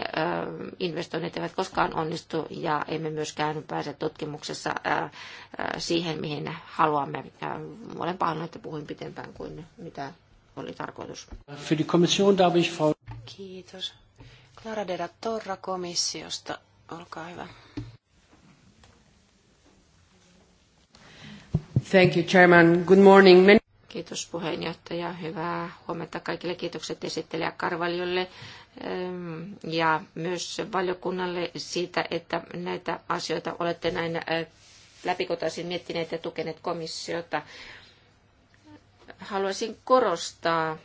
investoinnit eivät koskaan onnistu ja emme myöskään pääse tutkimuksessa siihen, mihin haluamme. Olen pahoillani, että puhuin pitempään kuin mitä oli tarkoitus. Kiitos. Clara de la Torra komissiosta, olkaa hyvä. Thank you, Chairman. Good morning. Kiitos puheenjohtaja. Hyvää huomenta kaikille. Kiitokset esittelijä Karvaljolle ähm, ja myös valiokunnalle siitä, että näitä asioita olette näin äh, läpikotaisin miettineet ja tukeneet komissiota. Haluaisin korostaa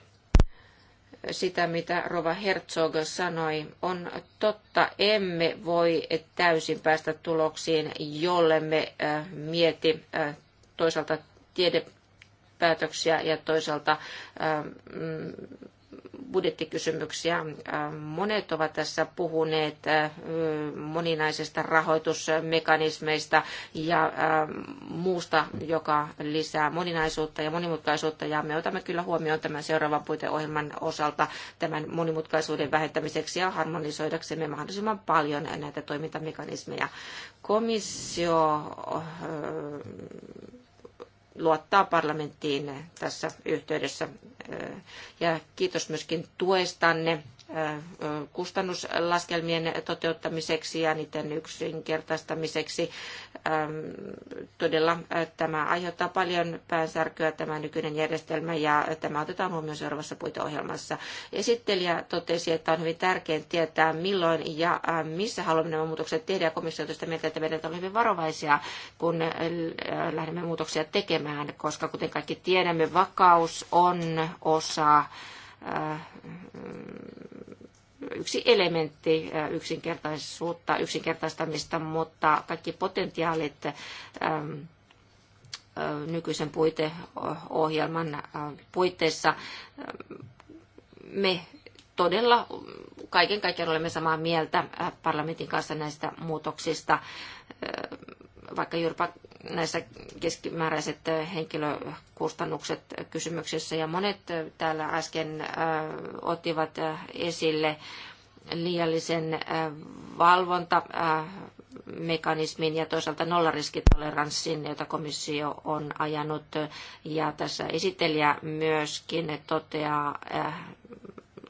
sitä, mitä Rova Herzog sanoi. On totta, emme voi täysin päästä tuloksiin, jollemme äh, mieti äh, toisaalta tiedepäätöksiä ja toisaalta äh, mm, budjettikysymyksiä. Monet ovat tässä puhuneet äh, moninaisesta rahoitusmekanismeista ja äh, muusta, joka lisää moninaisuutta ja monimutkaisuutta. Ja me otamme kyllä huomioon tämän seuraavan puiteohjelman osalta tämän monimutkaisuuden vähentämiseksi ja harmonisoidaksemme mahdollisimman paljon näitä toimintamekanismeja. Komissio äh, luottaa parlamenttiin tässä yhteydessä. Ja kiitos myöskin tuestanne kustannuslaskelmien toteuttamiseksi ja niiden yksinkertaistamiseksi. Ähm, todella äh, tämä aiheuttaa paljon päänsärkyä tämä nykyinen järjestelmä ja tämä otetaan huomioon seuraavassa puiteohjelmassa. Esittelijä totesi, että on hyvin tärkeää tietää milloin ja äh, missä haluamme nämä muutokset tehdä ja komissio sitä mieltä, että meidän on hyvin varovaisia, kun äh, lähdemme muutoksia tekemään, koska kuten kaikki tiedämme, vakaus on osa Äh, yksi elementti äh, yksinkertaisuutta, yksinkertaistamista, mutta kaikki potentiaalit ähm, äh, nykyisen puiteohjelman puitteissa me todella kaiken kaikkiaan olemme samaa mieltä parlamentin kanssa näistä muutoksista, vaikka Jyrpa näissä keskimääräiset henkilökustannukset kysymyksessä ja monet täällä äsken ottivat esille liiallisen valvontamekanismin ja toisaalta nollariskitoleranssin, jota komissio on ajanut. Ja tässä esittelijä myöskin toteaa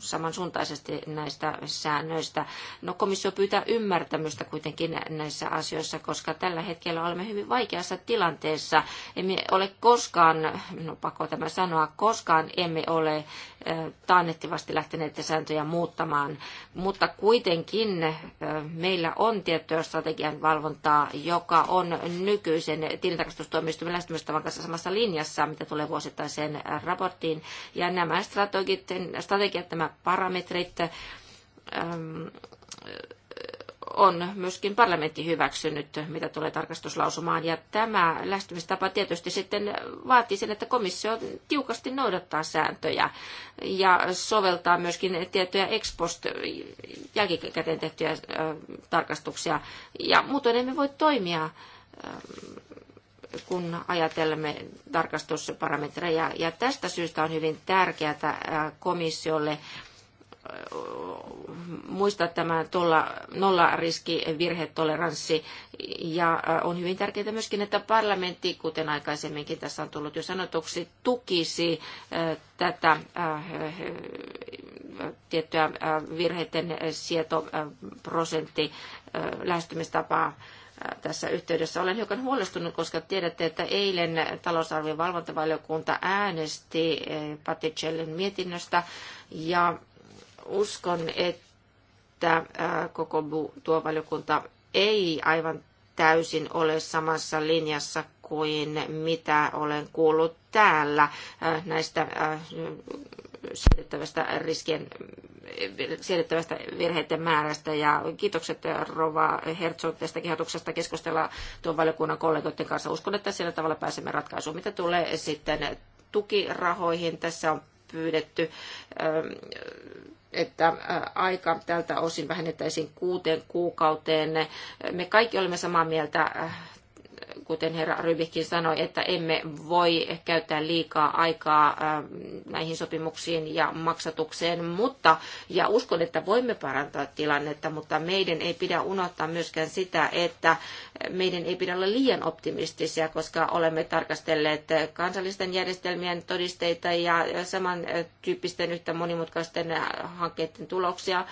samansuuntaisesti näistä säännöistä. No komissio pyytää ymmärtämystä kuitenkin näissä asioissa, koska tällä hetkellä olemme hyvin vaikeassa tilanteessa. Emme ole koskaan, no pakko tämä sanoa, koskaan emme ole taannettivasti lähteneet sääntöjä muuttamaan, mutta kuitenkin meillä on tiettyä strategian valvontaa, joka on nykyisen tilintarkastustuomioistuimen lähestymistavan kanssa samassa linjassa, mitä tulee vuosittaiseen raporttiin. Ja nämä strategiat, strategiat nämä parametrit ähm, on myöskin parlamentti hyväksynyt, mitä tulee tarkastuslausumaan. Ja tämä lähestymistapa tietysti sitten vaatii sen, että komissio tiukasti noudattaa sääntöjä ja soveltaa myöskin tiettyjä ex post jälkikäteen tehtyjä tarkastuksia. Ja muutoin emme voi toimia kun ajatelemme tarkastusparametreja. Ja tästä syystä on hyvin tärkeää äh, komissiolle äh, muistaa tämä tuolla nollariski virhetoleranssi. Ja äh, on hyvin tärkeää myöskin, että parlamentti, kuten aikaisemminkin tässä on tullut jo sanotuksi, tukisi tätä tiettyä virheiden sietoprosentti lähestymistapaa tässä yhteydessä. Olen hiukan huolestunut, koska tiedätte, että eilen talousarvion valvontavaliokunta äänesti eh, Paticellin mietinnöstä ja uskon, että eh, koko tuo valiokunta ei aivan täysin ole samassa linjassa kuin mitä olen kuullut täällä eh, näistä siedettävästä riskien, siedettävästä virheiden määrästä. Ja kiitokset Rova Herzog tästä kehotuksesta keskustella tuon valiokunnan kollegoiden kanssa. Uskon, että sillä tavalla pääsemme ratkaisuun. Mitä tulee sitten tukirahoihin, tässä on pyydetty ähm, että äh, aika tältä osin vähennettäisiin kuuteen kuukauteen. Me kaikki olemme samaa mieltä äh, kuten herra Rybikin sanoi, että emme voi käyttää liikaa aikaa näihin sopimuksiin ja maksatukseen, mutta, ja uskon, että voimme parantaa tilannetta, mutta meidän ei pidä unohtaa myöskään sitä, että meidän ei pidä olla liian optimistisia, koska olemme tarkastelleet kansallisten järjestelmien todisteita ja samantyyppisten yhtä monimutkaisten hankkeiden tuloksia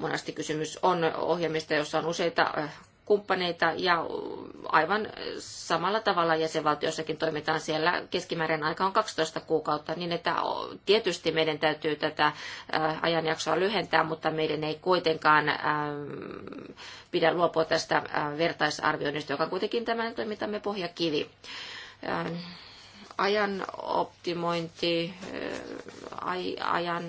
monesti kysymys on ohjelmista, jossa on useita kumppaneita ja aivan samalla tavalla jäsenvaltiossakin toimitaan siellä. Keskimääräinen aika on 12 kuukautta, niin että tietysti meidän täytyy tätä äh, ajanjaksoa lyhentää, mutta meidän ei kuitenkaan ähm, pidä luopua tästä äh, vertaisarvioinnista, joka on kuitenkin tämän toimintamme pohjakivi ähm, ajan optimointi, äh, ajan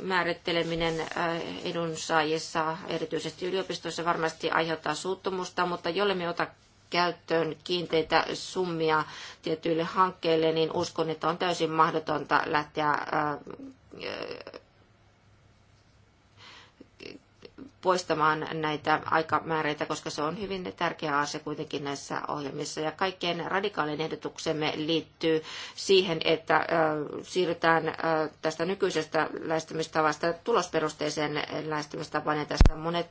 määritteleminen äh, edunsaajissa, erityisesti yliopistoissa, varmasti aiheuttaa suuttumusta, mutta jolle me ota käyttöön kiinteitä summia tietyille hankkeille, niin uskon, että on täysin mahdotonta lähteä äh, poistamaan näitä aikamääreitä, koska se on hyvin tärkeä asia kuitenkin näissä ohjelmissa. Ja kaikkein radikaalin ehdotuksemme liittyy siihen, että siirrytään tästä nykyisestä lähestymistavasta tulosperusteiseen lähestymistapaan. Ja tässä monet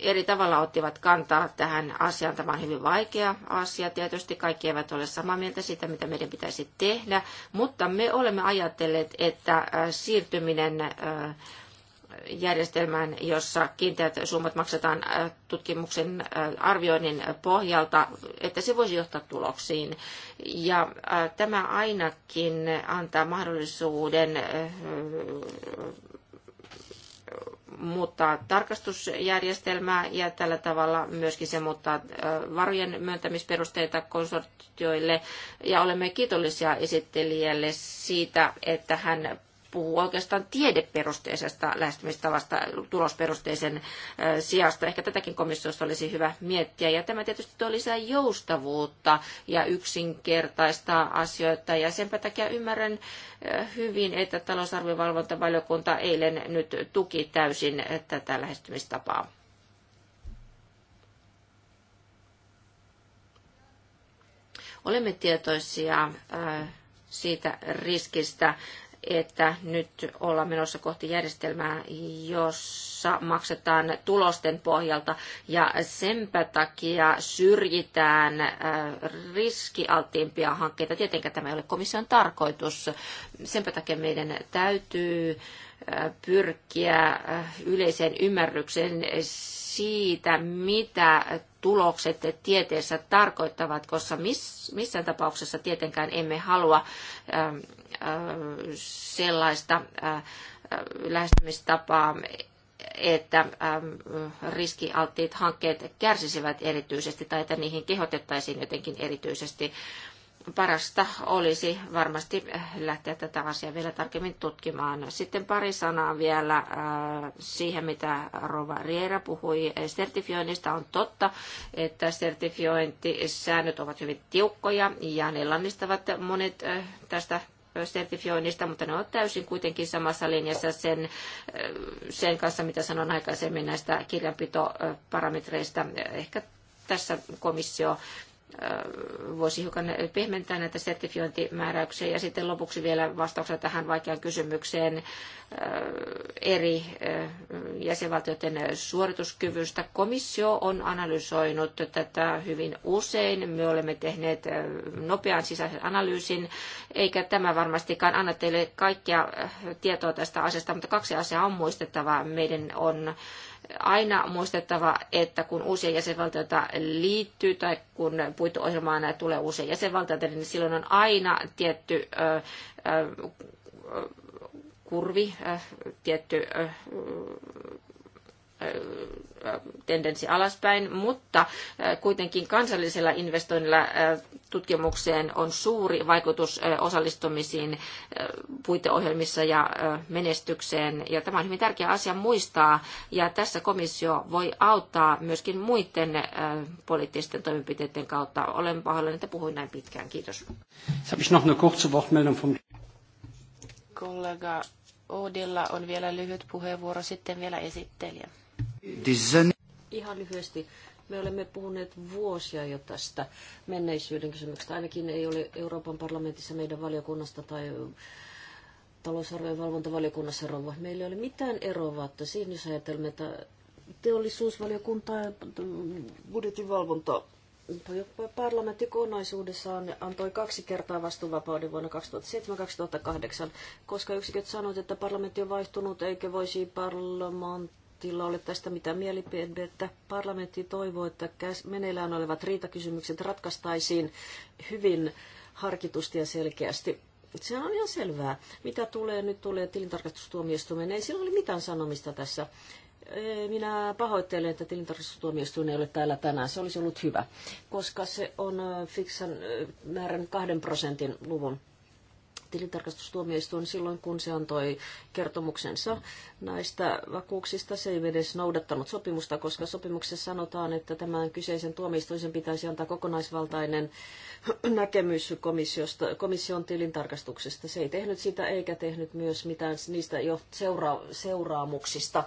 eri tavalla ottivat kantaa tähän asiaan. Tämä on hyvin vaikea asia. Tietysti kaikki eivät ole samaa mieltä siitä, mitä meidän pitäisi tehdä, mutta me olemme ajatelleet, että äh, siirtyminen äh, järjestelmään, jossa kiinteät summat maksetaan äh, tutkimuksen arvioinnin pohjalta, että se voisi johtaa tuloksiin. Ja tämä ainakin antaa mahdollisuuden muuttaa tarkastusjärjestelmää ja tällä tavalla myöskin se muuttaa varojen myöntämisperusteita konsortioille. Ja olemme kiitollisia esittelijälle siitä, että hän puhuu oikeastaan tiedeperusteisesta lähestymistavasta tulosperusteisen sijasta. Ehkä tätäkin komissiossa olisi hyvä miettiä. Ja tämä tietysti tuo lisää joustavuutta ja yksinkertaista asioita. Ja sen takia ymmärrän hyvin, että talousarvivalvontavaliokunta eilen nyt tuki täysin tätä lähestymistapaa. Olemme tietoisia siitä riskistä, että nyt ollaan menossa kohti järjestelmää, jossa maksetaan tulosten pohjalta ja senpä takia syrjitään äh, riskialttiimpia hankkeita. Tietenkään tämä ei ole komission tarkoitus. Senpä takia meidän täytyy äh, pyrkiä äh, yleiseen ymmärrykseen siitä, mitä tulokset tieteessä tarkoittavat, koska missään tapauksessa tietenkään emme halua ähm, sellaista lähestymistapaa, että riskialttiit hankkeet kärsisivät erityisesti tai että niihin kehotettaisiin jotenkin erityisesti. Parasta olisi varmasti lähteä tätä asiaa vielä tarkemmin tutkimaan. Sitten pari sanaa vielä siihen, mitä Rova Riera puhui sertifioinnista. On totta, että sertifiointisäännöt ovat hyvin tiukkoja ja ne lannistavat monet tästä sertifioinnista, mutta ne ovat täysin kuitenkin samassa linjassa sen, äh, sen kanssa, mitä sanon aikaisemmin näistä kirjanpitoparametreista. Ehkä tässä komissio voisi hiukan pehmentää näitä sertifiointimääräyksiä. Ja sitten lopuksi vielä vastauksena tähän vaikeaan kysymykseen äh, eri äh, jäsenvaltioiden suorituskyvystä. Komissio on analysoinut tätä hyvin usein. Me olemme tehneet äh, nopean sisäisen analyysin, eikä tämä varmastikaan anna teille kaikkia tietoa tästä asiasta, mutta kaksi asiaa on muistettava. Meidän on aina muistettava, että kun uusia jäsenvaltioita liittyy tai kun puitteohjelmaan tulee uusia jäsenvaltioita, niin silloin on aina tietty ö, ö, kurvi, ö, tietty ö, Äh, äh, tendenssi alaspäin, mutta äh, kuitenkin kansallisella investoinnilla tutkimukseen on suuri vaikutus osallistumisiin puiteohjelmissa ja menestykseen. Ja tämä on hyvin tärkeä asia muistaa, ja tässä komissio voi auttaa myöskin muiden poliittisten toimenpiteiden kautta. Olen pahoillani, että puhuin näin pitkään. Kiitos. Kollega Oudilla on vielä lyhyt puheenvuoro, sitten vielä esittelijä. Ihan lyhyesti. Me olemme puhuneet vuosia jo tästä menneisyyden kysymyksestä. Ainakin ei ole Euroopan parlamentissa meidän valiokunnasta tai talousarvojen valvontavaliokunnassa rouva. Meillä ei ole mitään eroavatta siinä, jos ajatelmme, että teollisuusvaliokunta ja budjetin valvonta parlamentti kokonaisuudessaan antoi kaksi kertaa vastuuvapauden vuonna 2007-2008, koska yksiköt sanoivat, että parlamentti on vaihtunut, eikä voisi parlamentti parlamentilla ole tästä mitä mielipidettä. Parlamentti toivoo, että meneillään olevat riitakysymykset ratkaistaisiin hyvin harkitusti ja selkeästi. Se on ihan selvää. Mitä tulee nyt tulee tilintarkastustuomioistuimeen, ei sillä ole mitään sanomista tässä. Minä pahoittelen, että tilintarkastustuomioistuin ei ole täällä tänään. Se olisi ollut hyvä, koska se on äh, fiksan äh, määrän kahden prosentin luvun tilintarkastustuomioistuin silloin, kun se antoi kertomuksensa näistä vakuuksista. Se ei edes noudattanut sopimusta, koska sopimuksessa sanotaan, että tämän kyseisen tuomioistuisen pitäisi antaa kokonaisvaltainen näkemys komissiosta, komission tilintarkastuksesta. Se ei tehnyt sitä eikä tehnyt myös mitään niistä jo seura- seuraamuksista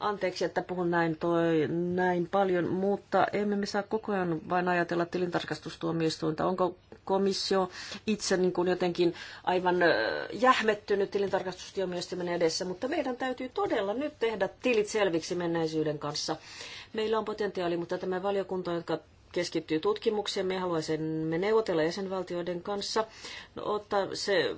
Anteeksi, että puhun näin, toi, näin paljon, mutta emme me saa koko ajan vain ajatella tilintarkastustuomioistuinta. Onko komissio itse niin kuin jotenkin aivan jähmettynyt tilintarkastustuomioistuimen edessä, mutta meidän täytyy todella nyt tehdä tilit selviksi menneisyyden kanssa. Meillä on potentiaali, mutta tämä valiokunta, joka keskittyy tutkimukseen, me haluaisimme neuvotella jäsenvaltioiden kanssa, no, ottaa se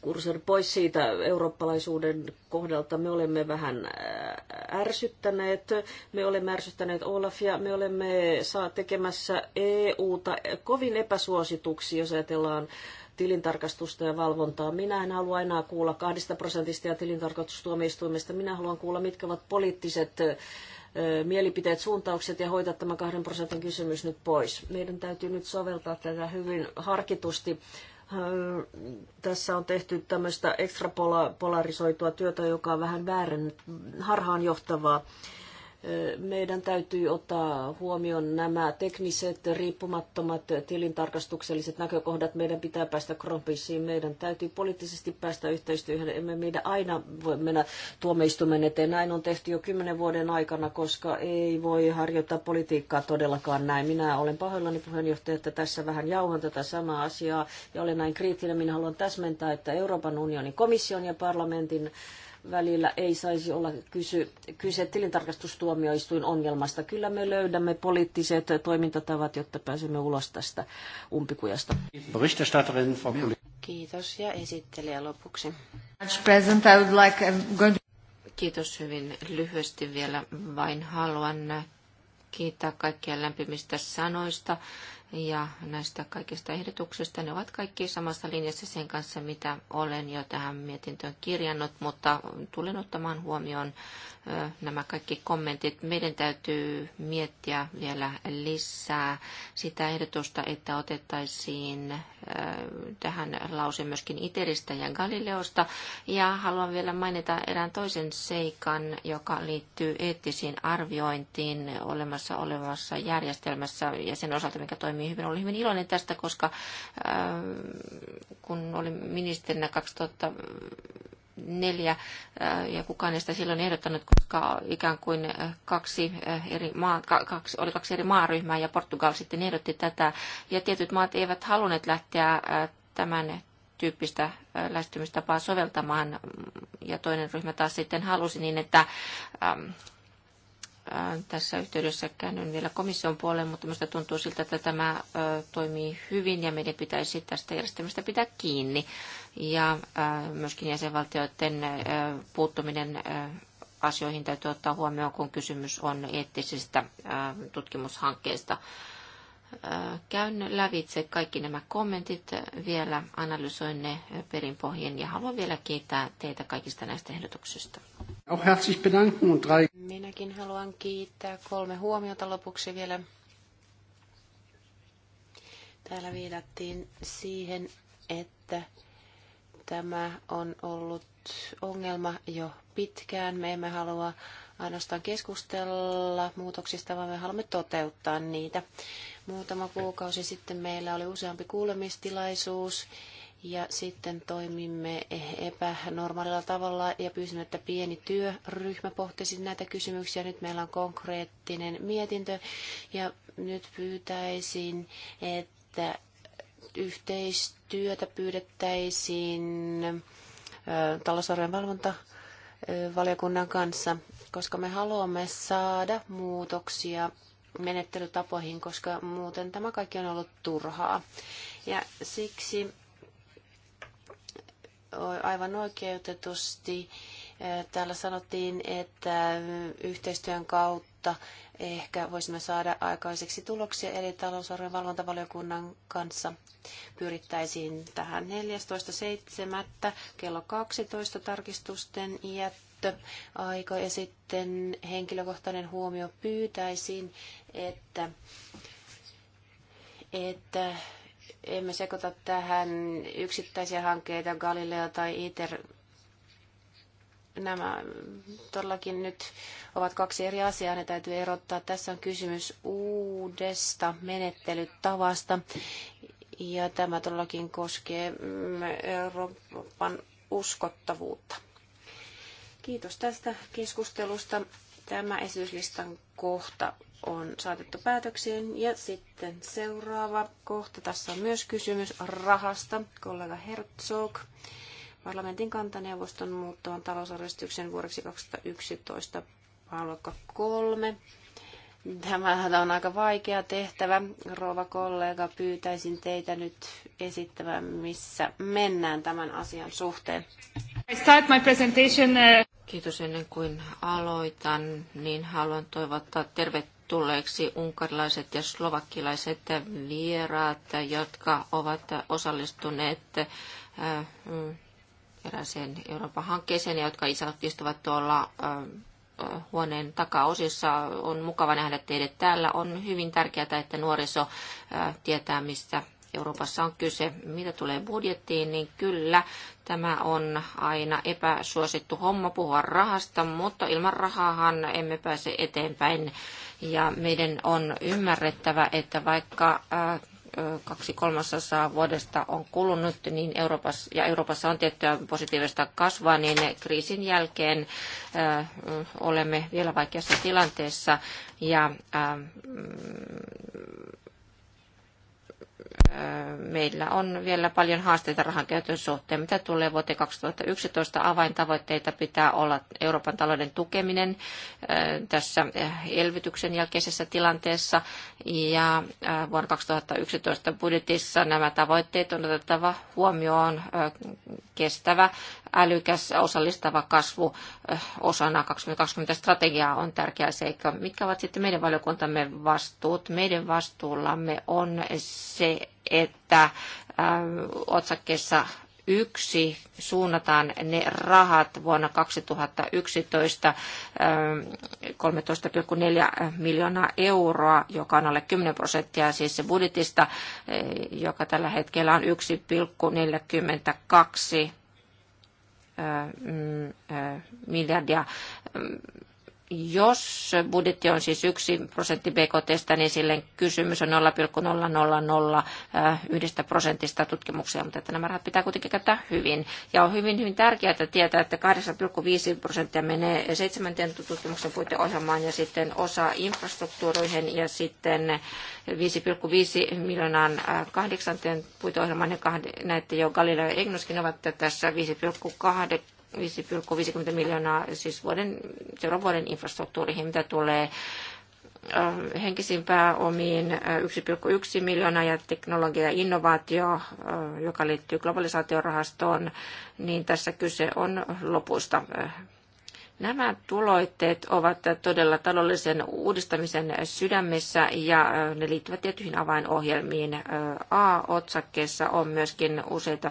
kursoida pois siitä eurooppalaisuuden kohdalta. Me olemme vähän äh, ärsyttäneet, me olemme ärsyttäneet Olafia, me olemme saa tekemässä EUta kovin epäsuosituksi, jos ajatellaan tilintarkastusta ja valvontaa. Minä en halua enää kuulla kahdesta prosentista ja tilintarkastustuomioistuimesta. Minä haluan kuulla, mitkä ovat poliittiset äh, mielipiteet, suuntaukset ja hoitaa tämä kahden prosentin kysymys nyt pois. Meidän täytyy nyt soveltaa tätä hyvin harkitusti tässä on tehty tämmöistä ekstrapolarisoitua työtä, joka on vähän väärän, harhaanjohtavaa. johtavaa meidän täytyy ottaa huomioon nämä tekniset, riippumattomat tilintarkastukselliset näkökohdat. Meidän pitää päästä krompisiin, meidän täytyy poliittisesti päästä yhteistyöhön. Emme meidän aina voi mennä tuomioistuimen eteen. Näin on tehty jo kymmenen vuoden aikana, koska ei voi harjoittaa politiikkaa todellakaan näin. Minä olen pahoillani puheenjohtaja, että tässä vähän jauhan tätä samaa asiaa ja olen näin kriittinen. Minä haluan täsmentää, että Euroopan unionin komission ja parlamentin välillä ei saisi olla kysy, kyse tilintarkastustuomioistuin ongelmasta. Kyllä me löydämme poliittiset toimintatavat, jotta pääsemme ulos tästä umpikujasta. Kiitos ja esittelijä lopuksi. Um, Kiitos hyvin lyhyesti vielä. Vain haluan kiittää kaikkia lämpimistä sanoista ja näistä kaikista ehdotuksista. Ne ovat kaikki samassa linjassa sen kanssa, mitä olen jo tähän mietintöön kirjannut, mutta tulen ottamaan huomioon nämä kaikki kommentit. Meidän täytyy miettiä vielä lisää sitä ehdotusta, että otettaisiin tähän lause myöskin Iteristä ja Galileosta. Ja haluan vielä mainita erään toisen seikan, joka liittyy eettisiin arviointiin olemassa olevassa järjestelmässä ja sen osalta, mikä toimii toimii hyvin. Olin hyvin iloinen tästä, koska äh, kun olin ministerinä 2000 neljä, äh, ja kukaan ei sitä silloin ehdottanut, koska ikään kuin äh, kaksi eri maa, kaksi, oli kaksi eri maaryhmää, ja Portugal sitten ehdotti tätä, ja tietyt maat eivät halunneet lähteä tämän tyyppistä lähestymistapaa soveltamaan, ja toinen ryhmä taas sitten halusi niin, että ähm, Äh, tässä yhteydessä käännyn vielä komission puoleen, mutta minusta tuntuu siltä, että tämä äh, toimii hyvin ja meidän pitäisi tästä järjestelmästä pitää kiinni. Ja äh, myöskin jäsenvaltioiden puuttuminen asioihin täytyy ottaa huomioon, kun kysymys on eettisistä tutkimushankkeista. Äh, käyn lävitse kaikki nämä kommentit äh, vielä, analysoin ne äh, perinpohjien ja haluan vielä kiittää teitä kaikista näistä ehdotuksista. Minäkin haluan kiittää kolme huomiota lopuksi vielä. Täällä viitattiin siihen, että tämä on ollut ongelma jo pitkään. Me emme halua ainoastaan keskustella muutoksista, vaan me haluamme toteuttaa niitä. Muutama kuukausi sitten meillä oli useampi kuulemistilaisuus ja sitten toimimme epänormaalilla tavalla ja pyysimme, että pieni työryhmä pohtisi näitä kysymyksiä. Nyt meillä on konkreettinen mietintö ja nyt pyytäisin, että yhteistyötä pyydettäisiin talousarvojen valvonta valiokunnan kanssa, koska me haluamme saada muutoksia menettelytapoihin, koska muuten tämä kaikki on ollut turhaa. Ja siksi aivan oikeutetusti täällä sanottiin, että yhteistyön kautta ehkä voisimme saada aikaiseksi tuloksia eri talousarvion valvontavaliokunnan kanssa. Pyrittäisiin tähän 14.7. kello 12 tarkistusten jättöön käyttöaika ja sitten henkilökohtainen huomio pyytäisin, että, että emme sekoita tähän yksittäisiä hankkeita, Galileo tai ITER. Nämä todellakin nyt ovat kaksi eri asiaa, ne täytyy erottaa. Tässä on kysymys uudesta menettelytavasta, ja tämä todellakin koskee Euroopan uskottavuutta. Kiitos tästä keskustelusta. Tämä esityslistan kohta on saatettu päätökseen. Ja sitten seuraava kohta. Tässä on myös kysymys rahasta. Kollega Herzog. Parlamentin kantaneuvoston muuttavan talousarvistyksen vuodeksi 2011 pääluokka 3. Tämä on aika vaikea tehtävä. Rouva kollega, pyytäisin teitä nyt esittämään, missä mennään tämän asian suhteen. I start my presentation, uh, Kiitos ennen kuin aloitan, niin haluan toivottaa tervetulleeksi unkarilaiset ja slovakkilaiset vieraat, jotka ovat osallistuneet äh, eräseen Euroopan hankkeeseen, ja jotka istuvat tuolla äh, huoneen takaosissa. On mukava nähdä teidät täällä. On hyvin tärkeää, että nuoriso äh, tietää, mistä Euroopassa on kyse. Mitä tulee budjettiin, niin kyllä tämä on aina epäsuosittu homma puhua rahasta, mutta ilman rahaahan emme pääse eteenpäin. Ja meidän on ymmärrettävä, että vaikka äh, kaksi kolmasosaa vuodesta on kulunut, niin Euroopassa, ja Euroopassa on tiettyä positiivista kasvua, niin kriisin jälkeen äh, olemme vielä vaikeassa tilanteessa ja ähm, meillä on vielä paljon haasteita rahankäytön suhteen. Mitä tulee vuoteen 2011, avaintavoitteita pitää olla Euroopan talouden tukeminen tässä elvytyksen jälkeisessä tilanteessa. Ja vuonna 2011 budjetissa nämä tavoitteet on otettava huomioon kestävä, älykäs, osallistava kasvu osana 2020-strategiaa on tärkeä seikka. Mitkä ovat sitten meidän valiokuntamme vastuut? Meidän vastuullamme on se, että äh, otsakkeessa yksi suunnataan ne rahat vuonna 2011 13,4 äh, miljoonaa euroa, joka on alle 10 prosenttia siis se budjetista, äh, joka tällä hetkellä on 1,42 mm, miljardia jos budjetti on siis 1 prosentti BKTstä, niin silleen kysymys on 0,0001 prosentista tutkimuksia, mutta että nämä rahat pitää kuitenkin käyttää hyvin. Ja on hyvin, hyvin tärkeää tietää, että 8,5 prosenttia menee seitsemänteen tutkimuksen puiteohjelmaan ja sitten osa infrastruktuuroihin ja sitten 5,5 miljoonan kahdeksanteen puiteohjelmaan ja näette jo Galileo ja Egnoskin ovat tässä 5,8 5,50 miljoonaa siis vuoden, seuraavan vuoden infrastruktuuriin, mitä tulee äh, henkisiin pääomiin 1,1 äh, miljoonaa ja teknologia ja innovaatio, äh, joka liittyy globalisaatiorahastoon, niin tässä kyse on lopusta. Nämä tuloitteet ovat todella taloudellisen uudistamisen sydämessä ja ne liittyvät tiettyihin avainohjelmiin. A-otsakkeessa on myöskin useita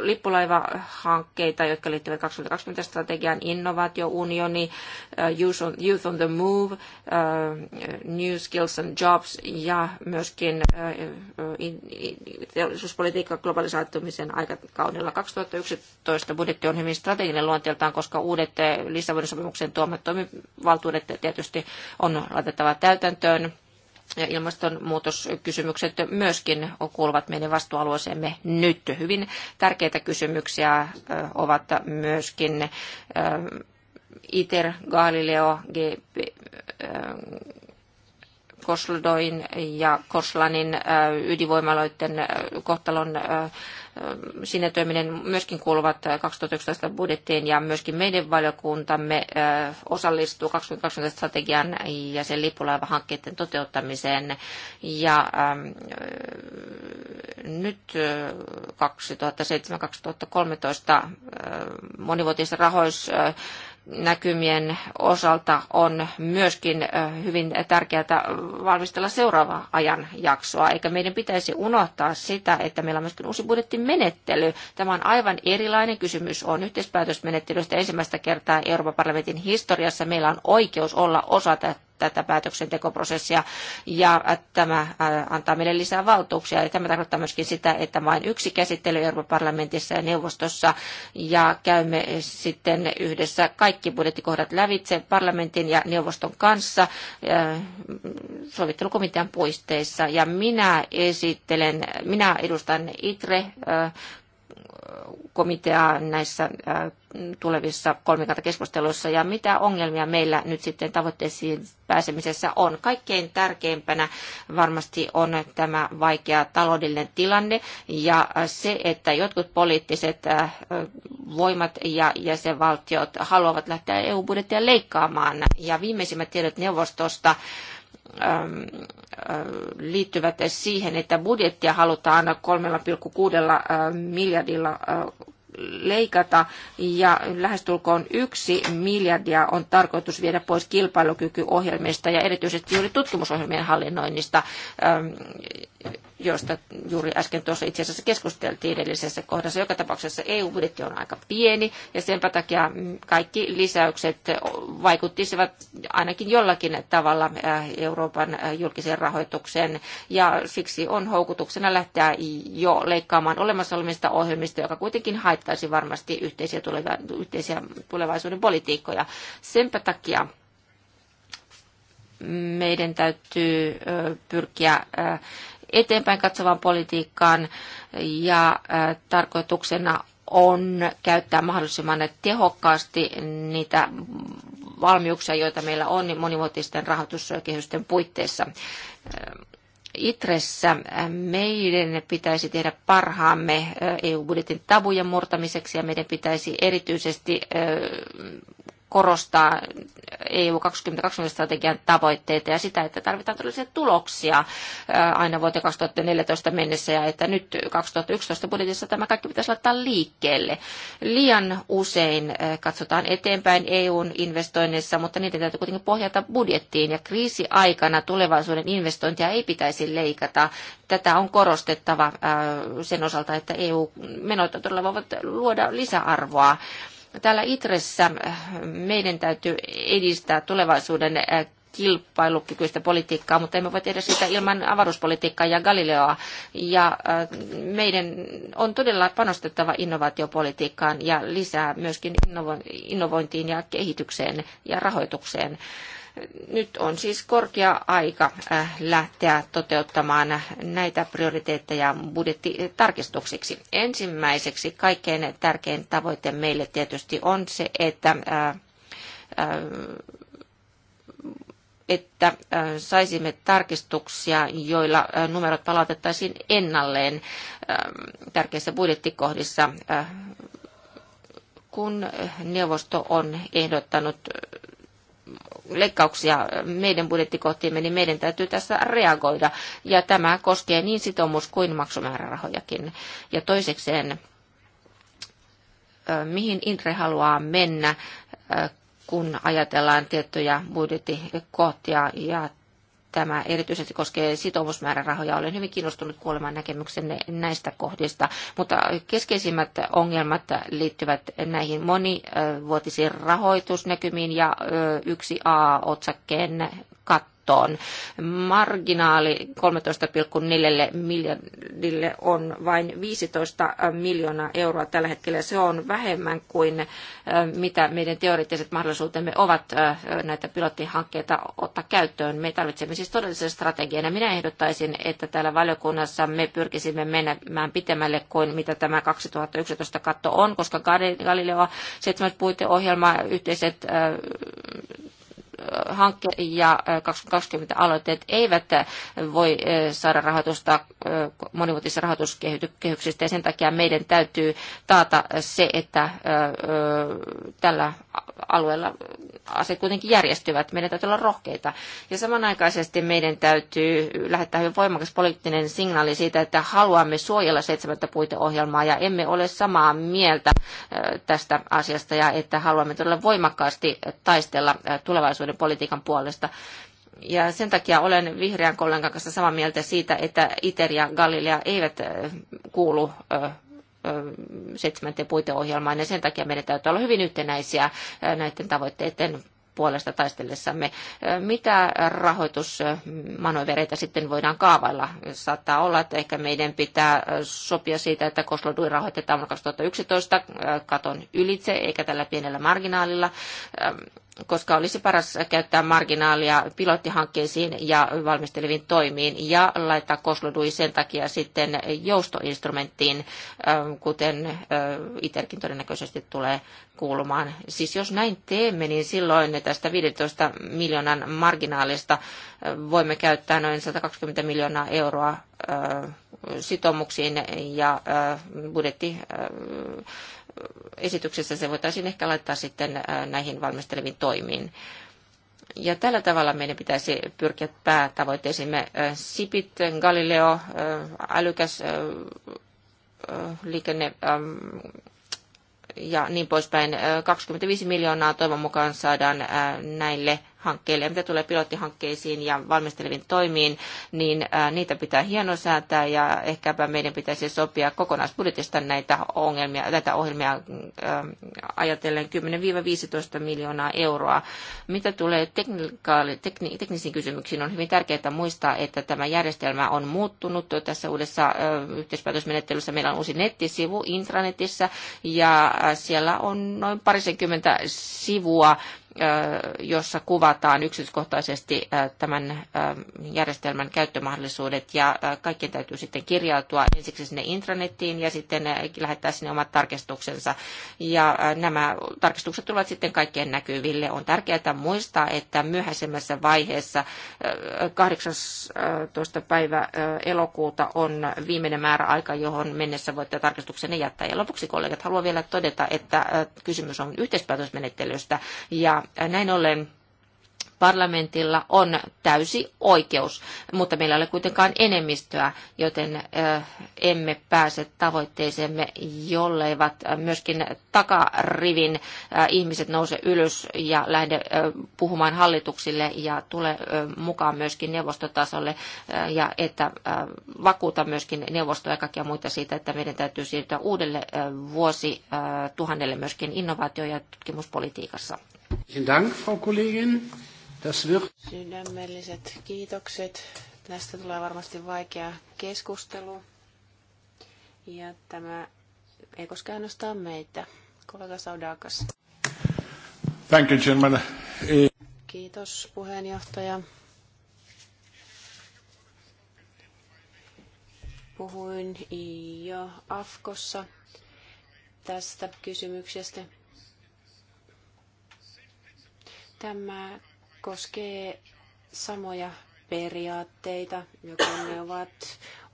lippulaivahankkeita, jotka liittyvät 2020-strategian, innovaatiounioni, äh, Youth Youth on the Move, äh, New Skills and Jobs ja myöskin äh, teollisuuspolitiikka globalisaatumisen aikakaudella 2011. Budjetti on hyvin strateginen luonteeltaan, koska uudet Lissabonin sopimuksen tuomat toimivaltuudet tietysti on laitettava täytäntöön ilmastonmuutoskysymykset myöskin kuuluvat meidän vastuualueeseemme nyt. Hyvin tärkeitä kysymyksiä ovat myöskin ITER, Galileo, Koslodoin ja Koslanin ydinvoimaloiden kohtalon sinetöiminen myöskin kuuluvat 2019 budjettiin ja myöskin meidän valiokuntamme osallistuu 2020 strategian ja sen lippulaivahankkeiden toteuttamiseen. Ja ähm, nyt 2007-2013 monivuotisessa rahois näkymien osalta on myöskin hyvin tärkeää valmistella seuraavaa ajanjaksoa, eikä meidän pitäisi unohtaa sitä, että meillä on myöskin uusi budjettimenettely. Tämä on aivan erilainen kysymys, on yhteispäätösmenettelystä ensimmäistä kertaa Euroopan parlamentin historiassa. Meillä on oikeus olla osa tätä tätä päätöksentekoprosessia ja tämä äh, antaa meille lisää valtuuksia. Eli tämä tarkoittaa myöskin sitä, että vain yksi käsittely Euroopan parlamentissa ja neuvostossa ja käymme sitten yhdessä kaikki budjettikohdat lävitse parlamentin ja neuvoston kanssa äh, sovittelukomitean puisteissa ja minä esittelen, minä edustan ITRE äh, komitea näissä tulevissa kolmikantakeskusteluissa ja mitä ongelmia meillä nyt sitten tavoitteisiin pääsemisessä on. Kaikkein tärkeimpänä varmasti on tämä vaikea taloudellinen tilanne ja se, että jotkut poliittiset voimat ja jäsenvaltiot haluavat lähteä EU-budjettia leikkaamaan. Ja viimeisimmät tiedot neuvostosta liittyvät siihen, että budjettia halutaan 3,6 miljardilla leikata ja lähestulkoon yksi miljardia on tarkoitus viedä pois kilpailukykyohjelmista ja erityisesti juuri tutkimusohjelmien hallinnoinnista josta juuri äsken tuossa itse asiassa keskusteltiin edellisessä kohdassa. Joka tapauksessa EU-budjetti on aika pieni ja sen takia kaikki lisäykset vaikuttisivat ainakin jollakin tavalla äh, Euroopan äh, julkiseen rahoitukseen ja siksi on houkutuksena lähteä jo leikkaamaan olemassa olemista ohjelmista, joka kuitenkin haittaisi varmasti yhteisiä, tuleva, yhteisiä tulevaisuuden politiikkoja. Sen takia meidän täytyy äh, pyrkiä eteenpäin katsovaan politiikkaan ja tarkoituksena on käyttää mahdollisimman tehokkaasti niitä valmiuksia, joita meillä on niin monivuotisten rahoituskehysten puitteissa. Itressä meidän pitäisi tehdä parhaamme EU-budjetin tabujen murtamiseksi ja meidän pitäisi erityisesti korostaa EU 2020-strategian tavoitteita ja sitä, että tarvitaan todellisia tuloksia äh, aina vuoteen 2014 mennessä ja että nyt 2011 budjetissa tämä kaikki pitäisi laittaa liikkeelle. Liian usein äh, katsotaan eteenpäin EUn investoinneissa, mutta niitä täytyy kuitenkin pohjata budjettiin ja kriisiaikana tulevaisuuden investointia ei pitäisi leikata. Tätä on korostettava äh, sen osalta, että EU-menot todella voivat luoda lisäarvoa. Täällä Itressä äh, meidän täytyy edistää tulevaisuuden äh, kilpailukykyistä politiikkaa, mutta emme voi tehdä sitä ilman avaruuspolitiikkaa ja Galileoa. Ja äh, meidän on todella panostettava innovaatiopolitiikkaan ja lisää myöskin innovointiin ja kehitykseen ja rahoitukseen. Nyt on siis korkea aika äh, lähteä toteuttamaan näitä prioriteetteja budjettitarkistuksiksi. Ensimmäiseksi kaikkein tärkein tavoite meille tietysti on se, että äh, äh, että saisimme tarkistuksia, joilla numerot palautettaisiin ennalleen tärkeissä budjettikohdissa, kun neuvosto on ehdottanut leikkauksia meidän budjettikohtiimme, niin meidän täytyy tässä reagoida. Ja tämä koskee niin sitoumus- kuin maksumäärärahojakin. Ja toisekseen, mihin Intre haluaa mennä, kun ajatellaan tiettyjä budjettikohtia ja Tämä erityisesti koskee sitoumusmäärärahoja. Olen hyvin kiinnostunut kuulemaan näkemyksenne näistä kohdista, mutta keskeisimmät ongelmat liittyvät näihin monivuotisiin rahoitusnäkymiin ja 1A-otsakkeen kattoon voittoon. Marginaali 13,4 miljardille on vain 15 äh, miljoonaa euroa tällä hetkellä. Se on vähemmän kuin äh, mitä meidän teoreettiset mahdollisuutemme ovat äh, näitä pilottihankkeita ottaa käyttöön. Me tarvitsemme siis todellisen strategian ja minä ehdottaisin, että täällä valiokunnassa me pyrkisimme menemään pitemmälle kuin mitä tämä 2011 katto on, koska Galileo 7 puiteohjelma, yhteiset hanke ja 2020 aloitteet eivät voi saada rahoitusta monivuotisessa rahoituskehyksistä ja sen takia meidän täytyy taata se, että tällä alueella asiat kuitenkin järjestyvät. Meidän täytyy olla rohkeita. Ja samanaikaisesti meidän täytyy lähettää hyvin voimakas poliittinen signaali siitä, että haluamme suojella seitsemättä puiteohjelmaa ja emme ole samaa mieltä tästä asiasta ja että haluamme todella voimakkaasti taistella tulevaisuuden politiikan puolesta. Ja sen takia olen vihreän kollegan kanssa samaa mieltä siitä, että ITER ja Galilea eivät kuulu seitsemänteen puiteohjelmaan, ja sen takia meidän täytyy olla hyvin yhtenäisiä näiden tavoitteiden puolesta taistellessamme. Mitä rahoitusmanövereitä sitten voidaan kaavailla? Saattaa olla, että ehkä meidän pitää sopia siitä, että Koslodui rahoitetaan vuonna 2011 katon ylitse, eikä tällä pienellä marginaalilla koska olisi paras käyttää marginaalia pilottihankkeisiin ja valmisteleviin toimiin ja laittaa kosludui sen takia sitten joustoinstrumenttiin, ähm, kuten äh, itsekin todennäköisesti tulee kuulumaan. Siis jos näin teemme, niin silloin tästä 15 miljoonan marginaalista äh, voimme käyttää noin 120 miljoonaa euroa äh, sitoumuksiin ja budjetti esityksessä se voitaisiin ehkä laittaa sitten näihin valmisteleviin toimiin. Ja tällä tavalla meidän pitäisi pyrkiä päätavoitteisiimme. SIPIT, Galileo, älykäs liikenne ja niin poispäin. 25 miljoonaa toivon mukaan saadaan näille hankkeille. Ja mitä tulee pilottihankkeisiin ja valmisteleviin toimiin, niin niitä pitää hienosäätää ja ehkäpä meidän pitäisi sopia kokonaisbudjetista näitä, ongelmia, näitä ohjelmia ajatellen 10-15 miljoonaa euroa. Mitä tulee tekni, teknisiin kysymyksiin, on hyvin tärkeää muistaa, että tämä järjestelmä on muuttunut tässä uudessa yhteispäätösmenettelyssä. Meillä on uusi nettisivu intranetissä ja siellä on noin parisenkymmentä sivua jossa kuvataan yksityiskohtaisesti tämän järjestelmän käyttömahdollisuudet ja kaikkien täytyy sitten kirjautua ensiksi sinne intranettiin ja sitten lähettää sinne omat tarkistuksensa. Ja nämä tarkistukset tulevat sitten kaikkien näkyville. On tärkeää muistaa, että myöhäisemmässä vaiheessa 18. päivä elokuuta on viimeinen määräaika, johon mennessä voitte tarkistuksenne jättää. Ja lopuksi kollegat haluan vielä todeta, että kysymys on yhteispäätösmenettelystä ja näin ollen parlamentilla on täysi oikeus, mutta meillä ei ole kuitenkaan enemmistöä, joten emme pääse tavoitteeseemme, jolleivat myöskin takarivin ihmiset nouse ylös ja lähde puhumaan hallituksille ja tule mukaan myöskin neuvostotasolle ja että vakuuta myöskin neuvostoa ja kaikkia muita siitä, että meidän täytyy siirtyä uudelle vuosi tuhannelle myöskin innovaatio- ja tutkimuspolitiikassa. Dank, Frau Kollegin. Das Sydämelliset kiitokset. Tästä tulee varmasti vaikea keskustelu. Ja tämä ei koskaan ainoastaan meitä. Kollega Saudakas. Thank you, gentlemen. Eh, Kiitos puheenjohtaja. Puhuin jo Afkossa tästä kysymyksestä. Tämä koskee samoja periaatteita, joko ne ovat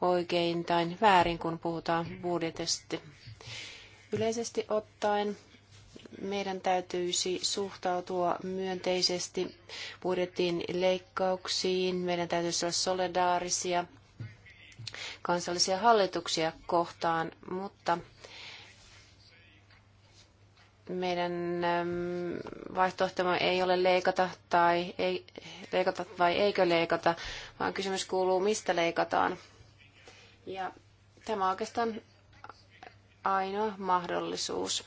oikein tai väärin, kun puhutaan budjetista. Yleisesti ottaen meidän täytyisi suhtautua myönteisesti budjetin leikkauksiin, meidän täytyisi olla solidaarisia kansallisia hallituksia kohtaan, mutta meidän ähm, vaihtoehtomme ei ole leikata tai ei, leikata vai eikö leikata, vaan kysymys kuuluu, mistä leikataan. Ja tämä on oikeastaan ainoa mahdollisuus.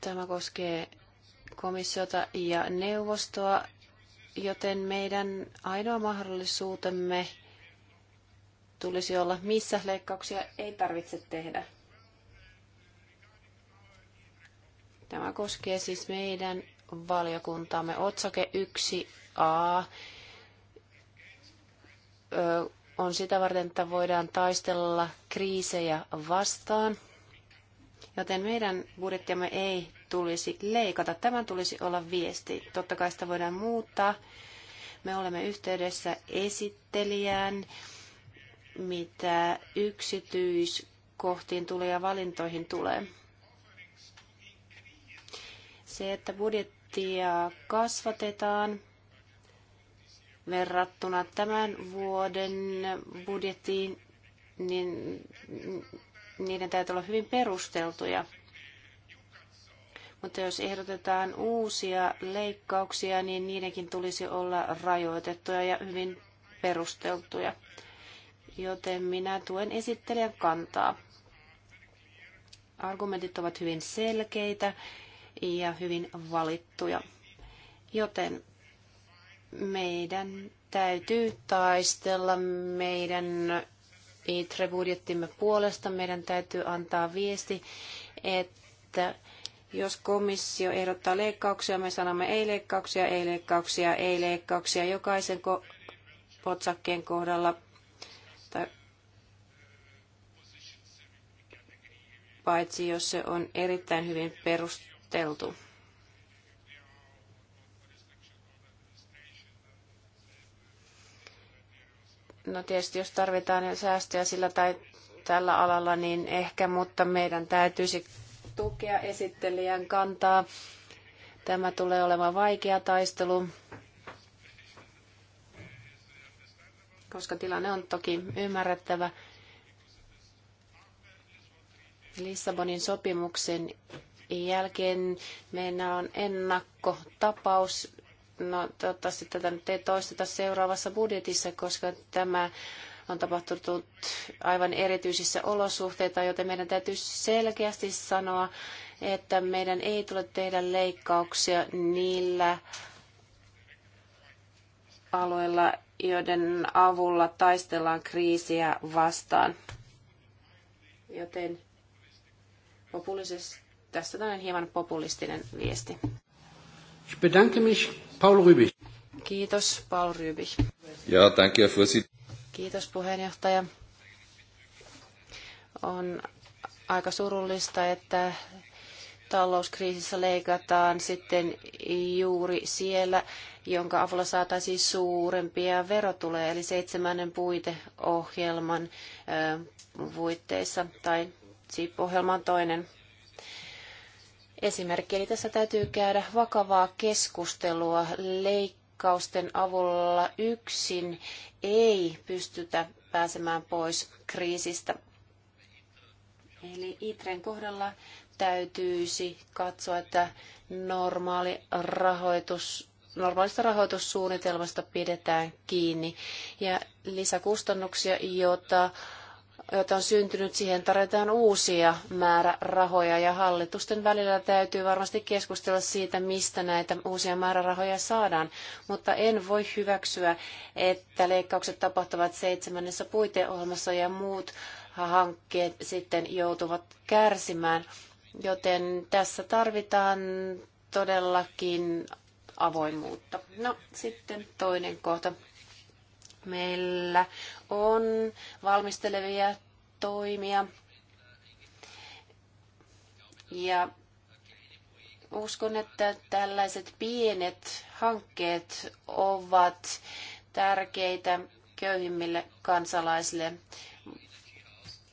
Tämä koskee komissiota ja neuvostoa, joten meidän ainoa mahdollisuutemme tulisi olla, missä leikkauksia ei tarvitse tehdä. Tämä koskee siis meidän valiokuntaamme otsake 1a. on sitä varten, että voidaan taistella kriisejä vastaan. Joten meidän budjettiamme ei tulisi leikata. Tämän tulisi olla viesti. Totta kai sitä voidaan muuttaa. Me olemme yhteydessä esittelijään mitä yksityiskohtiin tulee ja valintoihin tulee. Se, että budjettia kasvatetaan verrattuna tämän vuoden budjettiin, niin niiden täytyy olla hyvin perusteltuja. Mutta jos ehdotetaan uusia leikkauksia, niin niidenkin tulisi olla rajoitettuja ja hyvin perusteltuja joten minä tuen esittelijän kantaa. Argumentit ovat hyvin selkeitä ja hyvin valittuja, joten meidän täytyy taistella meidän ITRE-budjettimme puolesta. Meidän täytyy antaa viesti, että jos komissio ehdottaa leikkauksia, me sanomme ei leikkauksia, ei leikkauksia, ei leikkauksia jokaisen ko- kohdalla paitsi jos se on erittäin hyvin perusteltu. No tietysti jos tarvitaan niin säästöjä sillä tai tällä alalla, niin ehkä, mutta meidän täytyisi tukea esittelijän kantaa. Tämä tulee olemaan vaikea taistelu, koska tilanne on toki ymmärrettävä. Lissabonin sopimuksen jälkeen meillä on ennakkotapaus. No, toivottavasti tätä nyt ei toisteta seuraavassa budjetissa, koska tämä on tapahtunut aivan erityisissä olosuhteita, joten meidän täytyy selkeästi sanoa, että meidän ei tule tehdä leikkauksia niillä aloilla, joiden avulla taistellaan kriisiä vastaan. Joten populistis, tässä tällainen hieman populistinen viesti. Ich bedanke mich, Paul Rübig. Kiitos, Paul Rübig. Ja, danke, Kiitos, puheenjohtaja. On aika surullista, että talouskriisissä leikataan sitten juuri siellä, jonka avulla saataisiin suurempia verotuloja, eli seitsemännen puiteohjelman puitteissa tai SIP-ohjelma on toinen esimerkki. Eli tässä täytyy käydä vakavaa keskustelua. Leikkausten avulla yksin ei pystytä pääsemään pois kriisistä. Eli ITREn kohdalla täytyisi katsoa, että normaali rahoitus, normaalista rahoitussuunnitelmasta pidetään kiinni. Ja lisäkustannuksia, joita joita on syntynyt, siihen tarvitaan uusia määrärahoja ja hallitusten välillä täytyy varmasti keskustella siitä, mistä näitä uusia määrärahoja saadaan. Mutta en voi hyväksyä, että leikkaukset tapahtuvat seitsemännessä puiteohjelmassa ja muut hankkeet sitten joutuvat kärsimään. Joten tässä tarvitaan todellakin avoimuutta. No sitten toinen kohta. Meillä on valmistelevia toimia. Ja uskon, että tällaiset pienet hankkeet ovat tärkeitä köyhimmille kansalaisille.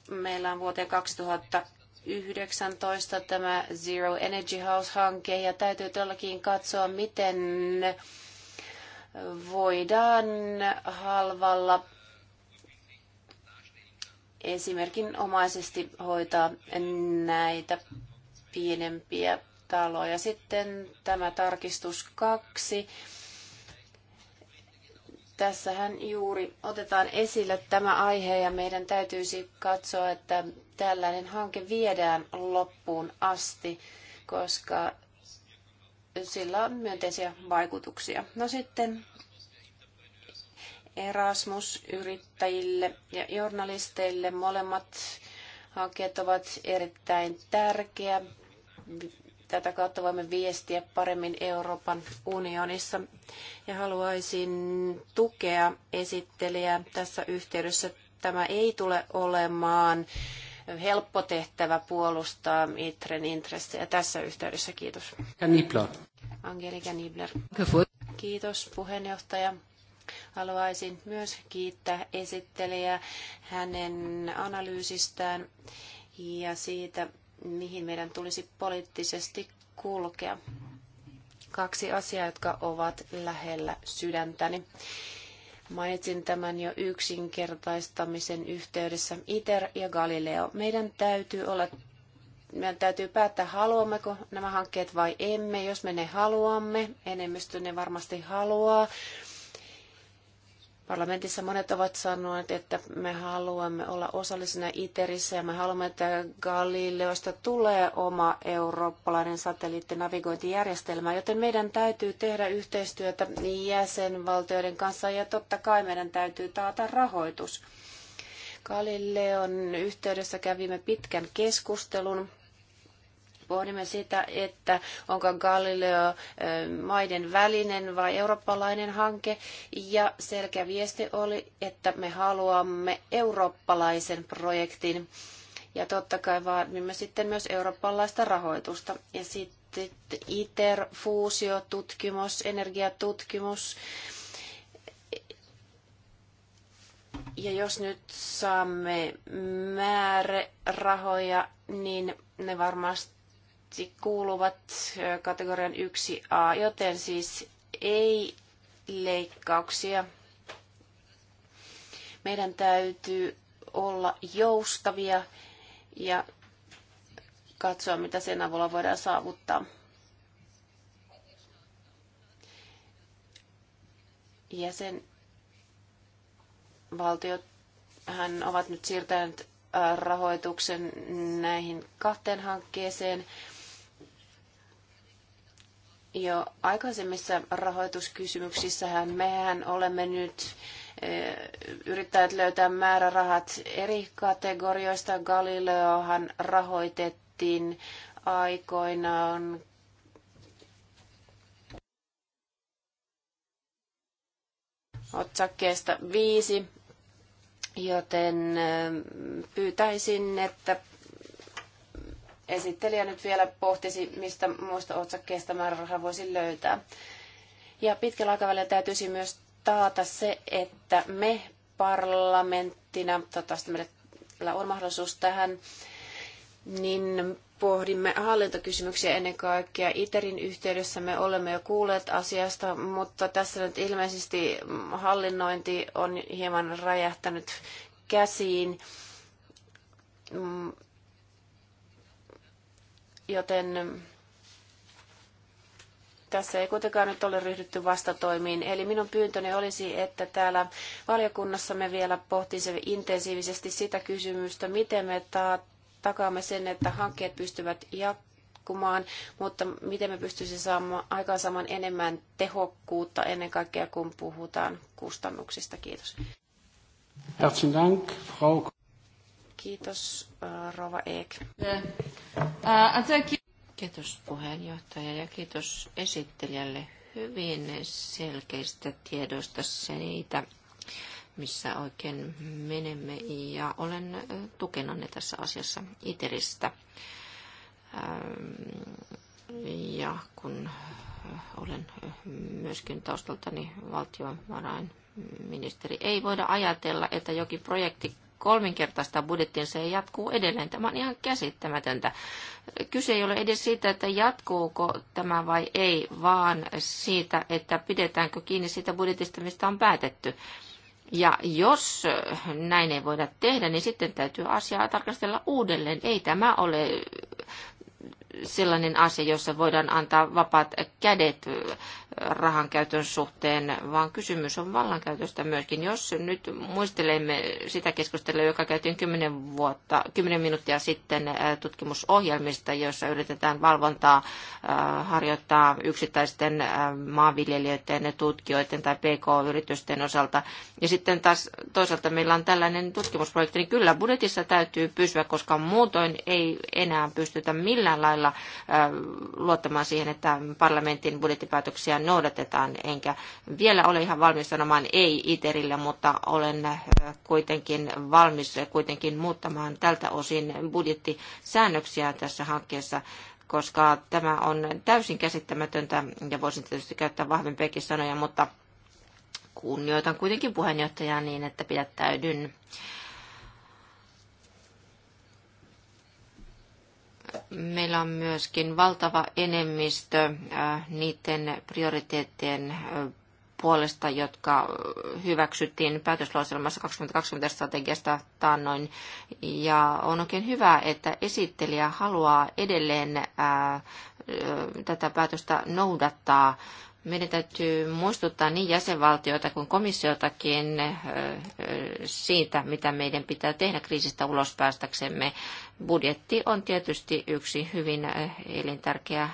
Meillä on vuoteen 2019 tämä Zero Energy House-hanke ja täytyy todellakin katsoa, miten voidaan halvalla esimerkinomaisesti hoitaa näitä pienempiä taloja. Sitten tämä tarkistus kaksi. Tässähän juuri otetaan esille tämä aihe ja meidän täytyisi katsoa, että tällainen hanke viedään loppuun asti, koska sillä on myönteisiä vaikutuksia. No sitten Erasmus yrittäjille ja journalisteille. Molemmat hankkeet ovat erittäin tärkeä. Tätä kautta voimme viestiä paremmin Euroopan unionissa. Ja haluaisin tukea esittelijää tässä yhteydessä. Tämä ei tule olemaan helppo tehtävä puolustaa Itren intressejä tässä yhteydessä. Kiitos. Angelika Nibler. Kiitos puheenjohtaja. Haluaisin myös kiittää esittelijää hänen analyysistään ja siitä, mihin meidän tulisi poliittisesti kulkea. Kaksi asiaa, jotka ovat lähellä sydäntäni. Mainitsin tämän jo yksinkertaistamisen yhteydessä ITER ja Galileo. Meidän täytyy olla meidän täytyy päättää, haluammeko nämä hankkeet vai emme. Jos me ne haluamme, enemmistö ne varmasti haluaa, Parlamentissa monet ovat sanoneet, että me haluamme olla osallisena ITERissä ja me haluamme, että Galileosta tulee oma eurooppalainen satelliittinavigointijärjestelmä, joten meidän täytyy tehdä yhteistyötä jäsenvaltioiden kanssa ja totta kai meidän täytyy taata rahoitus. Galileon yhteydessä kävimme pitkän keskustelun pohdimme sitä, että onko Galileo maiden välinen vai eurooppalainen hanke. Ja selkeä viesti oli, että me haluamme eurooppalaisen projektin. Ja totta kai vaadimme sitten myös eurooppalaista rahoitusta. Ja sitten ITER, fuusiotutkimus, energiatutkimus. Ja jos nyt saamme määrärahoja, niin ne varmasti kuuluvat kategorian 1a, joten siis ei leikkauksia. Meidän täytyy olla joustavia ja katsoa, mitä sen avulla voidaan saavuttaa. valtiot hän ovat nyt siirtäneet rahoituksen näihin kahteen hankkeeseen, jo aikaisemmissa rahoituskysymyksissähän mehän olemme nyt eh, yrittäneet löytää määrärahat eri kategorioista. Galileohan rahoitettiin aikoinaan otsakkeesta viisi, joten eh, pyytäisin, että esittelijä nyt vielä pohtisi, mistä muista otsakkeista määräraha voisi löytää. Ja pitkällä aikavälillä täytyisi myös taata se, että me parlamenttina, toivottavasti meillä on mahdollisuus tähän, niin pohdimme hallintokysymyksiä ennen kaikkea. ITERin yhteydessä me olemme jo kuulleet asiasta, mutta tässä nyt ilmeisesti hallinnointi on hieman räjähtänyt käsiin. Mm, Joten mm, tässä ei kuitenkaan nyt ole ryhdytty vastatoimiin. Eli minun pyyntöni olisi, että täällä valiokunnassa me vielä pohtisimme intensiivisesti sitä kysymystä, miten me ta- takaamme sen, että hankkeet pystyvät jatkumaan, mutta miten me pystyisimme saamaan, aikaan saman enemmän tehokkuutta ennen kaikkea, kun puhutaan kustannuksista. Kiitos. Herzlichen Dank, Frau Kiitos, äh, Rova Eek. Äh, äh, kiitos puheenjohtaja ja kiitos esittelijälle hyvin selkeistä tiedoista siitä, missä oikein menemme. Ja olen tukenanne tässä asiassa ITERistä. Ähm, ja kun olen myöskin taustaltani valtiovarainministeri, ei voida ajatella, että jokin projekti kolminkertaista budjettinsa ja jatkuu edelleen. Tämä on ihan käsittämätöntä. Kyse ei ole edes siitä, että jatkuuko tämä vai ei, vaan siitä, että pidetäänkö kiinni siitä budjetista, mistä on päätetty. Ja jos näin ei voida tehdä, niin sitten täytyy asiaa tarkastella uudelleen. Ei tämä ole sellainen asia, jossa voidaan antaa vapaat kädet rahan käytön suhteen, vaan kysymys on vallankäytöstä myöskin. Jos nyt muistelemme sitä keskustelua, joka käytiin 10, vuotta, 10 minuuttia sitten tutkimusohjelmista, jossa yritetään valvontaa harjoittaa yksittäisten maanviljelijöiden, tutkijoiden tai PK-yritysten osalta. Ja sitten taas toisaalta meillä on tällainen tutkimusprojekti, niin kyllä budjetissa täytyy pysyä, koska muutoin ei enää pystytä millään lailla lailla äh, luottamaan siihen, että parlamentin budjettipäätöksiä noudatetaan. Enkä vielä ole ihan valmis sanomaan ei ITERille, mutta olen äh, kuitenkin valmis kuitenkin muuttamaan tältä osin budjettisäännöksiä tässä hankkeessa koska tämä on täysin käsittämätöntä, ja voisin tietysti käyttää vahvempiakin sanoja, mutta kunnioitan kuitenkin puheenjohtajaa niin, että pidättäydyn. meillä on myöskin valtava enemmistö äh, niiden prioriteettien äh, puolesta, jotka hyväksyttiin päätöslauselmassa 2020 strategiasta taannoin. Ja on oikein hyvä, että esittelijä haluaa edelleen ää, äh, tätä päätöstä noudattaa meidän täytyy muistuttaa niin jäsenvaltioita kuin komissiotakin siitä, mitä meidän pitää tehdä kriisistä ulospäästäksemme. Budjetti on tietysti yksi hyvin elintärkeä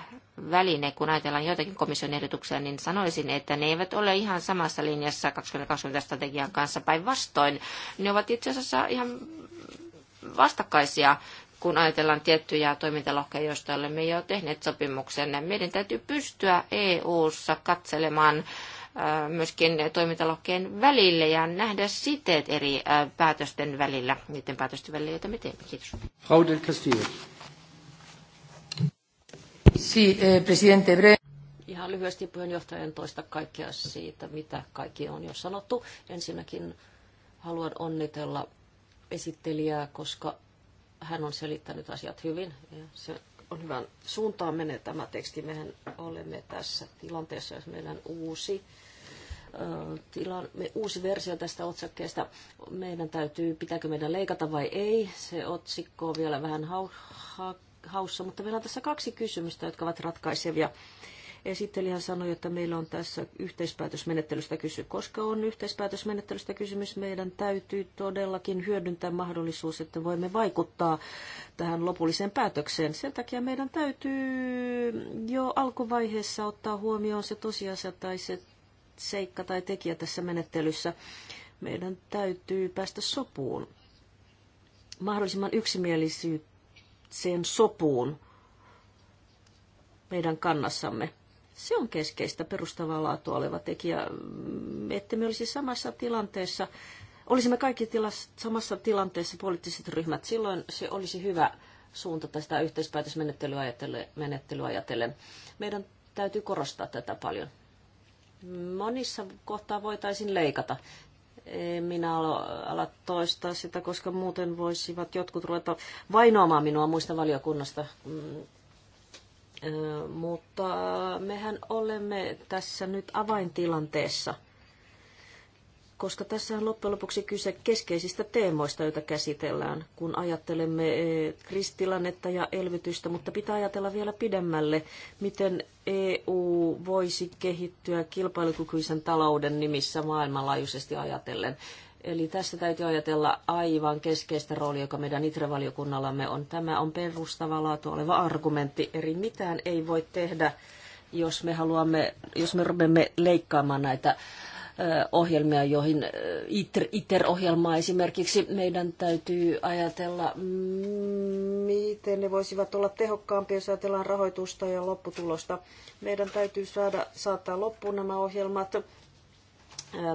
väline, kun ajatellaan joitakin komission ehdotuksia, niin sanoisin, että ne eivät ole ihan samassa linjassa 2020-strategian kanssa. Päinvastoin ne ovat itse asiassa ihan vastakkaisia kun ajatellaan tiettyjä toimintalohkeja, joista olemme jo tehneet sopimuksen. Meidän täytyy pystyä EU-ssa katselemaan myöskin toimintalohkeen välille ja nähdä siteet eri päätösten välillä, niiden päätösten välillä, joita me teemme. Kiitos. Frau del Castillo. Si, eh, presidente Bre- Ihan lyhyesti puheenjohtajan toista kaikkea siitä, mitä kaikki on jo sanottu. Ensinnäkin haluan onnitella esittelijää, koska hän on selittänyt asiat hyvin ja se on hyvän suuntaan menee tämä teksti. Mehän olemme tässä tilanteessa, jos meillä on uusi, tilan, me, uusi versio tästä otsakkeesta. Meidän täytyy, pitääkö meidän leikata vai ei. Se otsikko on vielä vähän ha, ha, haussa, mutta meillä on tässä kaksi kysymystä, jotka ovat ratkaisevia. Esittelijä sanoi, että meillä on tässä yhteispäätösmenettelystä kysy. Koska on yhteispäätösmenettelystä kysymys, meidän täytyy todellakin hyödyntää mahdollisuus, että voimme vaikuttaa tähän lopulliseen päätökseen. Sen takia meidän täytyy jo alkuvaiheessa ottaa huomioon se tosiasia tai se seikka tai tekijä tässä menettelyssä. Meidän täytyy päästä sopuun, mahdollisimman yksimielisyyteen sopuun meidän kannassamme. Se on keskeistä perustavaa laatua oleva tekijä, että me olisi samassa tilanteessa, olisimme kaikki tilas, samassa tilanteessa poliittiset ryhmät. Silloin se olisi hyvä suunta tästä yhteispäätösmenettelyä ajatellen. Meidän täytyy korostaa tätä paljon. Monissa kohtaa voitaisiin leikata. En minä ala toistaa sitä, koska muuten voisivat jotkut ruveta vainoamaan minua muista valiokunnasta mm, mutta mehän olemme tässä nyt avaintilanteessa, koska tässä on loppujen lopuksi kyse keskeisistä teemoista, joita käsitellään, kun ajattelemme kristilannetta ja elvytystä, mutta pitää ajatella vielä pidemmälle, miten EU voisi kehittyä kilpailukykyisen talouden nimissä maailmanlaajuisesti ajatellen. Eli tässä täytyy ajatella aivan keskeistä roolia, joka meidän itrevaliokunnallamme on. Tämä on perustava laatu oleva argumentti, eli mitään ei voi tehdä, jos me haluamme, jos me rupeamme leikkaamaan näitä ohjelmia, joihin ITER-ohjelmaa esimerkiksi meidän täytyy ajatella, mm, miten ne voisivat olla tehokkaampia, jos ajatellaan rahoitusta ja lopputulosta. Meidän täytyy saada, saattaa loppuun nämä ohjelmat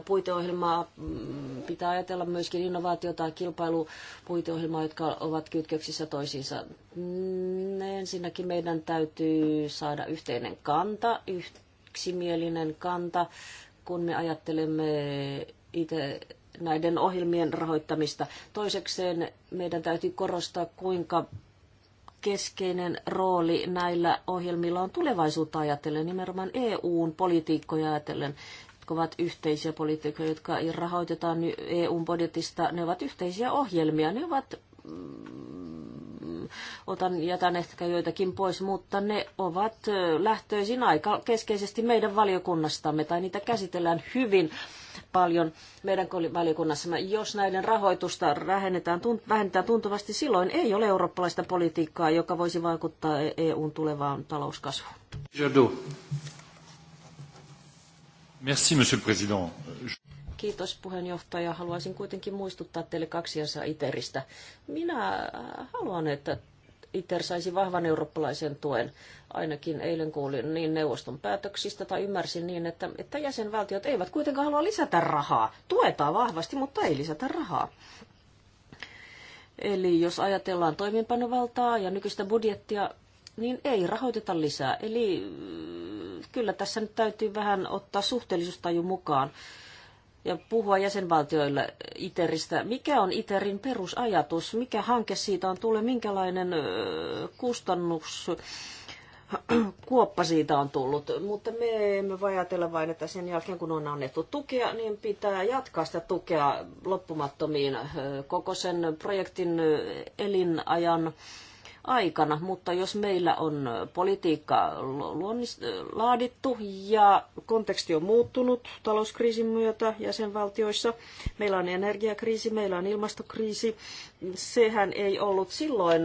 puiteohjelmaa mm, pitää ajatella myöskin innovaatiota ja kilpailupuiteohjelmaa, jotka ovat kytköksissä toisiinsa. Mm, ensinnäkin meidän täytyy saada yhteinen kanta, yksimielinen kanta, kun me ajattelemme itse näiden ohjelmien rahoittamista. Toisekseen meidän täytyy korostaa, kuinka keskeinen rooli näillä ohjelmilla on tulevaisuutta ajatellen, nimenomaan EUn politiikkoja ajatellen ovat yhteisiä politiikkoja, jotka rahoitetaan EU-budjetista. Ne ovat yhteisiä ohjelmia. Ne ovat mm, otan, jätän ehkä joitakin pois, mutta ne ovat lähtöisin aika keskeisesti meidän valiokunnastamme, tai niitä käsitellään hyvin paljon meidän valiokunnassamme. Jos näiden rahoitusta vähennetään, tunt, vähennetään tuntuvasti, silloin ei ole eurooppalaista politiikkaa, joka voisi vaikuttaa EUn tulevaan talouskasvuun. Jadu. Merci, monsieur le président. Kiitos puheenjohtaja. Haluaisin kuitenkin muistuttaa teille kaksi asiaa ITERistä. Minä haluan, että ITER saisi vahvan eurooppalaisen tuen. Ainakin eilen kuulin niin neuvoston päätöksistä tai ymmärsin niin, että, että jäsenvaltiot eivät kuitenkaan halua lisätä rahaa. Tuetaan vahvasti, mutta ei lisätä rahaa. Eli jos ajatellaan toimeenpanovaltaa ja nykyistä budjettia, niin ei rahoiteta lisää. Eli mm, kyllä tässä nyt täytyy vähän ottaa suhteellisuustaju mukaan ja puhua jäsenvaltioille ITERistä. Mikä on ITERin perusajatus? Mikä hanke siitä on tullut? Minkälainen kustannus? kuoppa siitä on tullut, mutta me emme voi ajatella vain, että sen jälkeen kun on annettu tukea, niin pitää jatkaa sitä tukea loppumattomiin koko sen projektin elinajan aikana, mutta jos meillä on politiikka laadittu ja konteksti on muuttunut talouskriisin myötä jäsenvaltioissa, meillä on energiakriisi, meillä on ilmastokriisi, sehän ei ollut silloin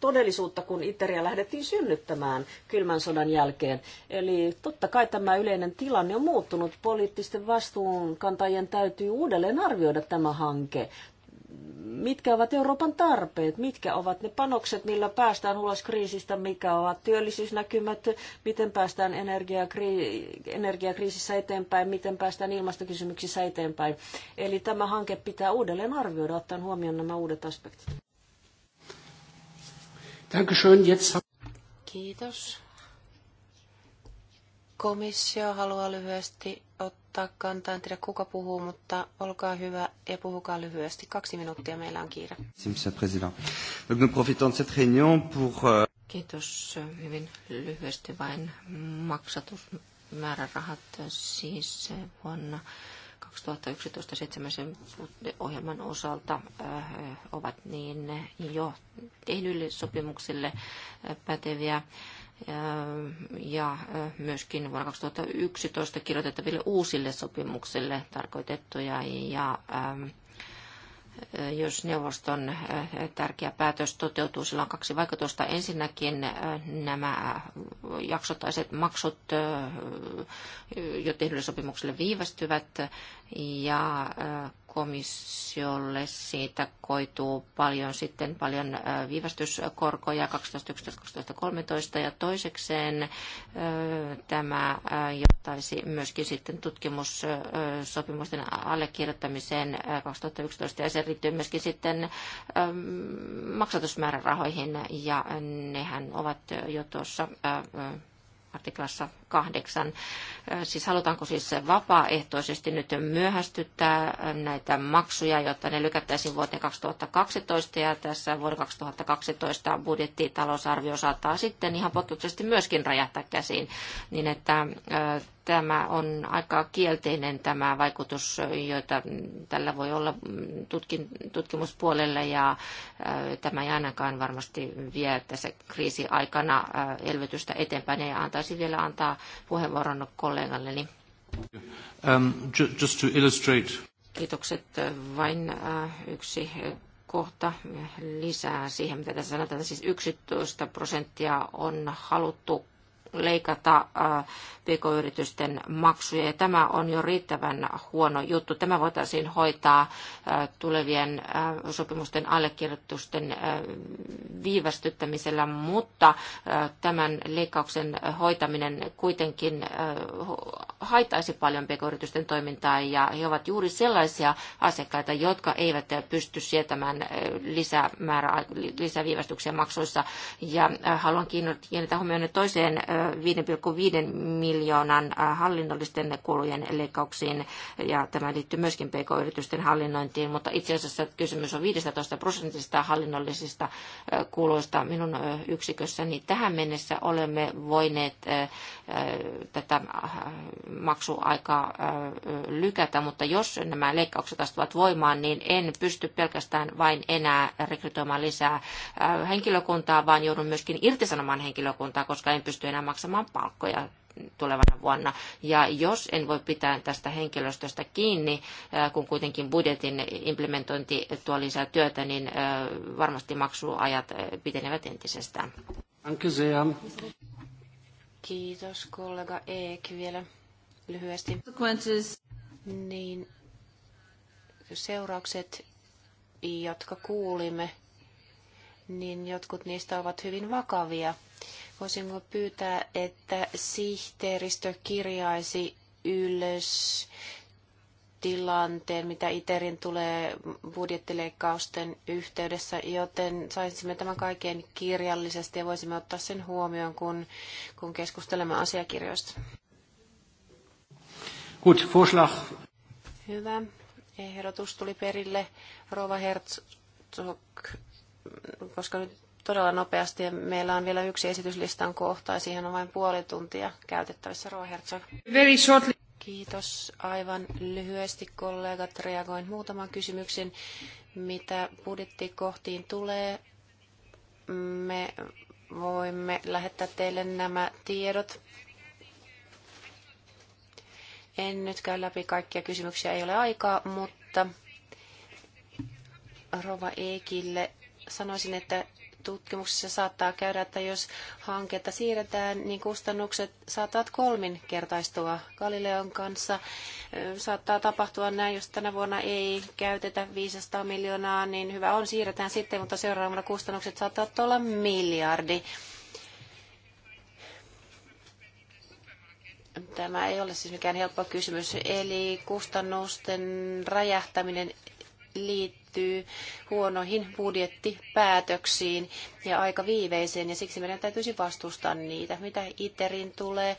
todellisuutta, kun Iteriä lähdettiin synnyttämään kylmän sodan jälkeen. Eli totta kai tämä yleinen tilanne on muuttunut. Poliittisten vastuunkantajien täytyy uudelleen arvioida tämä hanke mitkä ovat Euroopan tarpeet, mitkä ovat ne panokset, millä päästään ulos kriisistä, mikä ovat työllisyysnäkymät, miten päästään energiakri- energiakriisissä eteenpäin, miten päästään ilmastokysymyksissä eteenpäin. Eli tämä hanke pitää uudelleen arvioida, ottaen huomioon nämä uudet aspektit. Kiitos. Komissio haluaa lyhyesti ottaa kantaa. En tiedä kuka puhuu, mutta olkaa hyvä ja puhukaa lyhyesti. Kaksi minuuttia, meillä on kiire. Euh, Kiitos. Hyvin lyhyesti vain maksatusmäärärahat siis vuonna 2011 2017 ohjelman osalta äh, ovat niin jo tehdyille sopimuksille päteviä ja myöskin vuonna 2011 kirjoitettaville uusille sopimuksille tarkoitettuja ja jos neuvoston tärkeä päätös toteutuu, sillä on kaksi vaikutusta. Ensinnäkin nämä jaksotaiset maksut jo tehdyille sopimuksille viivästyvät ja komissiolle. Siitä koituu paljon sitten paljon viivästyskorkoja 2011-2013 ja toisekseen tämä johtaisi myöskin sitten tutkimussopimusten allekirjoittamiseen 2011 ja se liittyy myöskin sitten maksatusmäärärahoihin ja nehän ovat jo tuossa artiklassa kahdeksan. Siis halutaanko siis vapaaehtoisesti nyt myöhästyttää näitä maksuja, jotta ne lykättäisiin vuoteen 2012 ja tässä vuoden 2012 budjettitalousarvio saattaa sitten ihan potkuksesti myöskin räjähtää käsiin, niin että tämä on aika kielteinen tämä vaikutus, joita tällä voi olla tutkin, tutkimuspuolelle ja tämä ei ainakaan varmasti vie tässä kriisiaikana elvytystä eteenpäin ja antaisi vielä antaa puheenvuoron kollegalleni. Um, just to illustrate. Kiitokset. Vain äh, yksi kohta lisää siihen, mitä tässä sanotaan. Siis 11 prosenttia on haluttu leikata äh, pk-yritysten maksuja. Ja tämä on jo riittävän huono juttu. Tämä voitaisiin hoitaa äh, tulevien äh, sopimusten allekirjoitusten viivästyttämisellä, mutta tämän leikkauksen hoitaminen kuitenkin haittaisi paljon pk-yritysten toimintaa ja he ovat juuri sellaisia asiakkaita, jotka eivät pysty sietämään lisämäärä, lisäviivästyksiä maksuissa. Ja haluan kiinnittää huomioon toiseen 5,5 miljoonan äh, hallinnollisten kulujen leikkauksiin, ja tämä liittyy myöskin pk-yritysten hallinnointiin, mutta itse asiassa kysymys on 15 prosentista hallinnollisista äh, kuluista minun äh, yksikössäni. Tähän mennessä olemme voineet tätä maksuaikaa lykätä, mutta jos nämä leikkaukset astuvat voimaan, niin en pysty pelkästään vain enää rekrytoimaan lisää henkilökuntaa, vaan joudun myöskin irtisanomaan henkilökuntaa, koska en pysty enää maksamaan palkkoja tulevana vuonna. Ja jos en voi pitää tästä henkilöstöstä kiinni, kun kuitenkin budjetin implementointi tuo lisää työtä, niin varmasti maksuajat pitenevät entisestään. Kiitos kollega Eek vielä lyhyesti. Niin, seuraukset, jotka kuulimme, niin jotkut niistä ovat hyvin vakavia – Voisinko pyytää, että sihteeristö kirjaisi ylös tilanteen, mitä ITERin tulee budjettileikkausten yhteydessä, joten saisimme tämän kaiken kirjallisesti ja voisimme ottaa sen huomioon, kun, kun keskustelemme asiakirjoista. Gut, Vorschlag. Hyvä. Ehdotus tuli perille. Rova Herzog, koska nyt todella nopeasti ja meillä on vielä yksi esityslistan kohta ja siihen on vain puoli tuntia käytettävissä, rohertsa. Very shortly. Kiitos. Aivan lyhyesti kollegat reagoin muutaman kysymyksen, mitä budjettikohtiin tulee. Me voimme lähettää teille nämä tiedot. En nyt käy läpi kaikkia kysymyksiä, ei ole aikaa, mutta Rova Eekille sanoisin, että tutkimuksissa saattaa käydä, että jos hanketta siirretään, niin kustannukset saattavat kolminkertaistua Galileon kanssa. Saattaa tapahtua näin, jos tänä vuonna ei käytetä 500 miljoonaa, niin hyvä on, siirretään sitten, mutta seuraavana kustannukset saattavat olla miljardi. Tämä ei ole siis mikään helppo kysymys. Eli kustannusten räjähtäminen liittyy liittyy huonoihin budjettipäätöksiin ja aika viiveiseen, ja siksi meidän täytyisi vastustaa niitä. Mitä ITERin tulee,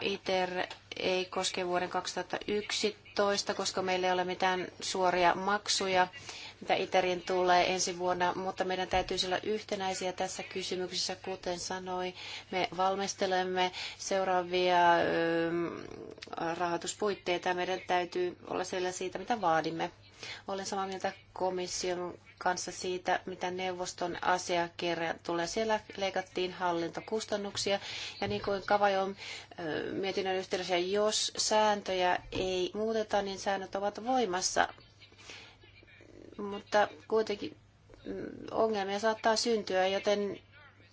ITER ei koske vuoden 2011, koska meillä ei ole mitään suoria maksuja, mitä ITERin tulee ensi vuonna, mutta meidän täytyy olla yhtenäisiä tässä kysymyksessä, kuten sanoi. Me valmistelemme seuraavia rahoituspuitteita ja meidän täytyy olla siellä siitä, mitä vaadimme. Olen samaa mieltä komission kanssa siitä, mitä neuvoston asiakirja tulee. Siellä leikattiin hallintokustannuksia ja niin kuin Kavajon mietinnön yhteydessä, jos sääntöjä ei muuteta, niin säännöt ovat voimassa. Mutta kuitenkin mm, ongelmia saattaa syntyä, joten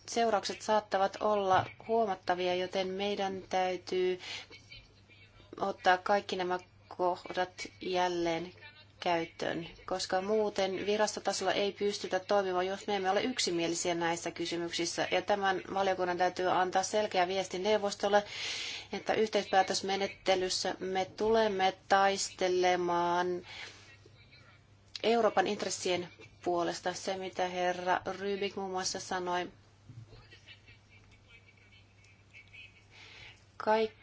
seuraukset saattavat olla huomattavia, joten meidän täytyy ottaa kaikki nämä kohdat jälleen käyttöön, koska muuten virastotasolla ei pystytä toimimaan, jos me emme ole yksimielisiä näissä kysymyksissä. Ja tämän valiokunnan täytyy antaa selkeä viesti neuvostolle, että yhteispäätösmenettelyssä me tulemme taistelemaan Euroopan intressien puolesta. Se, mitä herra Rybik muun muassa sanoi, kaikki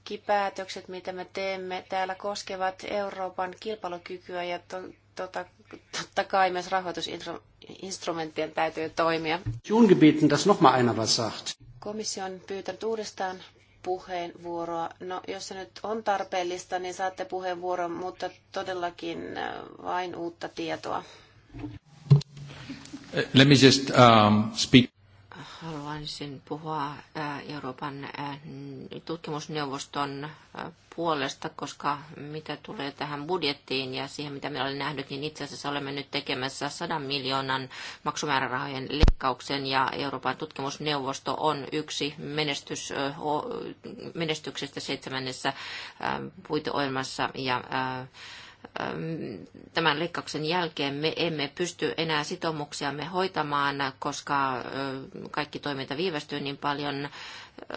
kaikki päätökset, mitä me teemme täällä, koskevat Euroopan kilpailukykyä ja to, tota, totta kai myös rahoitusinstrumenttien täytyy toimia. Komissio on pyytänyt uudestaan puheenvuoroa. No, jos se nyt on tarpeellista, niin saatte puheenvuoron, mutta todellakin äh, vain uutta tietoa. Let me just um, speak haluaisin puhua Euroopan tutkimusneuvoston puolesta, koska mitä tulee tähän budjettiin ja siihen, mitä me olen nähnyt, niin itse asiassa olemme nyt tekemässä 100 miljoonan maksumäärärahojen leikkauksen ja Euroopan tutkimusneuvosto on yksi menestys, menestyksestä seitsemännessä puiteohjelmassa ja tämän leikkauksen jälkeen me emme pysty enää sitoumuksiamme hoitamaan, koska kaikki toiminta viivästyy niin paljon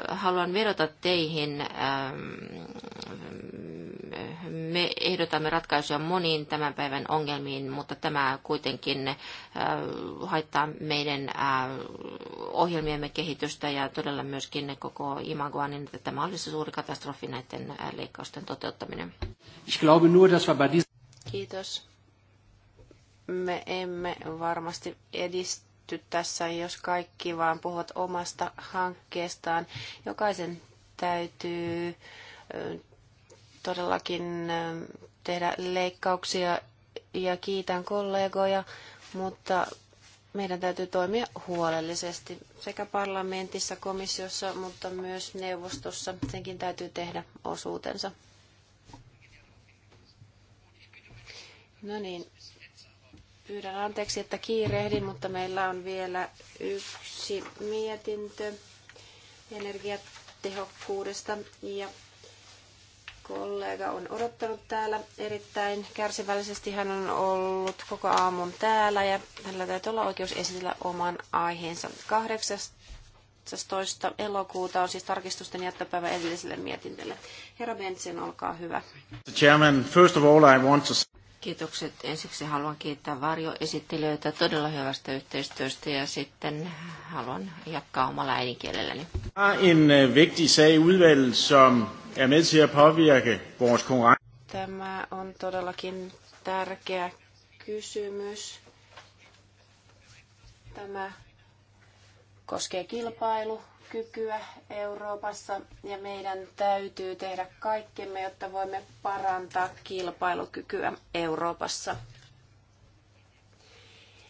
haluan vedota teihin. Ähm, me ehdotamme ratkaisuja moniin tämän päivän ongelmiin, mutta tämä kuitenkin äh, haittaa meidän äh, ohjelmiemme kehitystä ja todella myöskin koko imagoa, niin että tämä olisi suuri katastrofi näiden äh, leikkausten toteuttaminen. Kiitos. Me emme varmasti edistä tehty tässä, jos kaikki vaan puhuvat omasta hankkeestaan. Jokaisen täytyy todellakin tehdä leikkauksia ja kiitän kollegoja, mutta meidän täytyy toimia huolellisesti sekä parlamentissa, komissiossa, mutta myös neuvostossa. Senkin täytyy tehdä osuutensa. No niin, Pyydän anteeksi, että kiirehdin, mutta meillä on vielä yksi mietintö energiatehokkuudesta ja kollega on odottanut täällä erittäin kärsivällisesti. Hän on ollut koko aamun täällä ja hänellä täytyy olla oikeus esitellä oman aiheensa. 18. elokuuta on siis tarkistusten jättöpäivä edelliselle mietintölle. Herra Bentsen, olkaa hyvä. Chairman, first of all I want to... Kiitokset. Ensiksi haluan kiittää varjoesittelijöitä todella hyvästä yhteistyöstä ja sitten haluan jatkaa omalla äidinkielelläni. En øh, vigtig sag som er med til at påvirke vores Tämä on todellakin tärkeä kysymys. Tämä koskee kilpailu kykyä Euroopassa ja meidän täytyy tehdä kaikkemme, jotta voimme parantaa kilpailukykyä Euroopassa.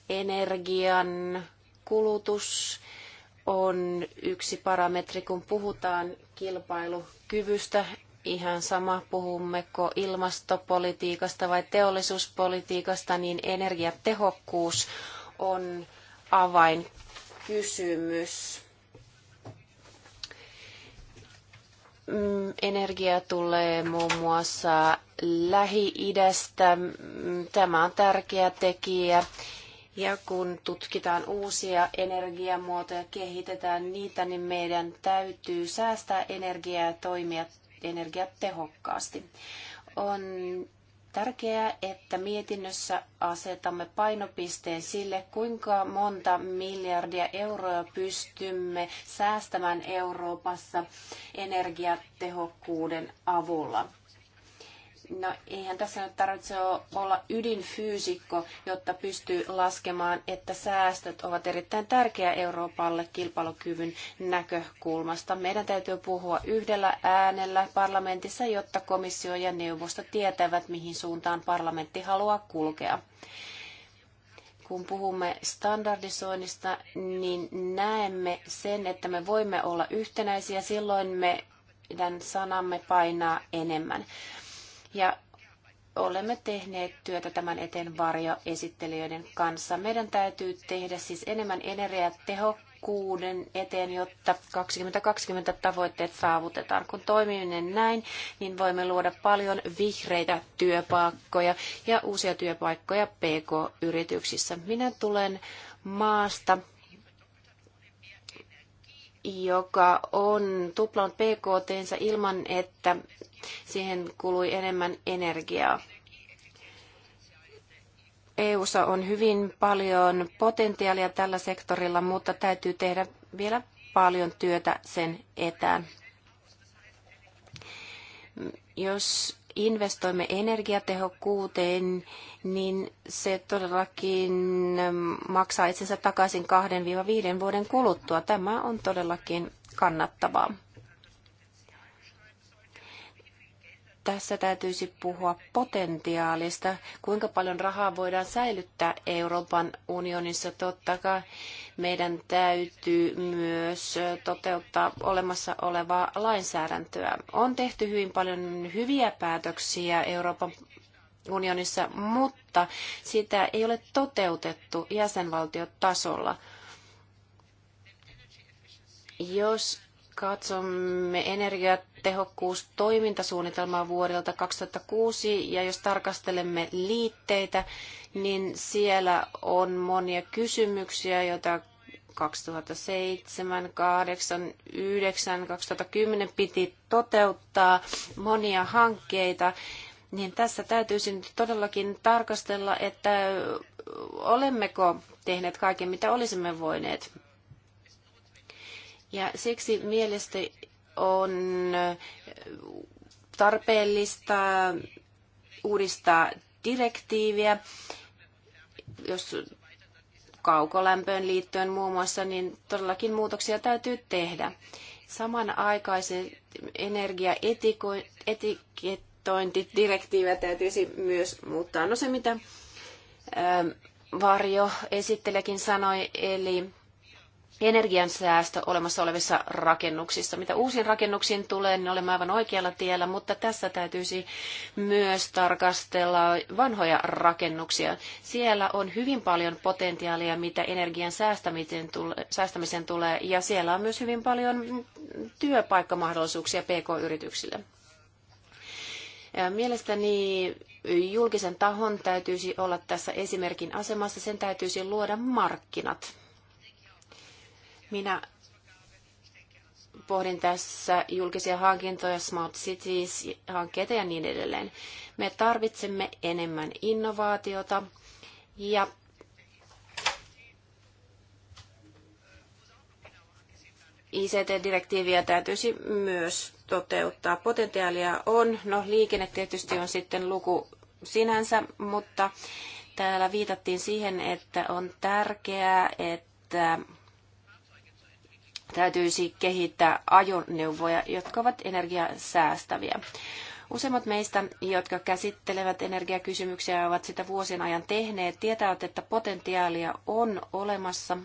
Energian kulutus on yksi parametri, kun puhutaan kilpailukyvystä. Ihan sama, puhummeko ilmastopolitiikasta vai teollisuuspolitiikasta, niin energiatehokkuus on avainkysymys Mm, energia tulee muun muassa Lähi-idästä. Mm, tämä on tärkeä tekijä. Ja kun tutkitaan uusia energiamuotoja, kehitetään niitä, niin meidän täytyy säästää energiaa ja toimia energiatehokkaasti. On tärkeää, että mietinnössä asetamme painopisteen sille, kuinka monta miljardia euroa pystymme säästämään Euroopassa energiatehokkuuden avulla. No eihän tässä nyt tarvitse olla ydinfyysikko, jotta pystyy laskemaan, että säästöt ovat erittäin tärkeä Euroopalle kilpailukyvyn näkökulmasta. Meidän täytyy puhua yhdellä äänellä parlamentissa, jotta komissio ja neuvosto tietävät, mihin suuntaan parlamentti haluaa kulkea kun puhumme standardisoinnista, niin näemme sen, että me voimme olla yhtenäisiä, silloin meidän sanamme painaa enemmän ja olemme tehneet työtä tämän eteen varjoesittelijöiden kanssa. Meidän täytyy tehdä siis enemmän energiaa, tehokkuuden eteen, jotta 2020 tavoitteet saavutetaan. Kun toimiminen näin, niin voimme luoda paljon vihreitä työpaikkoja ja uusia työpaikkoja PK-yrityksissä. Minä tulen maasta, joka on tuplannut PKT ilman, että Siihen kului enemmän energiaa. EU:ssa on hyvin paljon potentiaalia tällä sektorilla, mutta täytyy tehdä vielä paljon työtä sen etään. Jos investoimme energiatehokkuuteen, niin se todellakin maksaa itsensä takaisin 2-5 vuoden kuluttua. Tämä on todellakin kannattavaa. Tässä täytyisi puhua potentiaalista, kuinka paljon rahaa voidaan säilyttää Euroopan unionissa. Totta kai meidän täytyy myös toteuttaa olemassa olevaa lainsäädäntöä. On tehty hyvin paljon hyviä päätöksiä Euroopan unionissa, mutta sitä ei ole toteutettu jäsenvaltiotasolla. Jos katsomme energiatehokkuustoimintasuunnitelmaa vuodelta 2006 ja jos tarkastelemme liitteitä, niin siellä on monia kysymyksiä, joita 2007, 8, 9, 2010 piti toteuttaa monia hankkeita, niin tässä täytyisi nyt todellakin tarkastella, että olemmeko tehneet kaiken, mitä olisimme voineet ja siksi mielestä on tarpeellista uudistaa direktiiviä, jos kaukolämpöön liittyen muun muassa, niin todellakin muutoksia täytyy tehdä. Samanaikaisesti energiaetikettointidirektiiviä täytyisi myös muuttaa. No se, mitä varjo esittelijäkin sanoi, eli energiansäästö olemassa olevissa rakennuksissa. Mitä uusiin rakennuksiin tulee, niin olemme aivan oikealla tiellä, mutta tässä täytyisi myös tarkastella vanhoja rakennuksia. Siellä on hyvin paljon potentiaalia, mitä energian säästämisen tulee, ja siellä on myös hyvin paljon työpaikkamahdollisuuksia pk-yrityksille. Mielestäni julkisen tahon täytyisi olla tässä esimerkin asemassa, sen täytyisi luoda markkinat minä pohdin tässä julkisia hankintoja, smart cities-hankkeita ja niin edelleen. Me tarvitsemme enemmän innovaatiota ja ICT-direktiiviä täytyisi myös toteuttaa. Potentiaalia on, no liikenne tietysti on sitten luku sinänsä, mutta täällä viitattiin siihen, että on tärkeää, että täytyisi kehittää ajoneuvoja, jotka ovat energiasäästäviä. Useimmat meistä, jotka käsittelevät energiakysymyksiä ovat sitä vuosien ajan tehneet, tietävät, että potentiaalia on olemassa,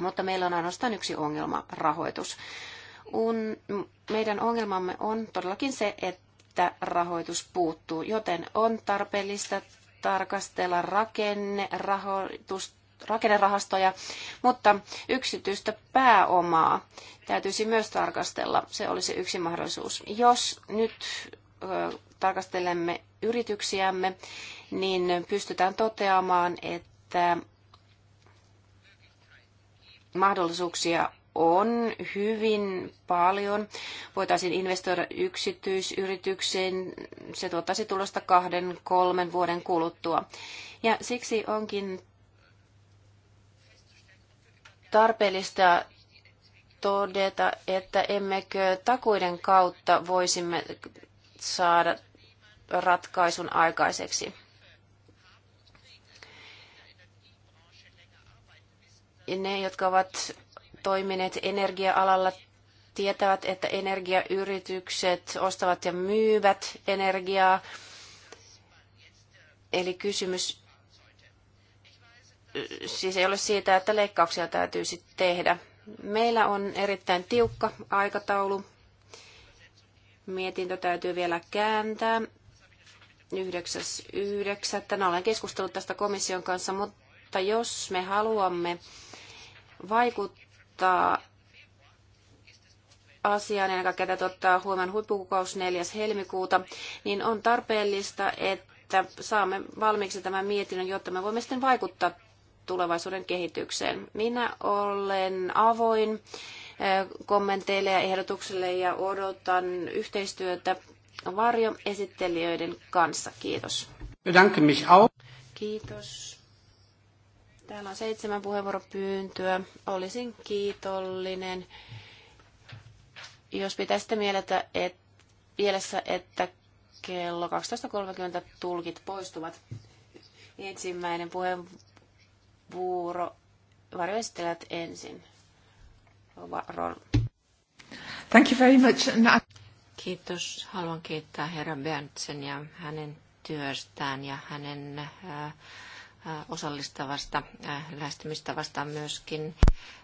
mutta meillä on ainoastaan yksi ongelma, rahoitus. Un, meidän ongelmamme on todellakin se, että rahoitus puuttuu, joten on tarpeellista tarkastella rakenne, rahoitus rakennerahastoja, mutta yksityistä pääomaa täytyisi myös tarkastella. Se olisi yksi mahdollisuus. Jos nyt ö, tarkastelemme yrityksiämme, niin pystytään toteamaan, että mahdollisuuksia on hyvin paljon. Voitaisiin investoida yksityisyritykseen. Se tuottaisi tulosta kahden, kolmen vuoden kuluttua. Ja siksi onkin tarpeellista todeta, että emmekö takuiden kautta voisimme saada ratkaisun aikaiseksi. Ja ne, jotka ovat toimineet energia-alalla, tietävät, että energiayritykset ostavat ja myyvät energiaa. Eli kysymys siis ei ole siitä, että leikkauksia sitten tehdä. Meillä on erittäin tiukka aikataulu. Mietintö täytyy vielä kääntää 9.9. No, olen keskustellut tästä komission kanssa, mutta jos me haluamme vaikuttaa asiaan, ennen kaikkea tätä ottaa huomenna huippukukous 4. helmikuuta, niin on tarpeellista, että saamme valmiiksi tämän mietinnön, jotta me voimme sitten vaikuttaa tulevaisuuden kehitykseen. Minä olen avoin kommenteille ja ehdotuksille ja odotan yhteistyötä varjoesittelijöiden kanssa. Kiitos. Kiitos. Täällä on seitsemän puheenvuoropyyntöä. Olisin kiitollinen, jos pitäisitte mieletä, et, mielessä, että kello 12.30 tulkit poistuvat. Ensimmäinen puheenvuoro Buuro, Varjoistelijat ensin. Thank you very much. Kiitos. Haluan kiittää herra Berntsen ja hänen työstään ja hänen äh, osallistavasta lähestymistavasta myöskin.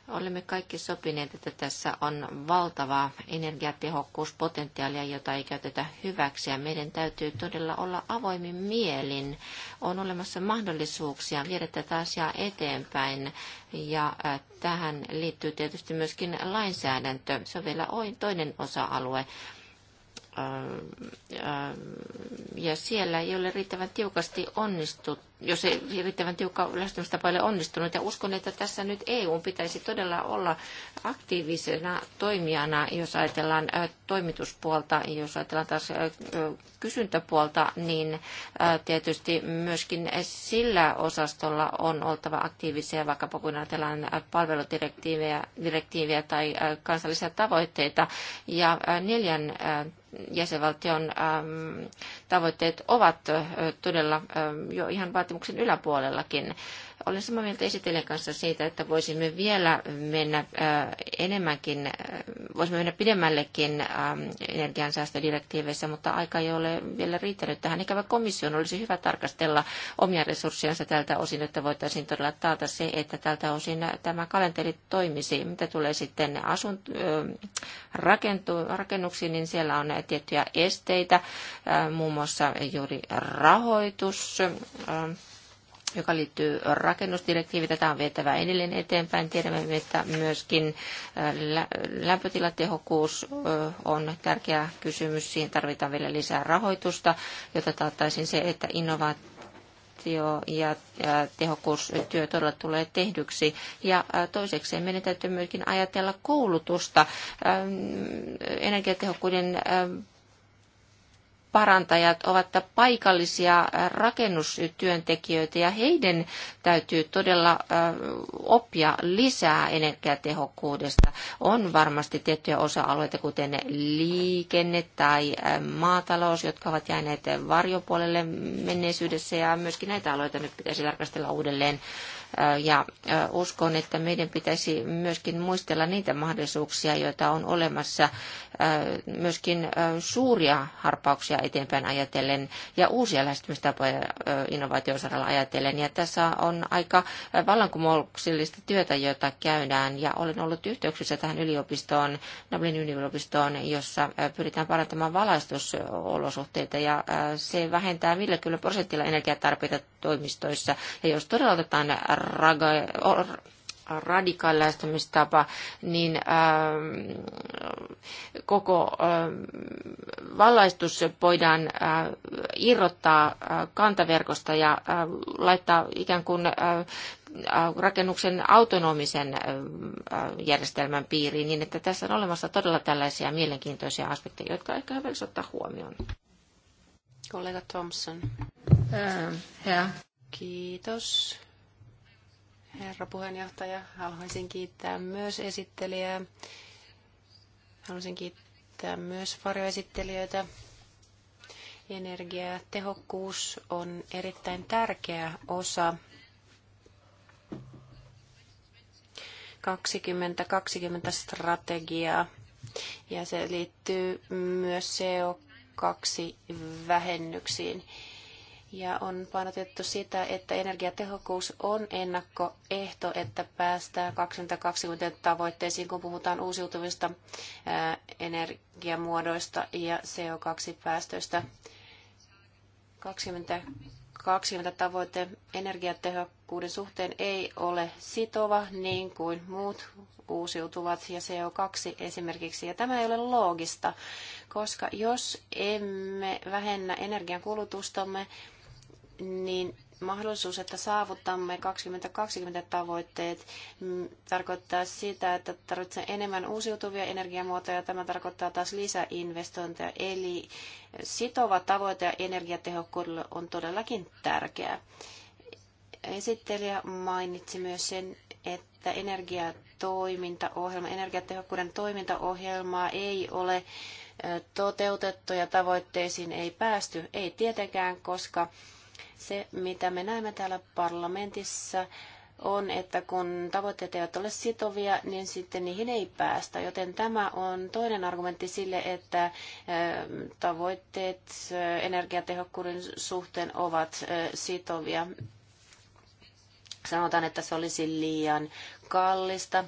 Olemme kaikki sopineet, että tässä on valtavaa energiatehokkuuspotentiaalia, jota ei käytetä hyväksi. Ja meidän täytyy todella olla avoimin mielin. On olemassa mahdollisuuksia viedä tätä asiaa eteenpäin. Ja tähän liittyy tietysti myöskin lainsäädäntö. Se on vielä toinen osa-alue ja siellä ei ole riittävän tiukasti onnistut, jos ei riittävän tiukka lähestymistapa ole onnistunut. Ja uskon, että tässä nyt EU pitäisi todella olla aktiivisena toimijana, jos ajatellaan toimituspuolta, jos ajatellaan taas kysyntäpuolta, niin tietysti myöskin sillä osastolla on oltava aktiivisia, vaikka kun ajatellaan palveludirektiiviä tai kansallisia tavoitteita. Ja neljän jäsenvaltion ähm, tavoitteet ovat todella ähm, jo ihan vaatimuksen yläpuolellakin. Olen samaa mieltä esitellen kanssa siitä, että voisimme vielä mennä äh, enemmänkin, äh, voisimme mennä pidemmällekin ähm, energiansäästödirektiiveissä, mutta aika ei ole vielä riittänyt tähän. Ikävä komission olisi hyvä tarkastella omia resurssiansa tältä osin, että voitaisiin todella taata se, että tältä osin tämä kalenteri toimisi. Mitä tulee sitten asun, äh, rakentu, rakennuksiin, niin siellä on tiettyjä esteitä, muun muassa juuri rahoitus, joka liittyy rakennusdirektiiviin. Tätä on vietävä edelleen eteenpäin. Tiedämme, että myöskin lämpötilatehokkuus on tärkeä kysymys. Siihen tarvitaan vielä lisää rahoitusta, jotta taattaisiin se, että innovaatio innovaatio ja tehokkuustyö todella tulee tehdyksi. Ja toiseksi meidän täytyy myöskin ajatella koulutusta, energiatehokkuuden parantajat ovat paikallisia rakennustyöntekijöitä ja heidän täytyy todella oppia lisää energiatehokkuudesta. On varmasti tiettyjä osa-alueita, kuten liikenne tai maatalous, jotka ovat jääneet varjopuolelle menneisyydessä ja myöskin näitä aloita nyt pitäisi tarkastella uudelleen ja uskon, että meidän pitäisi myöskin muistella niitä mahdollisuuksia, joita on olemassa myöskin suuria harppauksia eteenpäin ajatellen ja uusia lähestymistapoja innovaatiosaralla ajatellen. Ja tässä on aika vallankumouksellista työtä, jota käydään ja olen ollut yhteyksissä tähän yliopistoon, Dublin yliopistoon, jossa pyritään parantamaan valaistusolosuhteita ja se vähentää 50 prosentilla energiatarpeita toimistoissa. Ja jos todella otetaan radikaalilähestymistapa, niin ähm, koko ähm, vallaistus voidaan äh, irrottaa äh, kantaverkosta ja äh, laittaa ikään kuin rakennuksen autonomisen järjestelmän piiriin, niin että tässä on olemassa todella tällaisia mielenkiintoisia aspekteja, jotka ehkä hyvä ottaa huomioon. Kollega Thompson. Ää, Kiitos herra puheenjohtaja. Haluaisin kiittää myös esittelijää. Haluaisin kiittää myös varjoesittelijöitä. Energiatehokkuus on erittäin tärkeä osa 2020 strategiaa ja se liittyy myös CO2-vähennyksiin ja on painotettu sitä, että energiatehokkuus on ennakkoehto, että päästään 2020 tavoitteisiin, kun puhutaan uusiutuvista energiamuodoista ja CO2-päästöistä. 2020 tavoite energiatehokkuuden suhteen ei ole sitova niin kuin muut uusiutuvat ja CO2 esimerkiksi. Ja tämä ei ole loogista, koska jos emme vähennä energiankulutustamme, kulutustamme, niin mahdollisuus, että saavutamme 2020 tavoitteet, mm, tarkoittaa sitä, että tarvitsemme enemmän uusiutuvia energiamuotoja. Tämä tarkoittaa taas lisäinvestointeja. Eli sitova tavoite ja energiatehokkuudelle on todellakin tärkeää. Esittelijä mainitsi myös sen, että energiatoimintaohjelma, energiatehokkuuden toimintaohjelmaa ei ole toteutettu ja tavoitteisiin ei päästy. Ei tietenkään, koska se, mitä me näemme täällä parlamentissa, on, että kun tavoitteet eivät ole sitovia, niin sitten niihin ei päästä. Joten tämä on toinen argumentti sille, että tavoitteet energiatehokkuuden suhteen ovat sitovia. Sanotaan, että se olisi liian kallista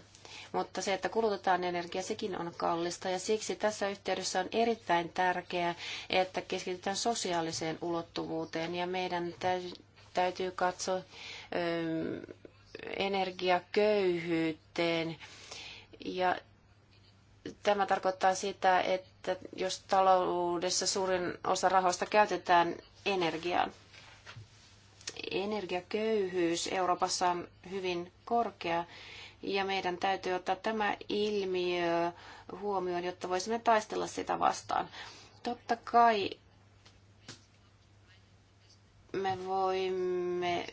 mutta se, että kulutetaan energiaa, sekin on kallista. Ja siksi tässä yhteydessä on erittäin tärkeää, että keskitytään sosiaaliseen ulottuvuuteen ja meidän täytyy katsoa energiaköyhyyteen. Ja tämä tarkoittaa sitä, että jos taloudessa suurin osa rahoista käytetään energiaan, energiaköyhyys Euroopassa on hyvin korkea ja meidän täytyy ottaa tämä ilmiö huomioon, jotta voisimme taistella sitä vastaan. Totta kai me voimme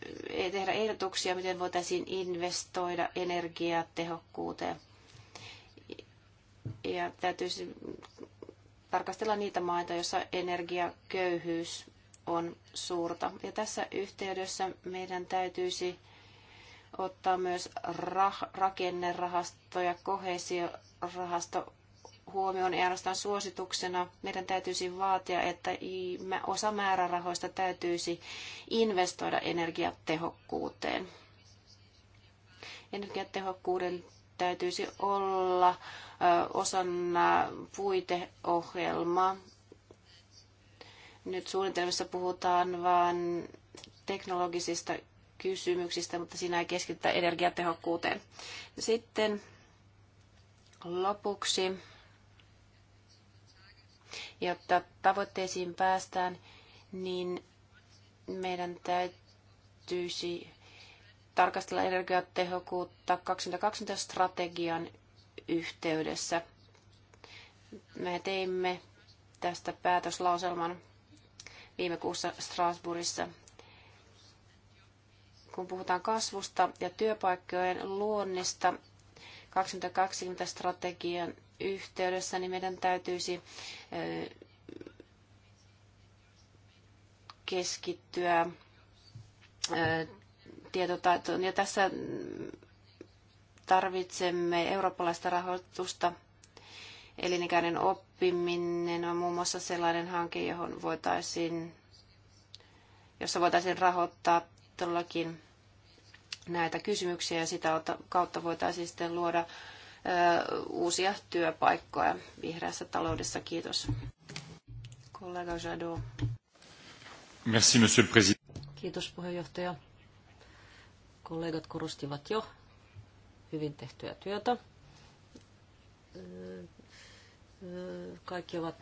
tehdä ehdotuksia, miten voitaisiin investoida energiatehokkuuteen. Ja täytyisi tarkastella niitä maita, joissa energiaköyhyys on suurta. Ja tässä yhteydessä meidän täytyisi ottaa myös rah- rakennerahasto ja kohesiorahasto huomioon ei ainoastaan suosituksena. Meidän täytyisi vaatia, että osa määrärahoista täytyisi investoida energiatehokkuuteen. Energiatehokkuuden täytyisi olla osana puiteohjelmaa. Nyt suunnitelmissa puhutaan vain teknologisista kysymyksistä, mutta siinä ei keskitytä energiatehokkuuteen. Sitten lopuksi, jotta tavoitteisiin päästään, niin meidän täytyisi tarkastella energiatehokkuutta 2020-strategian yhteydessä. Me teimme tästä päätöslauselman viime kuussa Strasbourgissa kun puhutaan kasvusta ja työpaikkojen luonnista 2020-strategian yhteydessä, niin meidän täytyisi keskittyä tietotaitoon. Ja tässä tarvitsemme eurooppalaista rahoitusta. Elinikäinen oppiminen on muun muassa sellainen hanke, johon voitaisiin, jossa voitaisiin rahoittaa todellakin näitä kysymyksiä ja sitä kautta voitaisiin sitten luoda uusia työpaikkoja vihreässä taloudessa. Kiitos. Kollega Jadot. Merci, monsieur le président. Kiitos puheenjohtaja. Kollegat korostivat jo hyvin tehtyä työtä. Kaikki ovat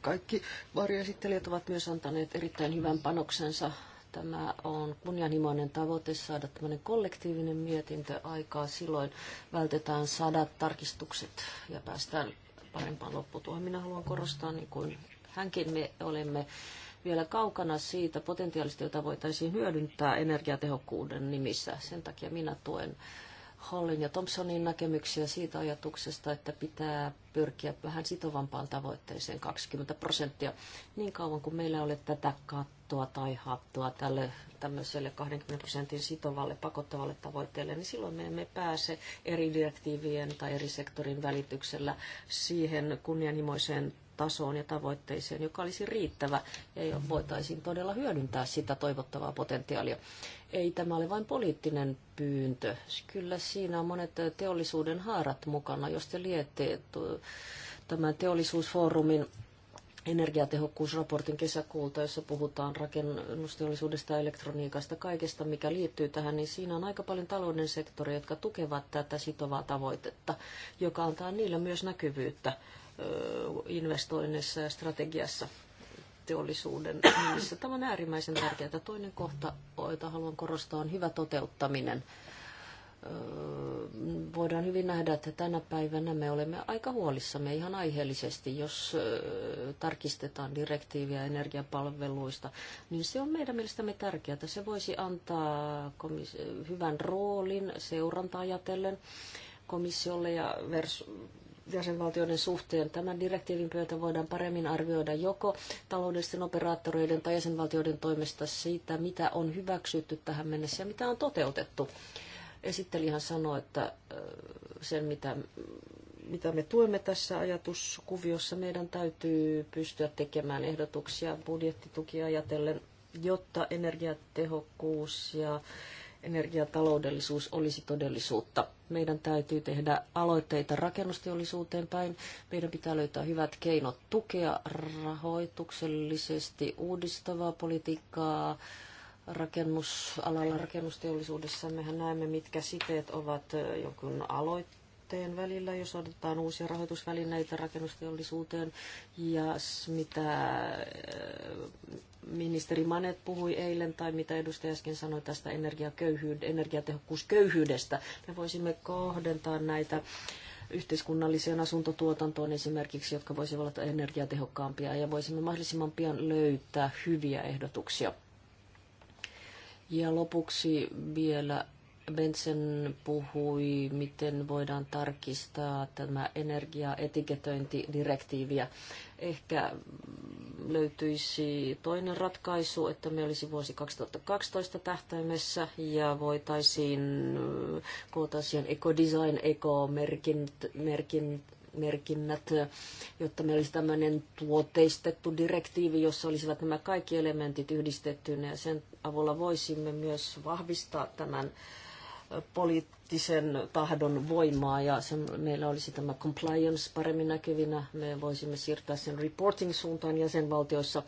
kaikki varjoesittelijät ovat myös antaneet erittäin hyvän panoksensa Tämä on kunnianhimoinen tavoite saada tämmöinen kollektiivinen mietintö aikaa. Silloin vältetään sadat tarkistukset ja päästään parempaan lopputuohon. Minä haluan korostaa, niin kuin hänkin me olemme vielä kaukana siitä potentiaalista, jota voitaisiin hyödyntää energiatehokkuuden nimissä. Sen takia minä tuen Hollin ja Thompsonin näkemyksiä siitä ajatuksesta, että pitää pyrkiä vähän sitovampaan tavoitteeseen 20 prosenttia niin kauan kuin meillä oli tätä kattoa tai hattua tälle tämmöiselle 20 prosentin sitovalle pakottavalle tavoitteelle, niin silloin me emme pääse eri direktiivien tai eri sektorin välityksellä siihen kunnianhimoiseen tasoon ja tavoitteeseen, joka olisi riittävä ja voitaisiin todella hyödyntää sitä toivottavaa potentiaalia. Ei tämä ole vain poliittinen pyyntö. Kyllä siinä on monet teollisuuden haarat mukana, jos te liette tämän teollisuusfoorumin energiatehokkuusraportin kesäkuulta, jossa puhutaan rakennusteollisuudesta ja elektroniikasta, kaikesta mikä liittyy tähän, niin siinä on aika paljon talouden sektoria, jotka tukevat tätä sitovaa tavoitetta, joka antaa niillä myös näkyvyyttä investoinneissa ja strategiassa teollisuuden nimissä. Tämä on äärimmäisen tärkeää. Toinen kohta, jota haluan korostaa, on hyvä toteuttaminen. Voidaan hyvin nähdä, että tänä päivänä me olemme aika huolissamme ihan aiheellisesti, jos tarkistetaan direktiiviä energiapalveluista, niin se on meidän mielestämme tärkeää. Se voisi antaa hyvän roolin seurantaa ajatellen komissiolle ja vers- jäsenvaltioiden suhteen. Tämän direktiivin pöytä voidaan paremmin arvioida joko taloudellisten operaattoreiden tai jäsenvaltioiden toimesta siitä, mitä on hyväksytty tähän mennessä ja mitä on toteutettu. Esittelijähän sanoi, että sen mitä mitä me tuemme tässä ajatuskuviossa, meidän täytyy pystyä tekemään ehdotuksia budjettitukia ajatellen, jotta energiatehokkuus ja energiataloudellisuus olisi todellisuutta. Meidän täytyy tehdä aloitteita rakennusteollisuuteen päin. Meidän pitää löytää hyvät keinot tukea rahoituksellisesti uudistavaa politiikkaa rakennusalalla, rakennusteollisuudessa. Mehän näemme, mitkä siteet ovat jonkun aloitteen välillä, jos otetaan uusia rahoitusvälineitä rakennusteollisuuteen ja mitä ministeri Manet puhui eilen tai mitä edustaja äsken sanoi tästä energiatehokkuusköyhyydestä. Me voisimme kohdentaa näitä yhteiskunnalliseen asuntotuotantoon esimerkiksi, jotka voisivat olla energiatehokkaampia ja voisimme mahdollisimman pian löytää hyviä ehdotuksia. Ja lopuksi vielä Benson puhui, miten voidaan tarkistaa tämä energiaetiketöintidirektiiviä. Ehkä löytyisi toinen ratkaisu, että me olisi vuosi 2012 tähtäimessä ja voitaisiin koota siihen ekodesign, ekomerkinnät, merkinnät, jotta meillä olisi tämmöinen tuoteistettu direktiivi, jossa olisivat nämä kaikki elementit yhdistettynä ja sen avulla voisimme myös vahvistaa tämän poliittisen tahdon voimaa ja se, meillä olisi tämä compliance paremmin näkyvinä. Me voisimme siirtää sen reporting-suuntaan jäsenvaltioissa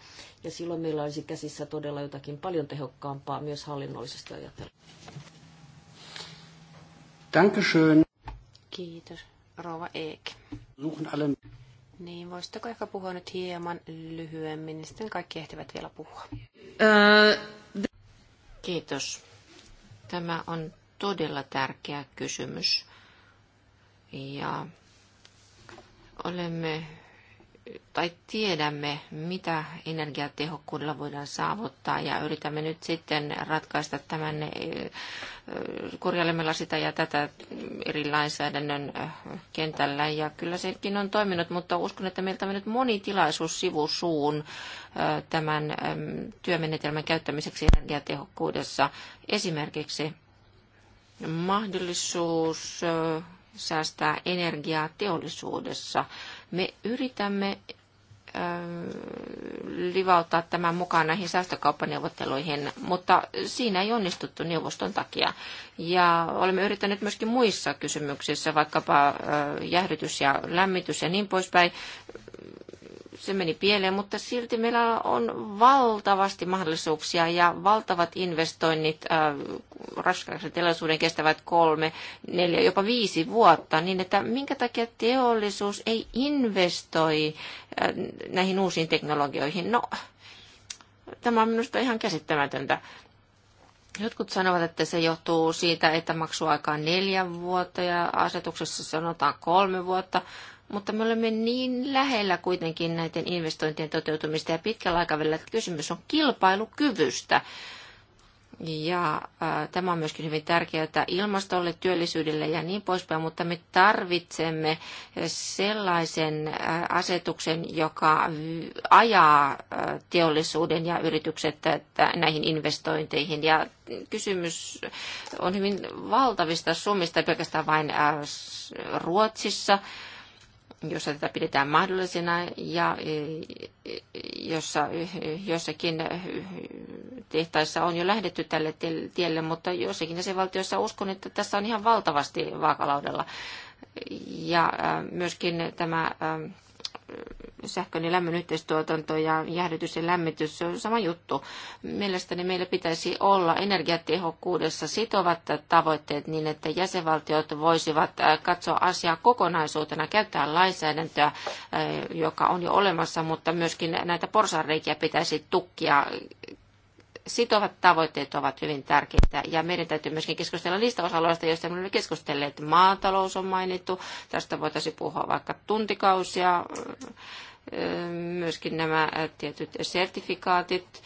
ja silloin meillä olisi käsissä todella jotakin paljon tehokkaampaa myös hallinnollisesti ajatellen. Dankeschön. Kiitos. Rova Eek. Niin, voisitteko ehkä puhua nyt hieman lyhyemmin, niin sitten kaikki ehtivät vielä puhua. Äh, Kiitos. Tämä on todella tärkeä kysymys. Ja olemme tai tiedämme, mitä energiatehokkuudella voidaan saavuttaa ja yritämme nyt sitten ratkaista tämän e, korjailemalla sitä ja tätä eri lainsäädännön e, kentällä ja kyllä sekin on toiminut, mutta uskon, että meiltä on nyt moni tilaisuus sivusuun e, tämän työmenetelmän käyttämiseksi energiatehokkuudessa. Esimerkiksi mahdollisuus säästää energiaa teollisuudessa. Me yritämme livauttaa tämän mukaan näihin säästökauppaneuvotteluihin, mutta siinä ei onnistuttu neuvoston takia. Ja olemme yrittäneet myöskin muissa kysymyksissä, vaikkapa jäähdytys ja lämmitys ja niin poispäin, se meni pieleen, mutta silti meillä on valtavasti mahdollisuuksia ja valtavat investoinnit, äh, raskauksen teollisuuden kestävät kolme, neljä, jopa viisi vuotta, niin että minkä takia teollisuus ei investoi äh, näihin uusiin teknologioihin? No, tämä on minusta ihan käsittämätöntä. Jotkut sanovat, että se johtuu siitä, että maksuaika on neljä vuotta ja asetuksessa sanotaan kolme vuotta mutta me olemme niin lähellä kuitenkin näiden investointien toteutumista ja pitkällä aikavälillä, että kysymys on kilpailukyvystä. Ja äh, tämä on myöskin hyvin tärkeää ilmastolle, työllisyydelle ja niin poispäin, mutta me tarvitsemme sellaisen äh, asetuksen, joka ajaa äh, teollisuuden ja yritykset että näihin investointeihin. Ja kysymys on hyvin valtavista summista, pelkästään vain äh, Ruotsissa. Äh, jossa tätä pidetään mahdollisena ja e, e, jossa e, jossakin tehtaissa on jo lähdetty tälle tielle, mutta jossakin jäsenvaltioissa uskon, että tässä on ihan valtavasti vaakalaudella. Ja myöskin tämä sähkön ja lämmön yhteistuotanto ja jäähdytys ja lämmitys, se on sama juttu. Mielestäni meillä pitäisi olla energiatehokkuudessa sitovat tavoitteet niin, että jäsenvaltiot voisivat äh, katsoa asiaa kokonaisuutena, käyttää lainsäädäntöä, äh, joka on jo olemassa, mutta myöskin näitä porsareikiä pitäisi tukkia sitovat tavoitteet ovat hyvin tärkeitä ja meidän täytyy myöskin keskustella niistä osa-alueista, joista me olemme keskustelleet. Maatalous on mainittu, tästä voitaisiin puhua vaikka tuntikausia, myöskin nämä tietyt sertifikaatit,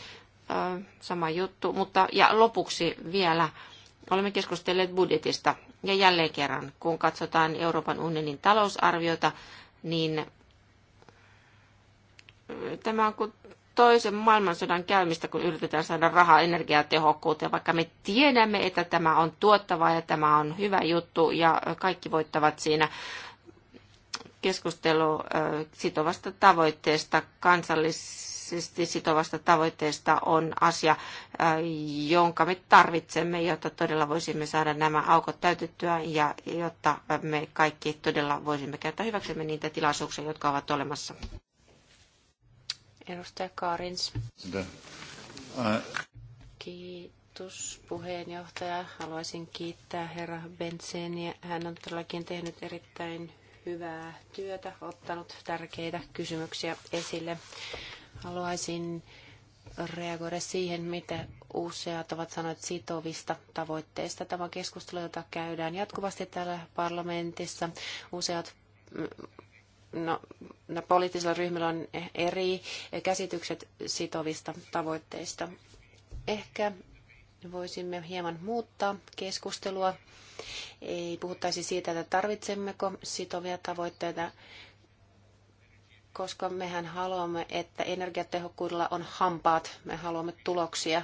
sama juttu. Mutta, ja lopuksi vielä olemme keskustelleet budjetista. Ja jälleen kerran, kun katsotaan Euroopan unionin talousarviota, niin tämä on kuin toisen maailmansodan käymistä, kun yritetään saada rahaa energiatehokkuuteen, vaikka me tiedämme, että tämä on tuottavaa ja tämä on hyvä juttu ja kaikki voittavat siinä keskustelu sitovasta tavoitteesta, kansallisesti sitovasta tavoitteesta on asia, jonka me tarvitsemme, jotta todella voisimme saada nämä aukot täytettyä ja jotta me kaikki todella voisimme käyttää hyväksemme niitä tilaisuuksia, jotka ovat olemassa. Edustaja Karins. Kiitos puheenjohtaja. Haluaisin kiittää herra Benseniä. Hän on todellakin tehnyt erittäin hyvää työtä, ottanut tärkeitä kysymyksiä esille. Haluaisin reagoida siihen, mitä useat ovat sanoneet sitovista tavoitteista. Tämä keskustelu, jota käydään jatkuvasti täällä parlamentissa. Useat no, no, poliittisilla ryhmillä on eri käsitykset sitovista tavoitteista. Ehkä voisimme hieman muuttaa keskustelua. Ei puhuttaisi siitä, että tarvitsemmeko sitovia tavoitteita, koska mehän haluamme, että energiatehokkuudella on hampaat, me haluamme tuloksia,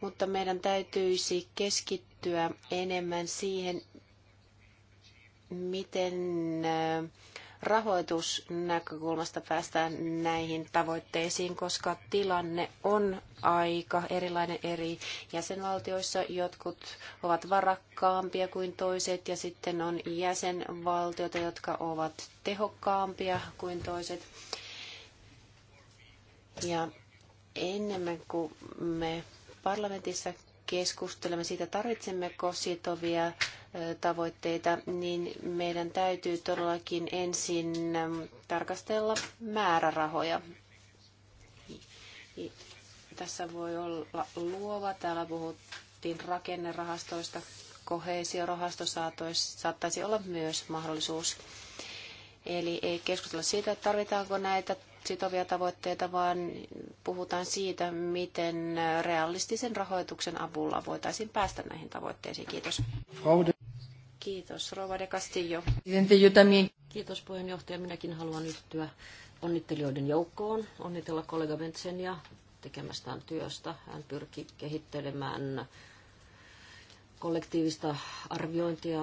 mutta meidän täytyisi keskittyä enemmän siihen, miten rahoitusnäkökulmasta päästään näihin tavoitteisiin, koska tilanne on aika erilainen eri jäsenvaltioissa. Jotkut ovat varakkaampia kuin toiset ja sitten on jäsenvaltioita, jotka ovat tehokkaampia kuin toiset. Ja enemmän kuin me parlamentissa keskustelemme siitä, tarvitsemmeko sitovia tavoitteita, niin meidän täytyy todellakin ensin tarkastella määrärahoja. Tässä voi olla luova. Täällä puhuttiin rakennerahastoista. Kohesiorahasto saattaisi olla myös mahdollisuus. Eli ei keskustella siitä, että tarvitaanko näitä sitovia tavoitteita, vaan puhutaan siitä, miten realistisen rahoituksen avulla voitaisiin päästä näihin tavoitteisiin. Kiitos. Kiitos, Rova de Castillo. Kiitos puheenjohtaja. Minäkin haluan yhtyä onnittelijoiden joukkoon, onnitella kollega Bentsenia tekemästään työstä. Hän pyrki kehittelemään kollektiivista arviointia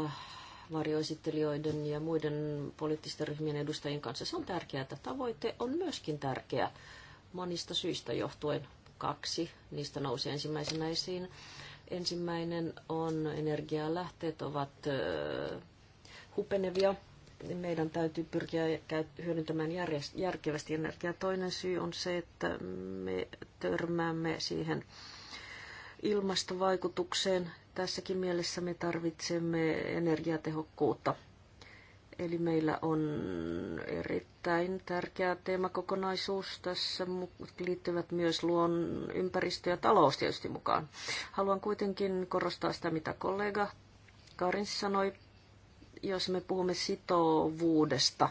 varjoesittelijöiden ja muiden poliittisten ryhmien edustajien kanssa. Se on tärkeää. että Tavoite on myöskin tärkeä monista syistä johtuen. Kaksi niistä nousi ensimmäisenä esiin. Ensimmäinen on energialähteet ovat hupenevia. Meidän täytyy pyrkiä hyödyntämään järkevästi energiaa. Toinen syy on se, että me törmäämme siihen ilmastovaikutukseen. Tässäkin mielessä me tarvitsemme energiatehokkuutta. Eli meillä on erittäin tärkeä teemakokonaisuus tässä, liittyvät myös luon ympäristö ja talous tietysti mukaan. Haluan kuitenkin korostaa sitä, mitä kollega Karin sanoi, jos me puhumme sitovuudesta.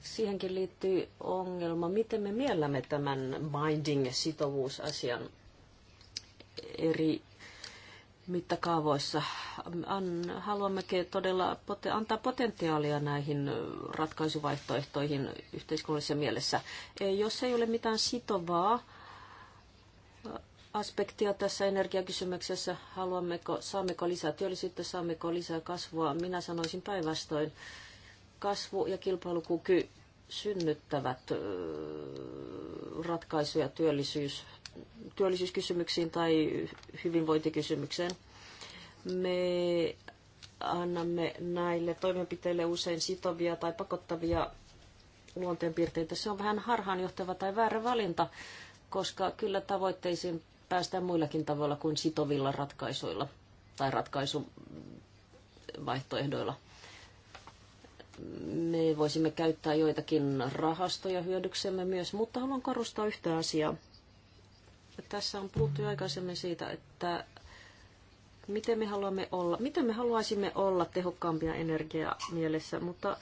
Siihenkin liittyy ongelma, miten me miellämme tämän binding sitovuusasian eri mittakaavoissa. haluammekin todella antaa potentiaalia näihin ratkaisuvaihtoehtoihin yhteiskunnallisessa mielessä. Jos ei ole mitään sitovaa aspektia tässä energiakysymyksessä, haluammeko, saammeko lisää työllisyyttä, saammeko lisää kasvua, minä sanoisin päinvastoin, kasvu ja kilpailukyky synnyttävät ratkaisuja työllisyys, työllisyyskysymyksiin tai hyvinvointikysymykseen. Me annamme näille toimenpiteille usein sitovia tai pakottavia luonteenpiirteitä. Se on vähän harhaanjohtava tai väärä valinta, koska kyllä tavoitteisiin päästään muillakin tavoilla kuin sitovilla ratkaisuilla tai ratkaisuvaihtoehdoilla. Me voisimme käyttää joitakin rahastoja hyödyksemme myös, mutta haluan korostaa yhtä asiaa. Tässä on puhuttu aikaisemmin siitä, että miten me, haluamme olla, miten me haluaisimme olla tehokkaampia energiaa mielessä, mutta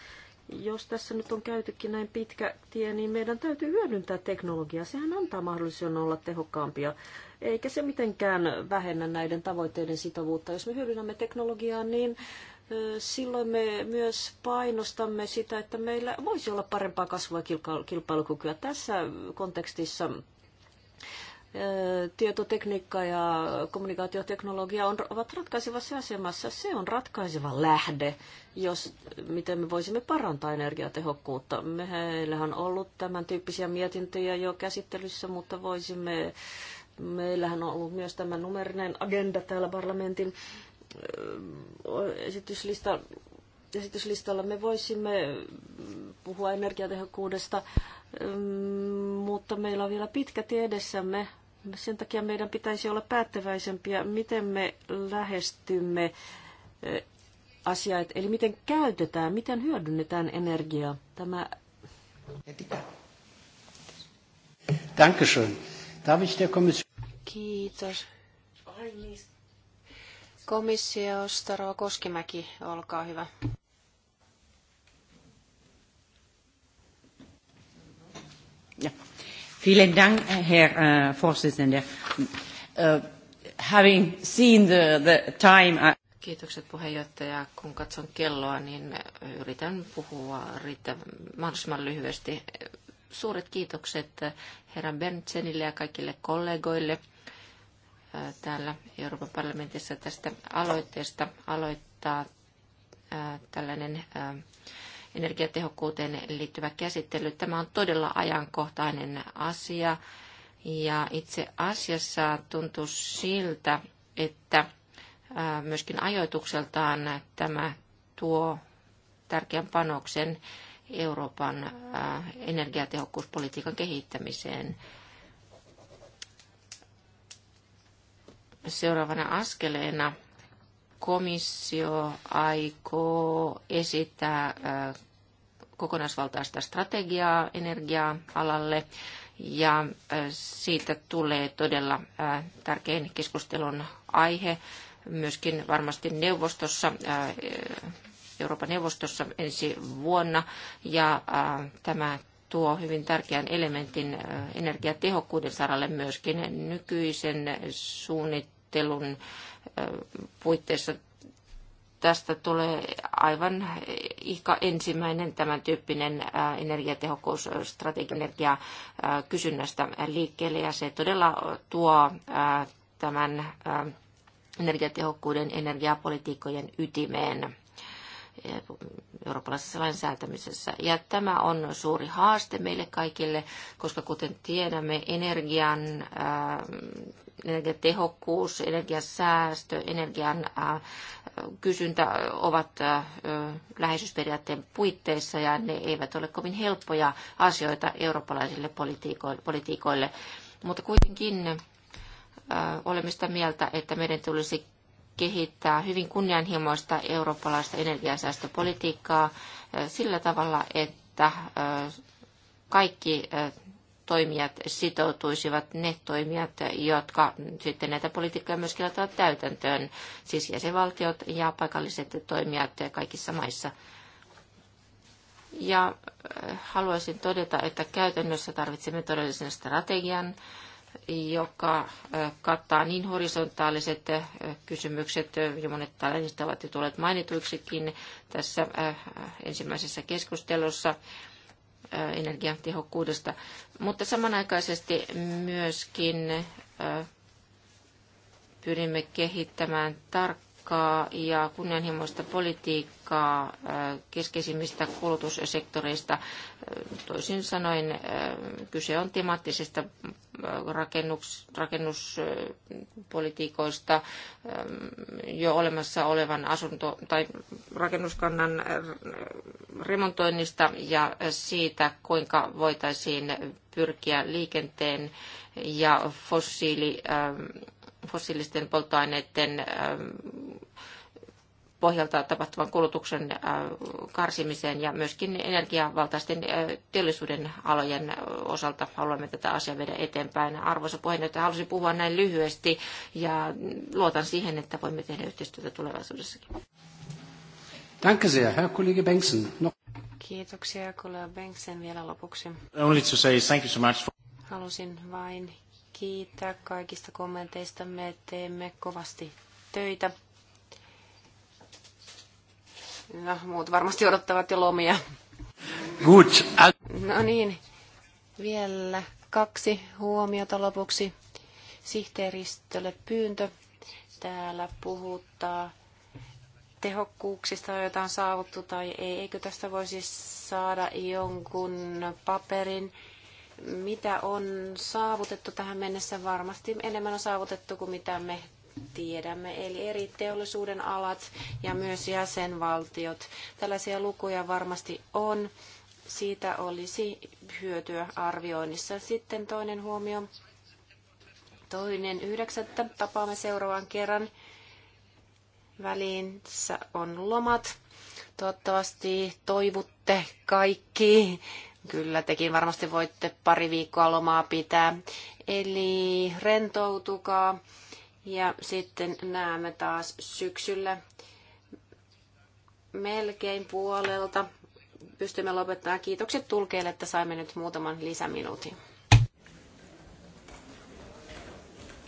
jos tässä nyt on käytykin näin pitkä tie, niin meidän täytyy hyödyntää teknologiaa. Sehän antaa mahdollisuuden olla tehokkaampia, eikä se mitenkään vähennä näiden tavoitteiden sitovuutta. Jos me hyödynnämme teknologiaa, niin silloin me myös painostamme sitä, että meillä voisi olla parempaa kasvua ja kilpailukykyä. Tässä kontekstissa tietotekniikka ja kommunikaatioteknologia on, ovat ratkaisevassa asemassa. Se on ratkaiseva lähde, jos, miten me voisimme parantaa energiatehokkuutta. Meillähän on ollut tämän tyyppisiä mietintöjä jo käsittelyssä, mutta voisimme, meillähän on ollut myös tämä numerinen agenda täällä parlamentin esityslista, esityslistalla. Me voisimme puhua energiatehokkuudesta mutta meillä on vielä pitkä tiedessämme. Sen takia meidän pitäisi olla päättäväisempiä, miten me lähestymme asiaa, eli miten käytetään, miten hyödynnetään energiaa. Tämä... Dankeschön. Darf ich der Kommission... Kiitos. Komissiosta Rova Koskimäki, olkaa hyvä. Ja. Vielen Dank, Herr äh, Vorsitzender. Uh, having seen the, the time... Kiitokset puheenjohtaja. Kun katson kelloa, niin äh, yritän puhua riittävän, mahdollisimman lyhyesti. Suuret kiitokset herra Berntsenille ja kaikille kollegoille täällä Euroopan parlamentissa tästä aloitteesta aloittaa tällainen energiatehokkuuteen liittyvä käsittely. Tämä on todella ajankohtainen asia ja itse asiassa tuntuu siltä, että myöskin ajoitukseltaan tämä tuo tärkeän panoksen Euroopan energiatehokkuuspolitiikan kehittämiseen. Seuraavana askeleena komissio aikoo esittää kokonaisvaltaista strategiaa energia-alalle ja siitä tulee todella tärkein keskustelun aihe myöskin varmasti neuvostossa, Euroopan neuvostossa ensi vuonna ja tämä tuo hyvin tärkeän elementin energiatehokkuuden saralle myöskin nykyisen suunnittelun puitteissa tästä tulee aivan ehkä ensimmäinen tämän tyyppinen energiatehokkuusstrategia kysynnästä liikkeelle ja se todella tuo tämän energiatehokkuuden energiapolitiikkojen ytimeen eurooppalaisessa lainsäätämisessä. Ja tämä on suuri haaste meille kaikille, koska kuten tiedämme, energian, äh, energiatehokkuus, energiasäästö, energian äh, kysyntä ovat äh, läheisyysperiaatteen puitteissa ja ne eivät ole kovin helppoja asioita eurooppalaisille politiikoille. Mutta kuitenkin äh, olemme sitä mieltä, että meidän tulisi kehittää hyvin kunnianhimoista eurooppalaista energiasäästöpolitiikkaa sillä tavalla, että kaikki toimijat sitoutuisivat ne toimijat, jotka sitten näitä politiikkoja myöskin laittavat täytäntöön, siis jäsenvaltiot ja paikalliset toimijat kaikissa maissa. Ja haluaisin todeta, että käytännössä tarvitsemme todellisen strategian, joka kattaa niin horisontaaliset kysymykset, ja monet täällä niistä ovat jo tulleet mainituiksikin tässä ensimmäisessä keskustelussa energiatehokkuudesta, mutta samanaikaisesti myöskin pyrimme kehittämään tarkkaa ja kunnianhimoista politiikkaa, leikkaa äh, keskeisimmistä kulutussektoreista. Äh, toisin sanoen äh, kyse on temaattisista rakennus, rakennuspolitiikoista jo olemassa olevan asunto- tai rakennuskannan remontoinnista ja siitä, kuinka voitaisiin pyrkiä liikenteen ja fossiili, fossiilisten polttoaineiden pohjalta tapahtuvan kulutuksen äh, karsimiseen ja myöskin energiavaltaisten äh, teollisuuden alojen äh, osalta haluamme tätä asiaa viedä eteenpäin. Arvoisa puheenjohtaja, halusin puhua näin lyhyesti ja luotan siihen, että voimme tehdä yhteistyötä tulevaisuudessakin. No. Kiitoksia, kollega Bengtsen vielä lopuksi. Only to say thank you so much for... Halusin vain kiittää kaikista kommenteista. Me teemme kovasti töitä No, muut varmasti odottavat jo lomia. Good. No niin, vielä kaksi huomiota lopuksi. Sihteeristölle pyyntö. Täällä puhuttaa tehokkuuksista, joita on saavuttu tai ei. Eikö tästä voisi saada jonkun paperin? mitä on saavutettu tähän mennessä. Varmasti enemmän on saavutettu kuin mitä me tiedämme, eli eri teollisuuden alat ja myös jäsenvaltiot. Tällaisia lukuja varmasti on. Siitä olisi hyötyä arvioinnissa. Sitten toinen huomio. Toinen yhdeksättä tapaamme seuraavan kerran. Välissä on lomat. Toivottavasti toivutte kaikki. Kyllä, tekin varmasti voitte pari viikkoa lomaa pitää. Eli rentoutukaa ja sitten näemme taas syksyllä melkein puolelta. Pystymme lopettamaan. Kiitokset tulkeille, että saimme nyt muutaman lisäminuutin.